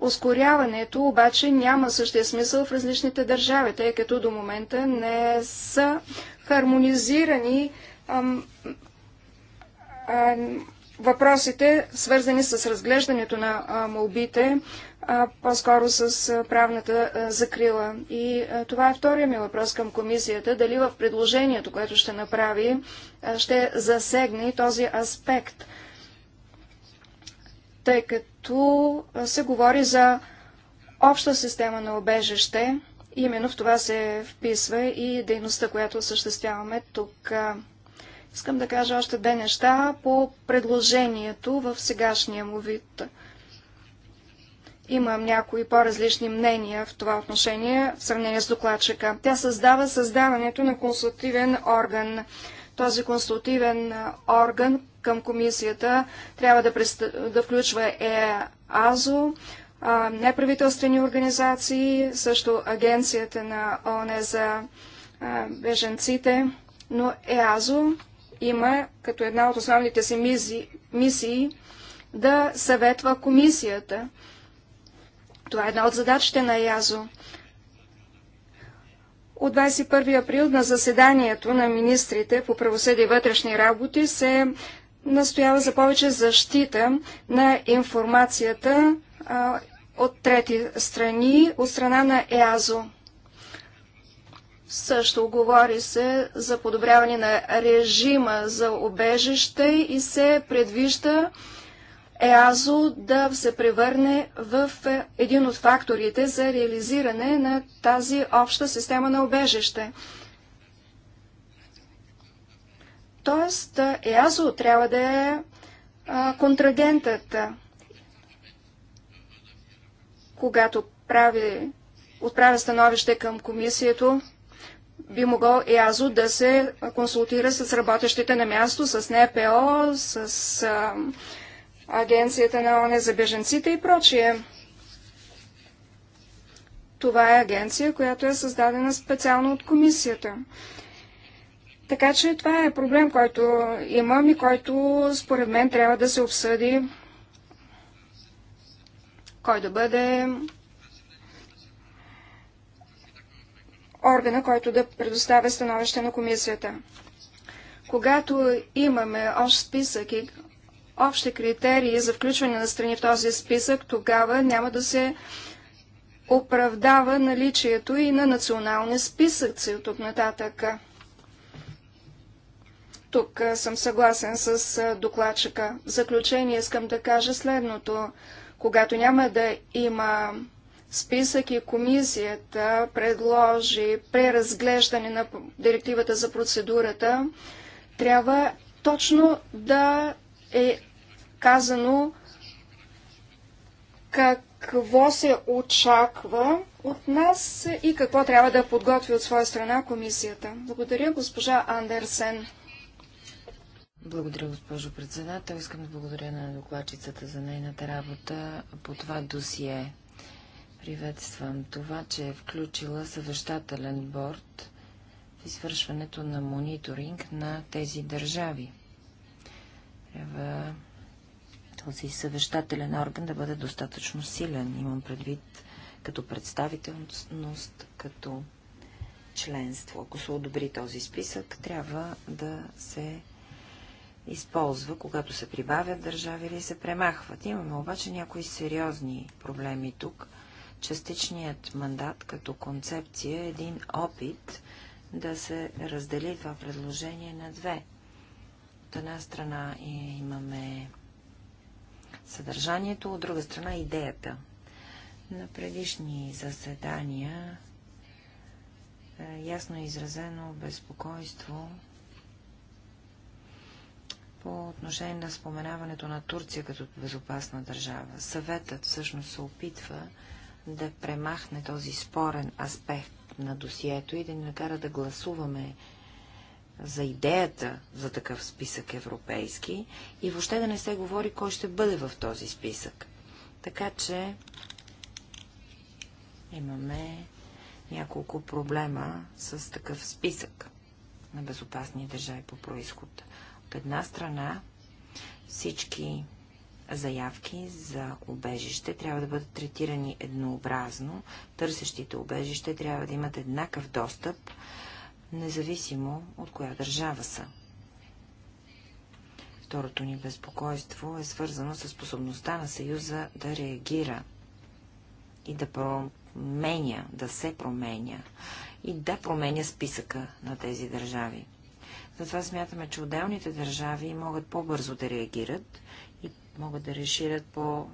Ускоряването обаче няма същия смисъл в различните държави, тъй като до момента не са хармонизирани ам, ам, въпросите, свързани с разглеждането на молбите, по-скоро с правната закрила. И това е втория ми въпрос към комисията. Дали в предложението, което ще направи, ще засегне и този аспект – тъй като се говори за обща система на обежище. Именно в това се вписва и дейността, която осъществяваме тук. Искам да кажа още две неща по предложението в сегашния му вид. Имам някои по-различни мнения в това отношение в сравнение с докладчика. Тя създава създаването на консултативен орган. Този консултивен орган към комисията трябва да, преста... да включва ЕАЗО, неправителствени организации, също агенцията на ОНЕ за беженците, но ЕАЗО има като една от основните си мизи... мисии да съветва комисията. Това е една от задачите на ЕАЗО. От 21 април на заседанието на министрите по правосъдие и вътрешни работи се настоява за повече защита на информацията а, от трети страни, от страна на ЕАЗО. Също говори се за подобряване на режима за обежище и се предвижда ЕАЗО да се превърне в е, един от факторите за реализиране на тази обща система на обежище. Тоест, ЕАЗО трябва да е контрагентът, когато прави, отправя становище към комисията, би могло ЕАЗО да се консултира с работещите на място, с НПО, с Агенцията на ОНЕ за беженците и прочие. Това е агенция, която е създадена специално от комисията. Така че това е проблем, който имам и който според мен трябва да се обсъди кой да бъде органа, който да предоставя становище на комисията. Когато имаме още списък и общи критерии за включване на страни в този списък, тогава няма да се оправдава наличието и на национални списъци от тук нататък. Тук съм съгласен с докладчика. В заключение искам да кажа следното. Когато няма да има списък и комисията предложи преразглеждане на директивата за процедурата, трябва точно да е казано какво се очаква от нас и какво трябва да подготви от своя страна комисията. Благодаря, госпожа Андерсен. Благодаря, госпожо председател. Искам да благодаря на докладчицата за нейната работа по това досие. Приветствам това, че е включила съвещателен борт в извършването на мониторинг на тези държави. Трябва този съвещателен орган да бъде достатъчно силен. Имам предвид като представителност, като членство. Ако се одобри този списък, трябва да се използва, когато се прибавят държави или се премахват. Имаме обаче някои сериозни проблеми тук. Частичният мандат като концепция е един опит да се раздели това предложение на две. От една страна имаме съдържанието, от друга страна идеята. На предишни заседания е ясно изразено безпокойство по отношение на споменаването на Турция като безопасна държава. Съветът всъщност се опитва да премахне този спорен аспект на досието и да ни накара да гласуваме за идеята за такъв списък европейски и въобще да не се говори кой ще бъде в този списък. Така че имаме няколко проблема с такъв списък на безопасни държави по происход. От една страна всички заявки за обежище трябва да бъдат третирани еднообразно, търсещите обежище трябва да имат еднакъв достъп независимо от коя държава са. Второто ни безпокойство е свързано с способността на Съюза да реагира и да променя, да се променя и да променя списъка на тези държави. Затова смятаме, че отделните държави могат по-бързо да реагират и могат да решират по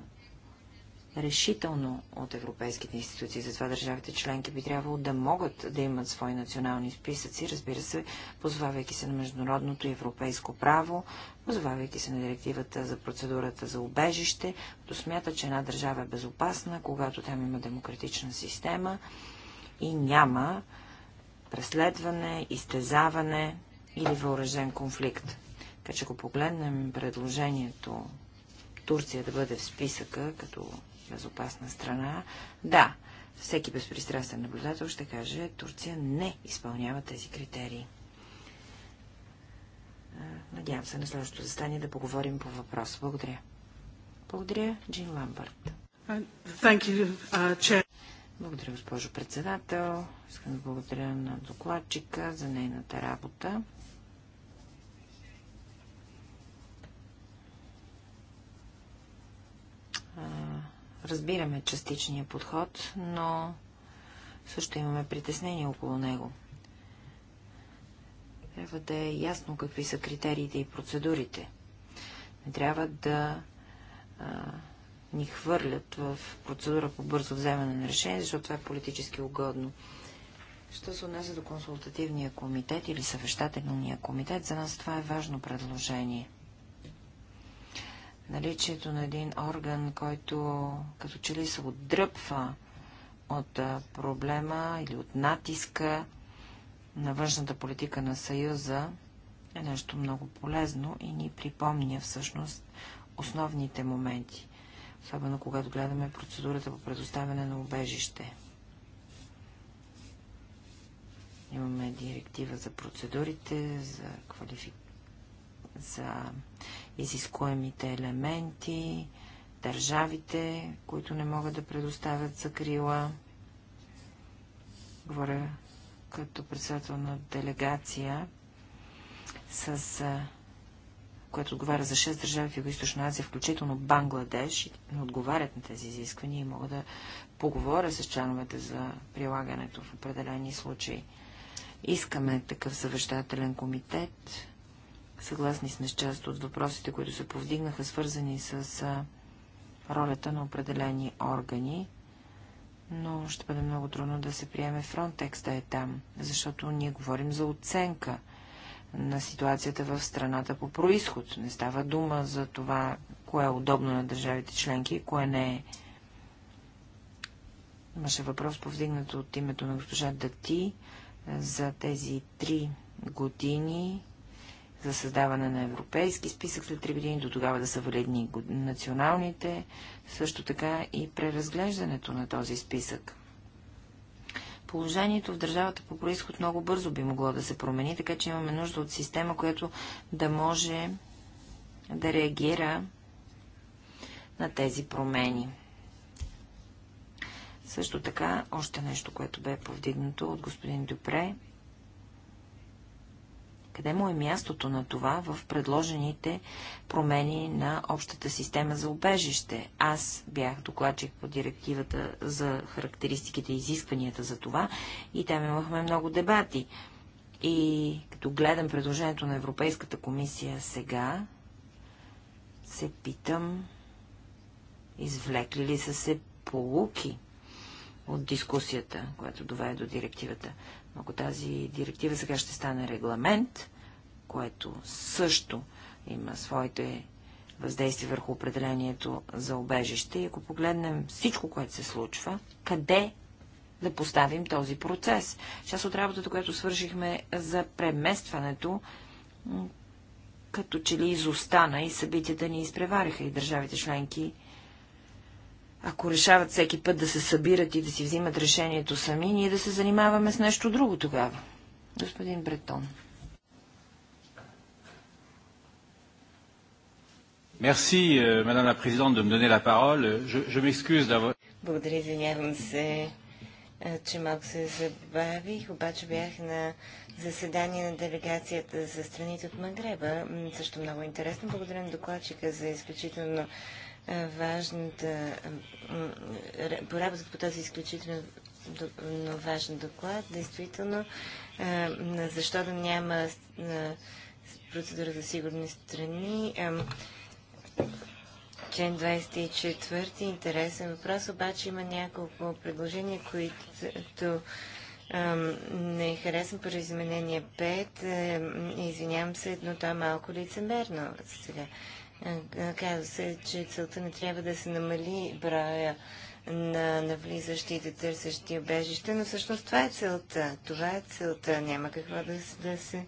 решително от европейските институции. Затова държавите членки би трябвало да могат да имат свои национални списъци, разбира се, позвавайки се на международното и европейско право, позвавайки се на директивата за процедурата за убежище, като смята, че една държава е безопасна, когато там има демократична система и няма преследване, изтезаване или въоръжен конфликт. Така че ако погледнем предложението Турция да бъде в списъка като безопасна страна. Да, всеки безпристрастен наблюдател ще каже, Турция не изпълнява тези критерии. Надявам се на следващото застание да поговорим по въпрос. Благодаря. Благодаря, Джин Ламбърт. Uh, благодаря, госпожо председател. Искам да благодаря на докладчика за нейната работа. Разбираме частичния подход, но също имаме притеснение около него. Трябва да е ясно какви са критериите и процедурите. Не трябва да а, ни хвърлят в процедура по бързо вземане на решение, защото това е политически угодно. Що се отнесе до консултативния комитет или съвещателния комитет, за нас това е важно предложение – наличието на един орган, който като че ли се отдръпва от проблема или от натиска на външната политика на Съюза, е нещо много полезно и ни припомня всъщност основните моменти, особено когато гледаме процедурата по предоставяне на убежище. Имаме директива за процедурите, за, квалифи... за изискуемите елементи, държавите, които не могат да предоставят закрила. Говоря като председател на делегация, с, която отговаря за 6 държави в Юго-Источна Азия, включително Бангладеш, не отговарят на тези изисквания и мога да поговоря с членовете за прилагането в определени случаи. Искаме такъв съвещателен комитет, Съгласни сме с част от въпросите, които се повдигнаха, свързани с ролята на определени органи, но ще бъде много трудно да се приеме Фронтекс да е там, защото ние говорим за оценка на ситуацията в страната по происход. Не става дума за това, кое е удобно на държавите членки и кое не е. Имаше въпрос повдигнат от името на госпожа Дати за тези три години за създаване на европейски списък след 3 години, до тогава да са валидни националните, също така и преразглеждането на този списък. Положението в държавата по происход много бързо би могло да се промени, така че имаме нужда от система, която да може да реагира на тези промени. Също така, още нещо, което бе повдигнато от господин Дюпре – къде му е мястото на това в предложените промени на общата система за обежище? Аз бях докладчик по директивата за характеристиките и изискванията за това и там имахме много дебати. И като гледам предложението на Европейската комисия сега, се питам, извлекли ли са се полуки от дискусията, която доведе до директивата. Ако тази директива сега ще стане регламент, което също има своите въздействие върху определението за обежище и ако погледнем всичко, което се случва, къде да поставим този процес. Част от работата, която свършихме за преместването, като че ли изостана и събитията ни изпревариха и държавите членки ако решават всеки път да се събират и да си взимат решението сами, ние да се занимаваме с нещо друго тогава. Господин Бретон. Merci, euh, Madame la Présidente, de me donner la parole. Je, je m'excuse d'avoir... Благодаря, извинявам се, че малко се забавих, обаче бях на заседание на делегацията за страните от Магреба. Също много интересно. Благодаря на докладчика за изключително е важната, по работата по този изключително важен доклад. Действително, е, защо да няма е, процедура за сигурни страни. Член 24. Интересен въпрос, обаче има няколко предложения, които не харесвам по изменение 5. Извинявам се, но то е малко лицемерно сега. Е, казва се, че целта не трябва да се намали броя на навлизащите търсещи обежище, но всъщност това е целта. Това е целта. Няма какво да, да се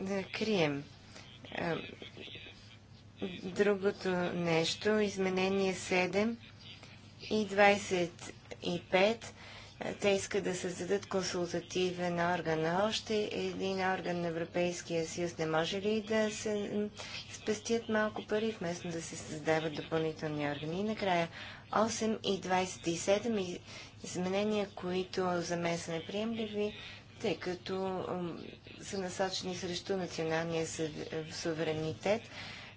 да крием. Е, другото нещо, изменение 7 и 25 те искат да създадат консултативен орган. А още един орган на Европейския съюз не може ли да се спестят малко пари, вместо да се създават допълнителни органи? И накрая 8 и 27 изменения, които за мен са неприемливи, тъй като са насочени срещу националния суверенитет,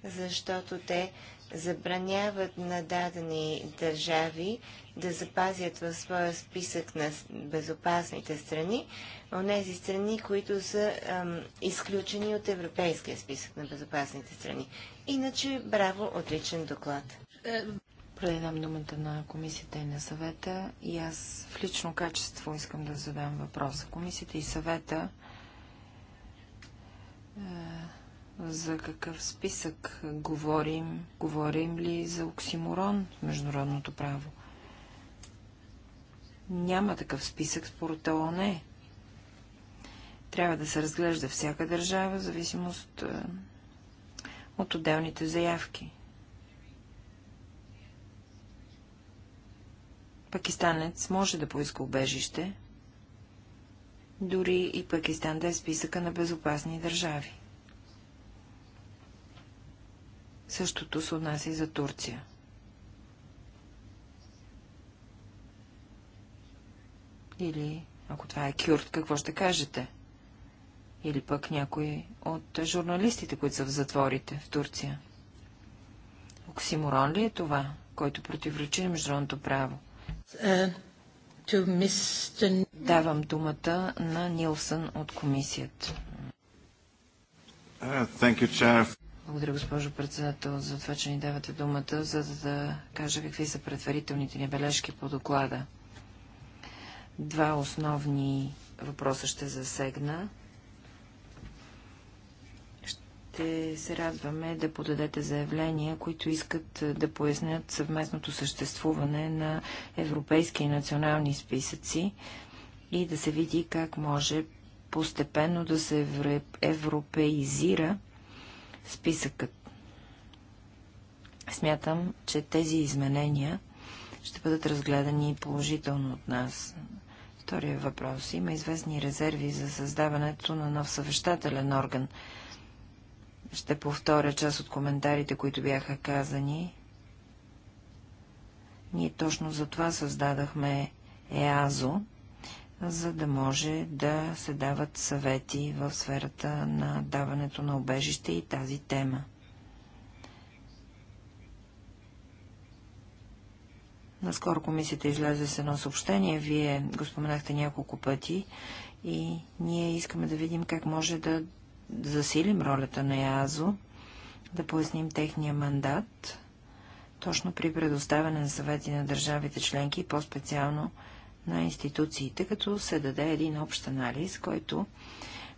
защото те забраняват на дадени държави да запазят в своя списък на безопасните страни, онези страни, които са ам, изключени от Европейския списък на безопасните страни. Иначе, браво, отличен доклад. Предам думата на комисията и на съвета и аз в лично качество искам да задам въпроса. Комисията и съвета е, за какъв списък говорим? Говорим ли за оксиморон в международното право? Няма такъв списък според ООН. Трябва да се разглежда всяка държава, в зависимост е, от отделните заявки. Пакистанец може да поиска убежище, дори и Пакистан да е списъка на безопасни държави. Същото се отнася и за Турция. Или, ако това е кюрт, какво ще кажете? Или пък някои от журналистите, които са в затворите в Турция. Оксиморон ли е това, който противоречи на международното право? Давам думата на Нилсън от комисията. Uh, you, благодаря, госпожо председател, за това, че ни давате думата, за да кажа какви са предварителните ни бележки по доклада. Два основни въпроса ще засегна. Ще се радваме да подадете заявления, които искат да пояснят съвместното съществуване на европейски и национални списъци и да се види как може постепенно да се европеизира списъкът. Смятам, че тези изменения ще бъдат разгледани положително от нас. Втория въпрос. Има известни резерви за създаването на нов съвещателен орган. Ще повторя част от коментарите, които бяха казани. Ние точно за това създадахме ЕАЗО, за да може да се дават съвети в сферата на даването на обежище и тази тема. Наскоро комисията излезе с едно съобщение, вие го споменахте няколко пъти и ние искаме да видим как може да засилим ролята на ЯЗО, да поясним техния мандат, точно при предоставяне на съвети на държавите членки и по-специално на институциите, като се даде един общ анализ, който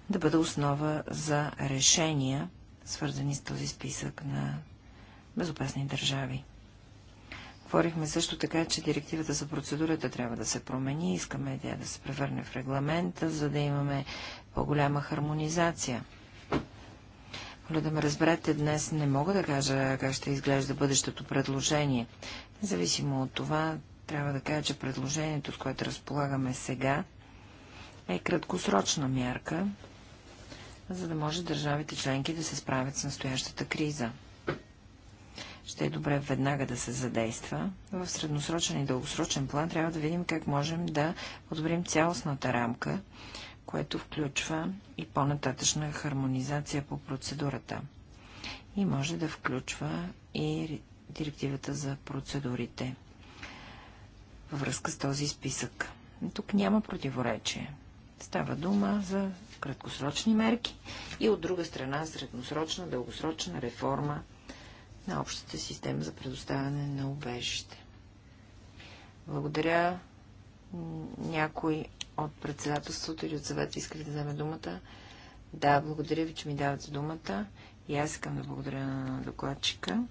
да бъде основа за решения, свързани с този списък на безопасни държави. Говорихме също така, че директивата за процедурата трябва да се промени. Искаме тя да се превърне в регламента, за да имаме по-голяма хармонизация. Моля да ме разберете, днес не мога да кажа как ще изглежда бъдещето предложение. Независимо от това, трябва да кажа, че предложението, с което разполагаме сега, е краткосрочна мярка, за да може държавите членки да се справят с настоящата криза. Ще е добре веднага да се задейства. В средносрочен и дългосрочен план трябва да видим как можем да подобрим цялостната рамка, което включва и по-нататъчна хармонизация по процедурата. И може да включва и директивата за процедурите във връзка с този списък. Тук няма противоречие. Става дума за краткосрочни мерки и от друга страна средносрочна, дългосрочна реформа на общата система за предоставяне на убежище. Благодаря някой от председателството или от съвета искате да вземе думата. Да, благодаря ви, че ми давате думата. И аз искам да благодаря на докладчика.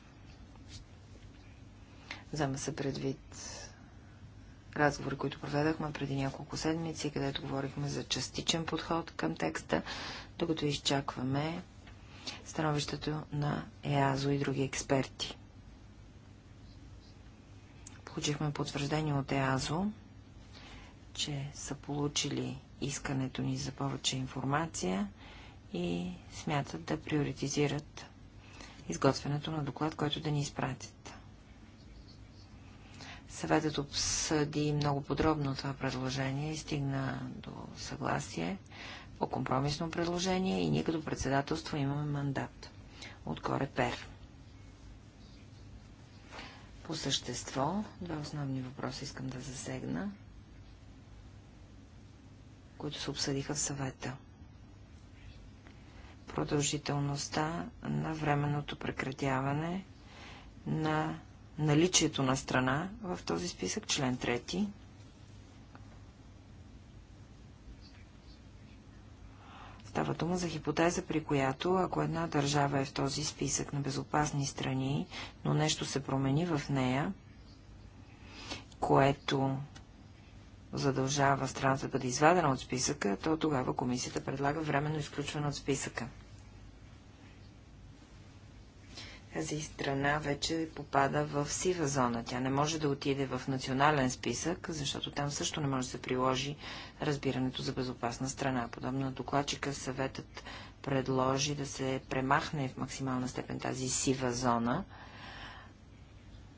Взема се предвид разговори, които проведахме преди няколко седмици, където говорихме за частичен подход към текста, докато изчакваме становището на ЕАЗО и други експерти. Получихме потвърждение от ЕАЗО, че са получили искането ни за повече информация и смятат да приоритизират изготвянето на доклад, който да ни изпратят. Съветът обсъди много подробно това предложение и стигна до съгласие по компромисно предложение и ние като председателство имаме мандат. Коре ПЕР. По същество, два основни въпроса искам да засегна, които се обсъдиха в съвета. Продължителността на временното прекратяване на наличието на страна в този списък, член 3. Става дума за хипотеза, при която, ако една държава е в този списък на безопасни страни, но нещо се промени в нея, което задължава страната да бъде извадена от списъка, то тогава комисията предлага временно изключване от списъка. Тази страна вече попада в сива зона. Тя не може да отиде в национален списък, защото там също не може да се приложи разбирането за безопасна страна. Подобно на докладчика съветът предложи да се премахне в максимална степен тази сива зона.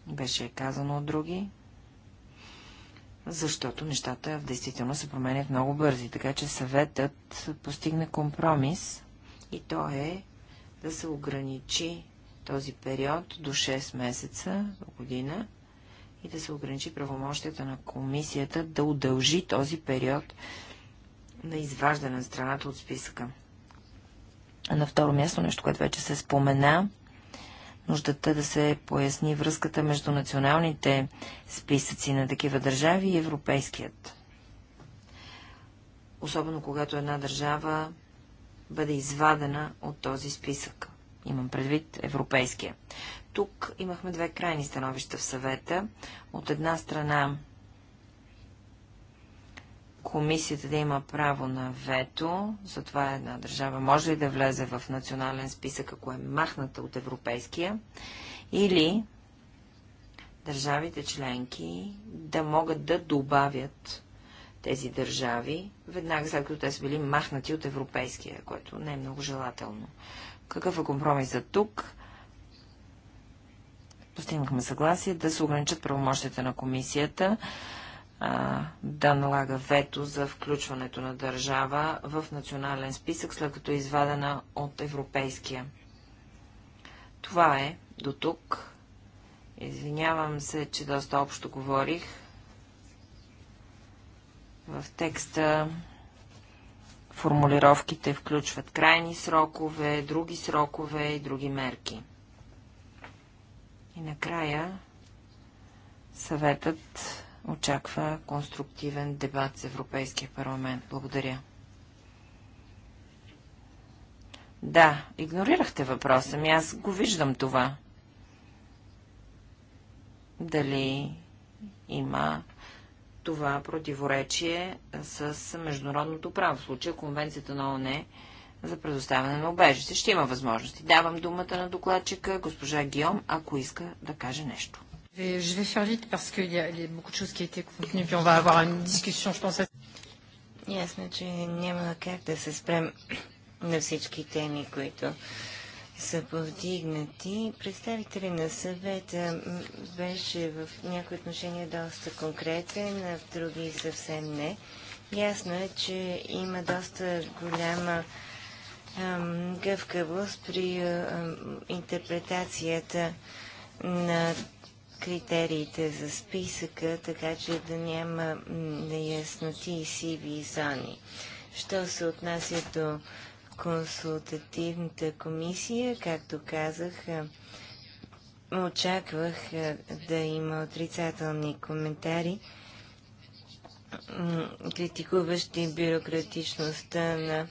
Беше казано от други, защото нещата в действително се променят много бързи. Така че съветът постигна компромис и то е да се ограничи този период до 6 месеца до година и да се ограничи правомощията на комисията да удължи този период на изваждане на страната от списъка. А на второ място, нещо, което вече се спомена, нуждата да се поясни връзката между националните списъци на такива държави и европейският. Особено когато една държава бъде извадена от този списък. Имам предвид европейския. Тук имахме две крайни становища в съвета. От една страна комисията да има право на вето, затова една държава може ли да влезе в национален списък, ако е махната от европейския, или държавите членки да могат да добавят тези държави, веднага след като те са били махнати от европейския, което не е много желателно. Какъв е компромисът тук? Постигнахме съгласие да се ограничат правомощите на комисията да налага вето за включването на държава в национален списък, след като е извадена от европейския. Това е до тук. Извинявам се, че доста общо говорих. В текста Формулировките включват крайни срокове, други срокове и други мерки. И накрая съветът очаква конструктивен дебат с Европейския парламент. Благодаря. Да, игнорирахте въпроса ми. Аз го виждам това. Дали има това противоречие с международното право, в случая Конвенцията на ОНЕ за предоставяне на обежище. Ще има възможности. Давам думата на докладчика, госпожа Гиом, ако иска да каже нещо. Ясно, че няма как да се спрем на всички теми, които са повдигнати. Представители на съвета беше в някои отношения доста конкретен, а в други съвсем не. Ясно е, че има доста голяма ам, гъвкавост при ам, интерпретацията на критериите за списъка, така че да няма неясноти и сиви зони. Що се отнася до консултативната комисия, както казах, е, очаквах е, да има отрицателни коментари, критикуващи бюрократичността на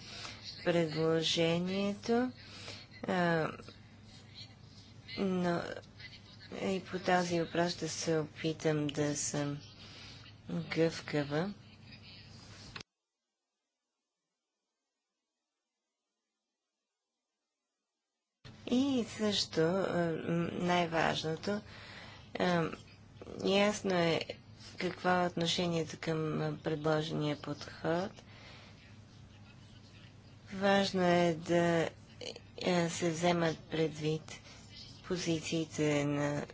предложението, е, но и по този въпрос ще се опитам да съм гъвкава. И също най-важното, ясно е какво е отношението към предложения подход. Важно е да се вземат предвид позициите на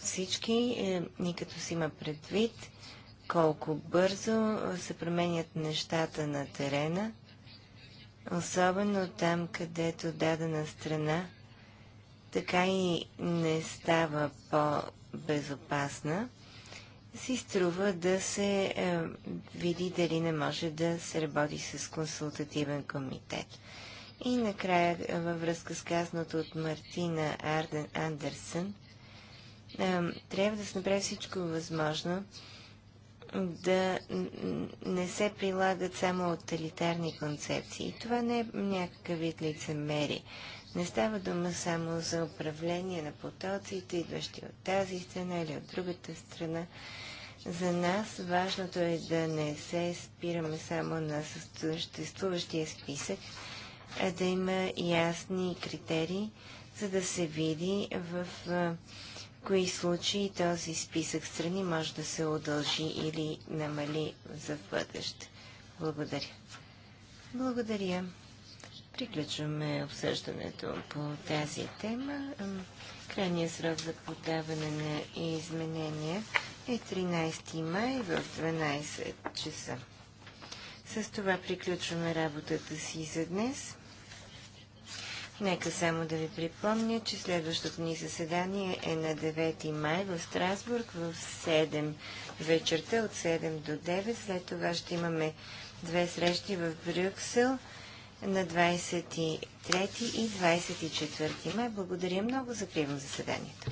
всички и като си има предвид колко бързо се променят нещата на терена особено там, където дадена страна така и не става по-безопасна, си струва да се е, види дали не може да се работи с консултативен комитет. И накрая, е, във връзка с казаното от Мартина Арден Андерсън, е, трябва да се направи всичко възможно, да не се прилагат само тоталитарни концепции. Това не е някакъв вид лицемери. Не става дума само за управление на потоците, идващи от тази страна или от другата страна. За нас важното е да не се спираме само на съществуващия списък, а да има ясни критерии, за да се види в кои случаи този списък страни може да се удължи или намали за бъдеще. Благодаря. Благодаря. Приключваме обсъждането по тази тема. Крайният срок за подаване на изменения е 13 май в 12 часа. С това приключваме работата си за днес. Нека само да ви припомня, че следващото ни заседание е на 9 май в Страсбург в 7 вечерта от 7 до 9. След това ще имаме две срещи в Брюксел на 23 и 24 май. Благодаря много. Закривам заседанието.